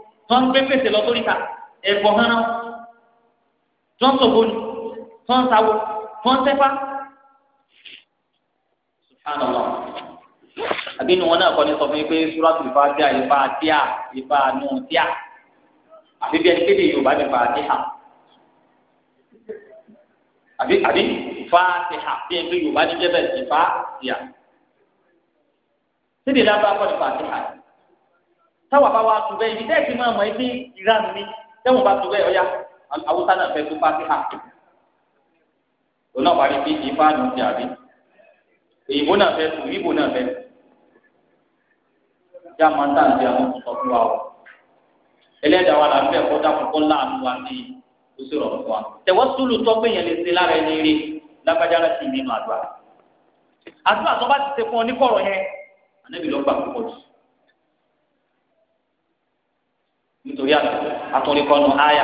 tó ń gbé pèsè lọ sórí ta ẹ̀kọ́ hánà tó ń sọ̀bọ̀ ni tó ń sáwọ́ tó ń tẹ́fà. subhanallah àbí inú wọn náà kọ́ ni sọ fún mi pé sùràtù ìfà bíà ìfà tíà ìfà nù tíà àbí bí ẹni kéde yorùbá mi fà tíà àbí àbí ìfà tíà bí ẹni pé yorùbá mi jẹ́ bẹ́ẹ̀ ìfà tíà. síbi ìlànà bá kọ́ ni yìí táwa bá wa tù bẹ́ẹ̀ ibi tẹ́ ẹ ti máa mọ̀ ibi ìranù ni tẹ́wọ̀n bá tù bẹ́ẹ̀ ọ̀yá awúsá náà fẹ́ tó fátíhà òun náà parí bí ìfáànù ti àbí èyìnbó náà fẹ́ tù ìbò náà fẹ́ já máa ń tàǹdí àwọn sọ fún wa o ẹlẹ́dàá wa là ń bẹ̀ kó dákun kó láàánú wa sí i ó rọ̀ fún wa tẹ̀wọ́ sùlù tọ́gbẹ́ yẹn lè ṣe lára ẹni rí lágbájá láti ìmínú àdúrà àdúrà tó bá ti ṣe fún ọ nítorí àtúnríkọ́nù àyà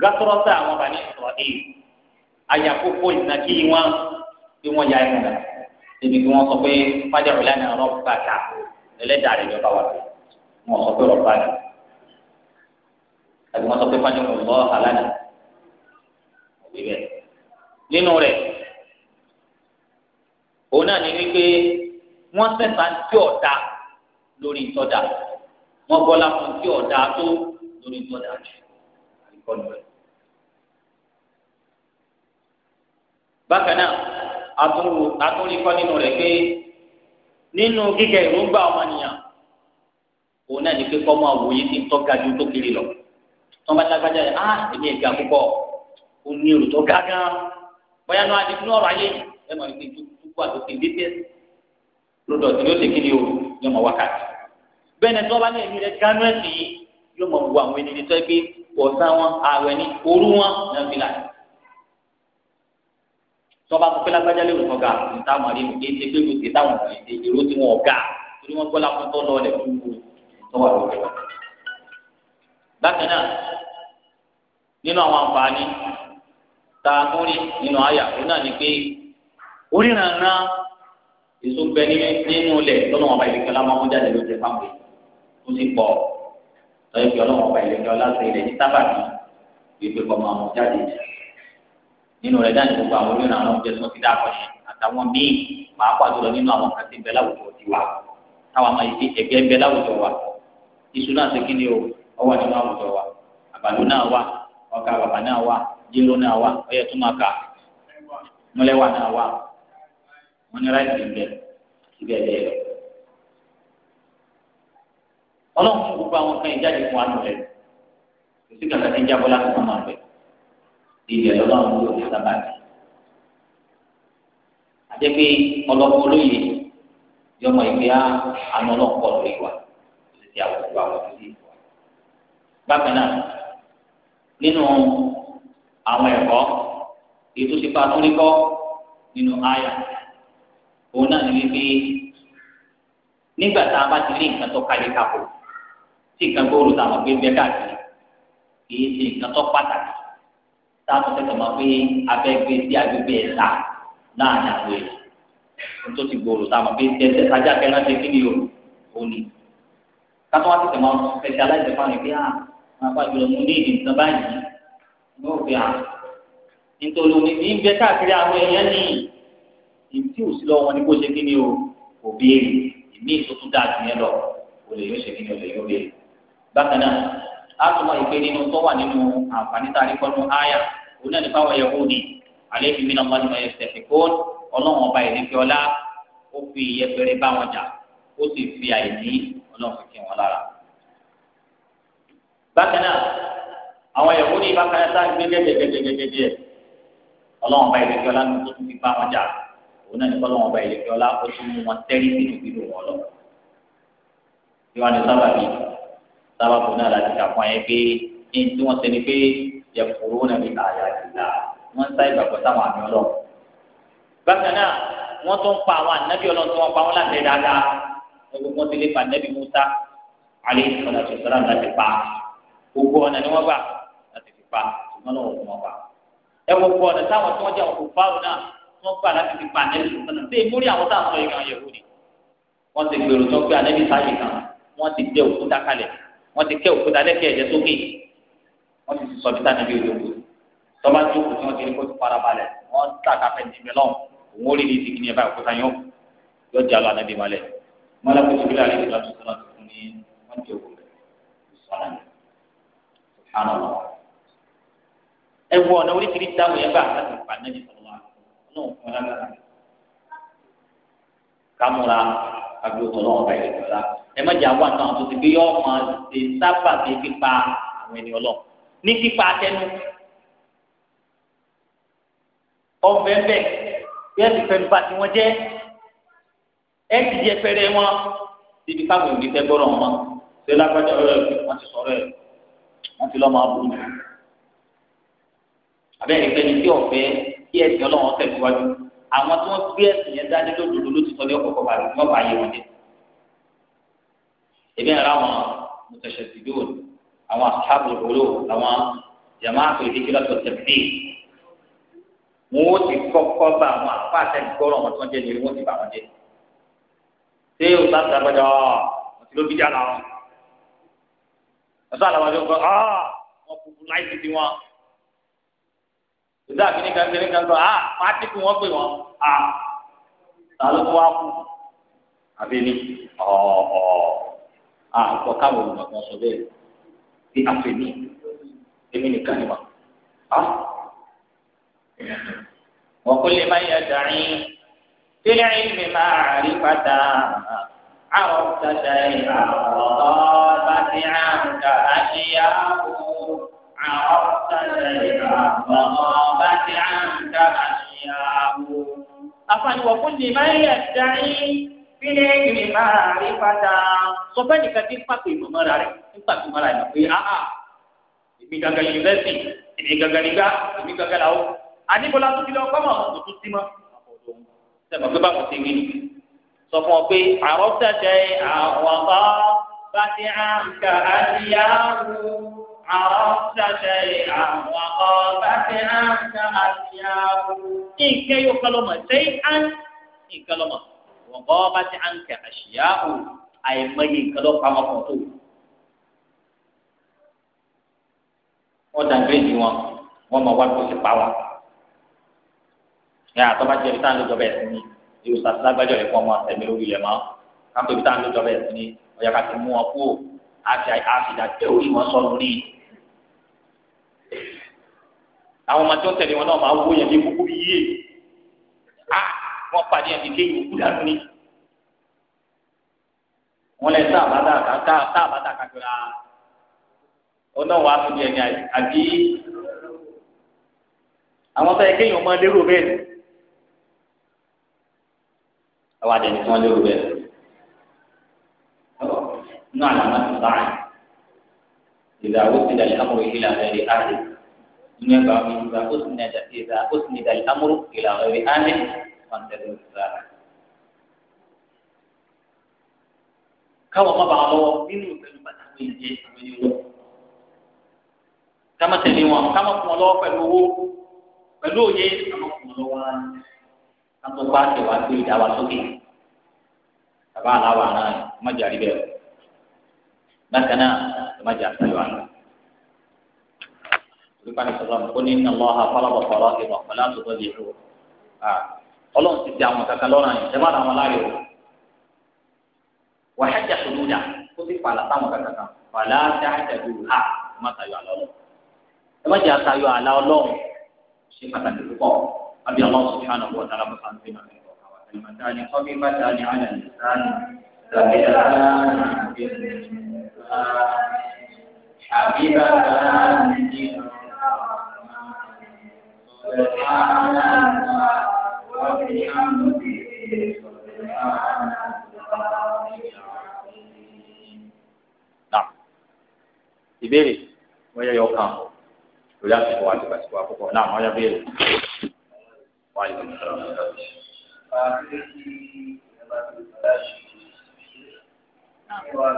gátúrọ́sà àwọn bàní ìsọ̀rọ̀dé àyà kókó ìnàkí wọn bí wọ́n ya ẹ̀mọ̀dà níbi kí wọ́n sọ pé fájà rẹ̀ lánàá rọ́bà ká ẹlẹ́dàá rẹ̀ jọba wà lọ wọ́n sọ pé rọ́bà ni àbí wọ́n sọ pé fájà rẹ̀ lọ́ àlànà òbí bẹ́ẹ̀ nínú rẹ̀ òun náà ní wípé wọ́n sẹ̀ta tí ọ̀dà lórí ìtọ́jà wọn bọlá fún tí ọdá tó lórí tọdà jù àríkọlù rẹ. bákan náà atúnrí kọ́ nínú rẹ̀ pé nínú kíkẹ́ ìrúgbà ọmọnìyàn òun náà ní pé kọ́ máa wòye tí ń tọ́ka ju tó kiri lọ tọ́ba lágbájá yẹn á ah, èmi ẹ̀gá púpọ̀ ó ní èrò tó ga gan bóyá náà adé fún ọ̀rọ̀ ayé ẹ̀ máa ń gbé tó kú àtòkè dé tẹ́ lọ́dọ̀ tí yóò ṣe kí ni o yóò máa wákàtí bẹ́ẹ̀ ni tí wọ́n bá ní ẹ̀mí rẹ̀ gánú ẹ̀sìn yìí yóò mọ̀ wo àwọn ènìyàn tó gbé ọ̀sán wọn ààwẹ̀ ní òru wọn náà fi là tọ́ba tó pẹ́lá gbájá lérò kan ga ìtàwọn àlejò kì í ṣe pé gbèsè táwọn kì í ṣe èrò tí wọn ga torí wọn gbọ́lá fún tọ́lọ́ rẹ̀ fún gbogbo tọ́wà lókè wọn. bákan náà nínú àwọn àǹfààní tá a nínú àyà òun náà ni pé oríran náà èso ń bẹ nínú ilẹ̀ tọ́lọ́wọ́n àbáyé kẹlá máa ń jáde lóde fáwọn èèyàn. ó sì pọ̀ lọ́yìn pé ọlọ́run ọba ìlẹ́jọ́ láti ilẹ̀ ní sábàbí wípé kọ́ máa mú jáde nínú rẹ̀ na gbogbo àwọn olóyìn àwọn oúnjẹ tó ti dá akọ àtàwọn míì pàápàá jùlọ nínú àwọn kan tí bẹ láwùjọ ti wà wa iṣu náà ṣe o ọwọ́ nínú àwùjọ wa náà wà ọkà bàbà náà wà náà wà ọyẹ tó máa kà náà wà ọlọ́run fún gbogbo àwọn kan ìjáde fún wa lọ́lẹ̀ kò sí kàkà tí ń jábọ́ láti máa máa bẹ̀ ìdílé ọlọ́run ló ti sábà dì àti pé ọlọ́pọ̀ olóyè yọmọ ìgbé àánú ọlọ́pọ̀ lórí wa lè ti àwọn ìwà wọn sí wa. bákan náà nínú àwọn ẹ̀kọ́ ètò ìfipá tó nínú àyà òun náà ní wípé nígbà tá a bá ti rí nǹkan tó kálí kápò tí nǹkan gbóòrò táwọn gbé bẹ káàkiri kìí ṣe nǹkan tó pàtàkì táwọn tẹ̀sán máa pé abẹ́gbé sí agbègbè ẹ̀ta láàrin àwọn èèyàn tó ti gbòòrò táwọn gbé tẹ̀sẹ̀ sájà kẹ́lá ṣe kí ni o ò ní. kátó wá tẹ̀sán máa fẹsẹ̀ aláìsẹ̀ fáwọn ìgbé à máa bá jùlọ mú ní ìdìbò náà báyìí ní òfin à nítorí omi ti ń bẹ káàkiri àwọn èèyàn ní ìdí òsì lọ́wọ́ ni kó ṣe kí ni o òbí èrè ìmí ìtótó dáa jù yẹn lọ olè yóò ṣe kí ni olè yóò béèrè bákan náà a tún wọ ìpè nínú tó wà nínú àǹfààní tá a rí kọ́nu áyà òun náà nípa wọ̀nyẹ̀ wò ní àlẹ́ fi mí náà wọ́n yẹ sẹ̀fì kóòn ọlọ́wọ́n ọba ìdí fi ọlá ó fi ìyẹ́pẹ̀rẹ̀ bá wọn jà ó sì fi àìní ọlọ́wọ́n fi kí wọn lára. bákan náà àwọn ẹ̀wọ́ ní bákan náà sáà gbé gẹ́gẹ́gẹ́gẹ́gẹ́ ọlọ́wọ́n ọba ìdí fi ọlá ló tún fi bá wọn jà òun náà nípa ọlọ́wọ́n ọba ìdí fi ọlá ó tún mú wọn tẹ́rí sínú ìlú wọn lọ sábà fún náà láti kà fún ẹ pé ní tí wọ́n ṣe ni pé yẹ̀kúrú náà fi àyà ìlà wọ́n sá ìgbàgbọ́ sáwọn àmì ọlọ́ bákan náà wọ́n tún pa àwọn ànábì ọlọ́run tí wọ́n pa wọ́n láti dáadáa gbogbo wọn ti lè pa ànábì Musa alẹ́ ìsọ̀rọ̀ àti ìsọ̀rọ̀ láti pa gbogbo ọ̀nà ni wọ́n gbà láti fi pa ṣùgbọ́n lọ́wọ́ fún wọn pa ẹ wo gbogbo ọ̀nà táwọn tí wọ́n jẹ́ àwọn kòfáàrù náà wọ́n gbà láti fi pa ànábì sọ̀rọ̀ ṣé ìmúrí àwọn táwọn wọ́n ti kẹ́ òkúta lẹ́kẹ̀ẹ́ ẹ̀jẹ̀ sókè wọ́n ti sọ bíta níbi òdòdó tọ́ba tó kù tí wọ́n ti ní kó ti fara balẹ̀ wọ́n tàkà fẹ́ ti mẹ́lọ́n òun ó rí ní ìsìnkú ní ẹ̀bá òkúta yọ yọ jà lọ ànábì malẹ̀ mọ́lá kó ti bílẹ̀ àlejò láti sọ́nà tó fún ní wọ́n ti òkú rẹ̀ sọ́nà ní sùhánà lọ. ẹ ọ̀nà oríṣiríṣi táwọn yẹn bá pa náà ní sọ̀rọ̀ wa náà ọlá kámúra agbóhùn náà ọ̀gá ẹ má jà wá nǹkan tó ti gbé yọ ọmọ ṣe sábà bí pípa àwọn ènìyàn lọ ní pípa tẹnu ọbẹ̀ bẹ́ẹ̀ bẹ́ẹ̀ ti fẹ́ bá tiwọn jẹ́ ẹ ti jẹ fẹ́rẹ́ wọn síbi káwọn ènìyàn fẹ́ gbọ́dọ̀ wọn ṣé lágbájá ọ̀rọ̀ ẹ̀ wọ́n ti sọ̀rọ̀ ẹ̀ wọ́n ti lọ́ máa bú mi abẹ́rẹ́ ìgbẹ́ni tí ọ̀fẹ́ kí ẹ̀sìn ọlọ́wọ́n tẹ̀síwájú àwọn tí wọ́n gbé ẹ̀sìn yẹn dání lódodo ló ti sọ ní ọkọ̀ kọ̀ọ̀kan àti wọ́n bá yé wọn jẹ́ ebi ara wọn mùtàṣẹ̀tìdùn àwọn asábùrù olóò àwọn jamaatu ìdíkìlá tó tẹ̀lé wọn ó ti kọ́kọ́ bá àwọn apá àtẹnugbọ́rọ̀ wọn tó ń jẹ́ ní wọn ti bá wọn jẹ́ ṣé o sá sàgbàjọ ọ̀ ti ló bí jára wọn ọ̀sán àlàbàjọ ń kọ́ ọ́ wọn kúkú láì ti di wọn ìdá kìíní kan kìíní kan sọ ah máa dínkù wọn pè wọn ah ta ló fún wa kú àbí ni ọ̀ọ́. Oh, oh àìkọ ah, káwọn olùmọ̀kan sọ bẹ́ẹ̀ bí àfẹ́mí èmi nìkan ni wà á. wọ́n kó lè má yẹ dàrín tílẹ̀ ìmì máa rí padà àwọn òṣìṣẹ́ àwọn bá ti hàn ká àṣeyàwó àwọn òṣìṣẹ́ àwọn bá ti hàn ká àṣeyàwó. àfààní wọ́n kó lè má yẹ dàrín sílẹ̀ ìrìn máa rí padà. sọ fẹ́ nìkan tí ń pàpè ìmọ̀mọ́ra rẹ̀ ń pàpè ìmọ̀ra rẹ̀ pé áhà èmi gangan yunifásitì èmi gangan nígbà èmi gangan làwọ̀ àníbọ̀lá tó ti lọ kọ́mọ̀ kò tún sí mọ́. sẹ́mi pé báwo ti rí ni sọ fún ọ pé àrọ́ tẹ̀tẹ̀ àwọn bá bá ti àǹkà àdìyàwó àrọ́ tẹ̀tẹ̀ àwọn bá ti àǹkà àdìyàwó. nǹkan yóò ọ̀gọ́ bá ti à ń kẹ àṣìyá o àìmọye nǹkan ló pa ọmọ tó wọ́n dàgbé ní wọn wọ́n mọ̀ wá tó ti pa wọn. yàrá tó bá jẹ́ ibi táwọn lójọba ẹ̀sìn ni irú sàtúnṣe agbájọ rẹ̀ fún ọmọ àtẹ̀mí lórí ilẹ̀ mọ́ kápẹ́ ibi táwọn lójọba ẹ̀sìn ni ọ̀yà ká ti mú wọn kú àfìdàjẹ́ orí wọn sọ lórí. àwọn ọmọ tó tẹ̀lé wọn náà máa wó yẹn ní kúkú yíyé wọ́n pàdé ẹni kéyìí òkú dànù ni. wọ́n lẹ tá àbátà kan tá àbátà kan jọra ọ̀nà wàá tó di ẹni àbí àwọn sọ kéyìí ọmọ lérò bẹ́ẹ̀ ni. àwọn àdéhùn tí wọ́n lérò bẹ́ẹ̀ nínú àlàmà tó bá yẹn ìdáwó ti dàlẹ́ amúrò ìlànà ẹ̀rí àdé nínú ẹgbàá mi ìgbà ó sì ìdá ó sì ní dàlẹ́ amúrò ìlànà ẹ̀rí àdé pàǹtẹ̀lẹ̀ ìsára. káwọn má bàa lọ́wọ́ nínú ìpinnu pàtàkì ìjẹ́ àwọn ènìyàn lọ. ká má tẹ̀lé wọn ká má fún wọn lọ́wọ́ pẹ̀lú owó pẹ̀lú òye ká má fún wọn lọ́wọ́ ká tó bá tẹ̀ wá gbé ìdáwà sókè. bàbá aláwa náà má jà rí bẹ́ẹ̀ bákan náà má jà pẹ̀lú àná. Olùkọ́ni sọ̀rọ̀ kó ní iná lọ́ha fọlọ́bọ̀ fọlọ́ ìrọ̀ pẹ̀lú àtúntò lè rò ọlọ́run ti di àwọn kankan lọ́rùn àyè ẹ má ra wọn láàyè o wà á jà sódò dà kó sì pààlà táwọn kankan kan wàlá dá àjàdù ha ẹ má tayọ àlọ́ lọ ẹ má jẹ àtayọ àlá ọlọ́run ṣe pàtàkì púpọ̀ àbí ọlọ́run sọ fún àwọn ọ̀tá alábọ̀sá ń fẹ́ràn ẹ̀ kalimatani kọ́bí bàtàni àlẹ́ ìsáni sàbẹ̀dàni àbíbàtàni ìrọ̀lá وبحمده سبحان الله نعم ìbéèrè wọ́n yẹ yọ kàn lórí àsìkò àti àsìkò àkọ́kọ́ náà wọ́n yẹ béèrè wọ́n yẹ kàn lọ́wọ́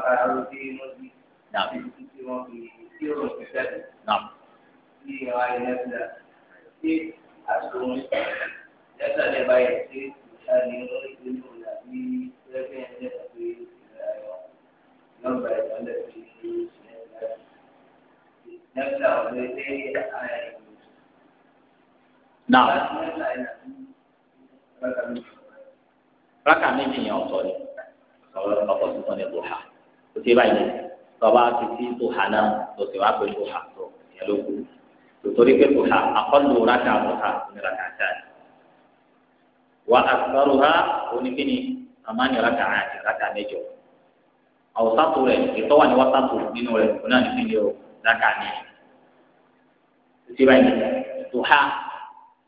náà. Naam. Naam lẹ́tà lè ba yẹ pé ìyá ni ó ń gbé lóun àbí pẹ́ẹ́pẹ́ ẹ̀ lẹ́tà pé ìyá yọ nọ́mbà ìtọ́lẹ̀ fi ṣe lẹ́tà. lẹ́tà ọ̀rẹ́ lé àyè. náà rákà méjì yẹn ọ̀tọ̀ ni ọkọ̀ tó tán ní buha ó ti báyìí tọ́ba ti ti buha náà tó ti wá pé buha tó yẹ ló kù tòtòrí pé buha akọ́lù rákà buha ní rákà wà àtúbárùhá oníkíni àmánì rákà àti rákà mẹ́jọ àwòsàtò rẹ ìtọ́wà ní wàsàtò nínú rẹ òun náà nípìnlẹ o rákà ní títí báyìí tó ha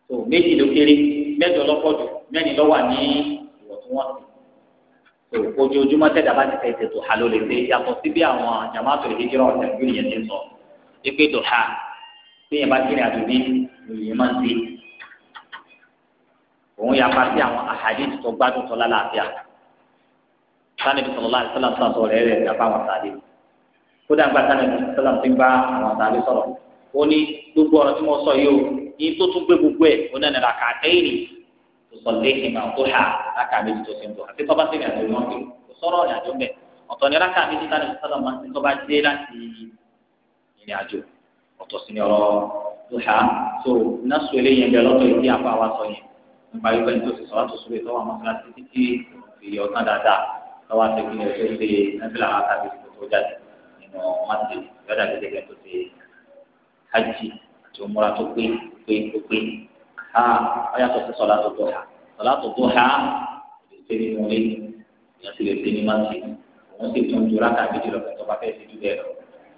tó méjì ló kéré mẹ́jọ lọ́pọ̀jù mẹ́rin lọ́wà ní ìwọ̀ntúnwọ̀nsì tó ojoojúmọ́ tẹ̀dá bá ti tẹ̀ tẹ̀ tó ha ló lè dé yàtọ̀ sí bí àwọn jàmáàtò lè hijira ọ̀sẹ̀ yóò yẹn ti sọ ẹgbẹ́ tó ha bí yẹn bá kéré àdúgbò lòyìn máa ń dé òun yapa sí àwọn àhàdìsì tó gbádùn tó lálàáfíà sanabi sọlọlá àdìsọlá sọ sọ rẹ rẹ yapa àwọn sàdé kódà ń gba sanabi sọlá ti ń bá àwọn sàdé sọ̀rọ̀ ó ní gbogbo ọ̀rọ̀ tí mo sọ yìí o yìí tó tún gbé gbogbo ẹ ó náà nira kàtẹ́yìnì tó sọ lẹ́yìn máa tó hà láka méjì tó ti ń bọ̀ àti tọ́ba sí ìrìn àjò ìmọ̀ kiri kò sọ̀rọ̀ ìrìn mẹ́ ọ̀tọ̀ ní láka méjì sanabi sọlá máa ti tọ́ba dé láti ìrìn ọ̀tọ̀ sí ni ọ̀rọ̀ tó hà so náà sọ eléyìí ẹ̀ nípa yóò bẹ́ẹ̀ tó sì sọ́wọ́n tó sóbè tó wà mọ́ sílá títí tí ìyọ̀ tán dáadáa lọ́wọ́ àti kí ni o tó ṣe nàfìlà àtàbí tó tó jáde nínú mọ́tì yọ̀dà gẹ́gẹ́ tó ṣe hajj àti òmùra tó pé pé tó pé ha ọ̀yàtọ̀ sí sọ̀lá tó tó ha sọ̀lá tó tó ha lè ṣe nínú ilé ìyẹn sì lè ṣe ní mọ́tì òun sì tún ju rákà méjì lọ tó bá fẹ́ ṣe jù bẹ́ẹ̀ lọ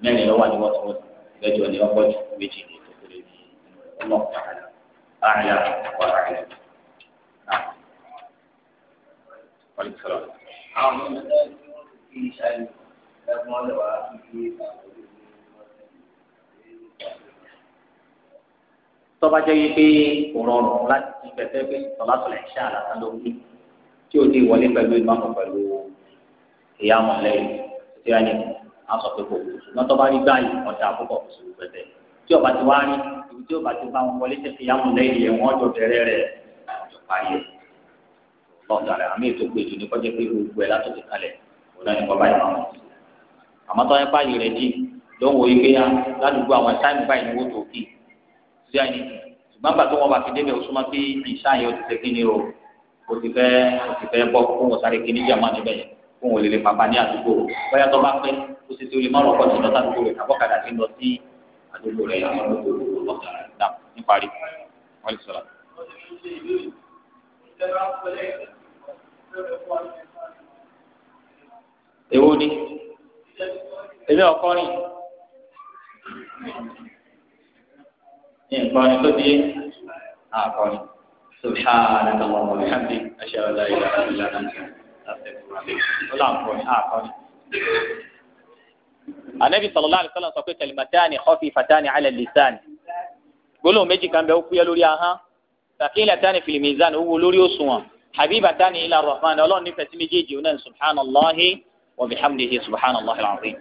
mẹ́rin lọ́wọ́ àdìwọ́sowọ́sì mẹ́jọ wàlúù sọlá. àwọn ọmọ mi kì í ṣàlù ẹgbọn ọlẹ wàá fi fi tọ́ba jẹ́ yí pé kò rọrùn láti ti pẹ̀pẹ́ pé tọ́lá tọ́lá ẹ̀ ṣáà lásán ló kú tí o ti wọlé pẹ̀lú ìmáàmù pẹ̀lú ìyá mọ̀lẹ́yìn tí a ní a sọ pé kò kú ṣùgbọ́n tọ́ba rí báyìí wọ́n ti àkókò ṣòro pẹ̀tẹ́ tí ọba ti wá rí ibi tí ọba ti bá wọn wọlé tẹ̀sí ìyá mọ̀lẹ́yìn yẹn wọ́n jọ bẹ̀rẹ̀ rẹ̀ ọjọ́ parí ẹ̀ ọ̀dàlẹ̀ àmì ètò gbèjò ní kọjá pé gbogbo ẹ̀ látòkè kalẹ̀ ọ̀dà ní bọ́bá ìmọ̀ àwọn ìṣẹ̀lẹ̀ àmọ́ tọ́ yẹn báyìí rẹ̀ dì ló ń wo ike ya ah, ládùúgbò àwọn táìmù báyìí ni wọ́n tó kì í sí àyè ṣùgbọ́n bàtọ́ wọn bá fi débẹ̀ ó súnmọ́ pé ìṣá yẹn ó ti ni o ó ti fẹ́ ó ti fẹ́ bọ́ fún wọn sáré kí ní jàmá níbẹ̀ yẹn fún wọn lè lè pàpà ní àdúgbò bóyá tó bá pẹ́ ó ti ti olè mọ́rọ̀ èwo ni èmi ọkọrin nǹkan ni tó di àkọrin subhanaka allahumma wa bihamdik ashhadu an la ilaha illa anta astaghfiruka wa atubu ilayk ó là ń kọrin àkọrin. Ànábì sallallahu alaihi wasallam sọ pé kalimatani khafifatani ala al-lisan gbólóhùn méjì kan bẹ ó kúyẹ lórí ahọ́n sakilatani fil mizan ó lórí òṣùwọ̀n habibatan ila rahman ọlọ́run nífẹ̀ẹ́ sí méjèèjì ọ̀nà subhanallahi wa bihamdihi subhanallahi alazim.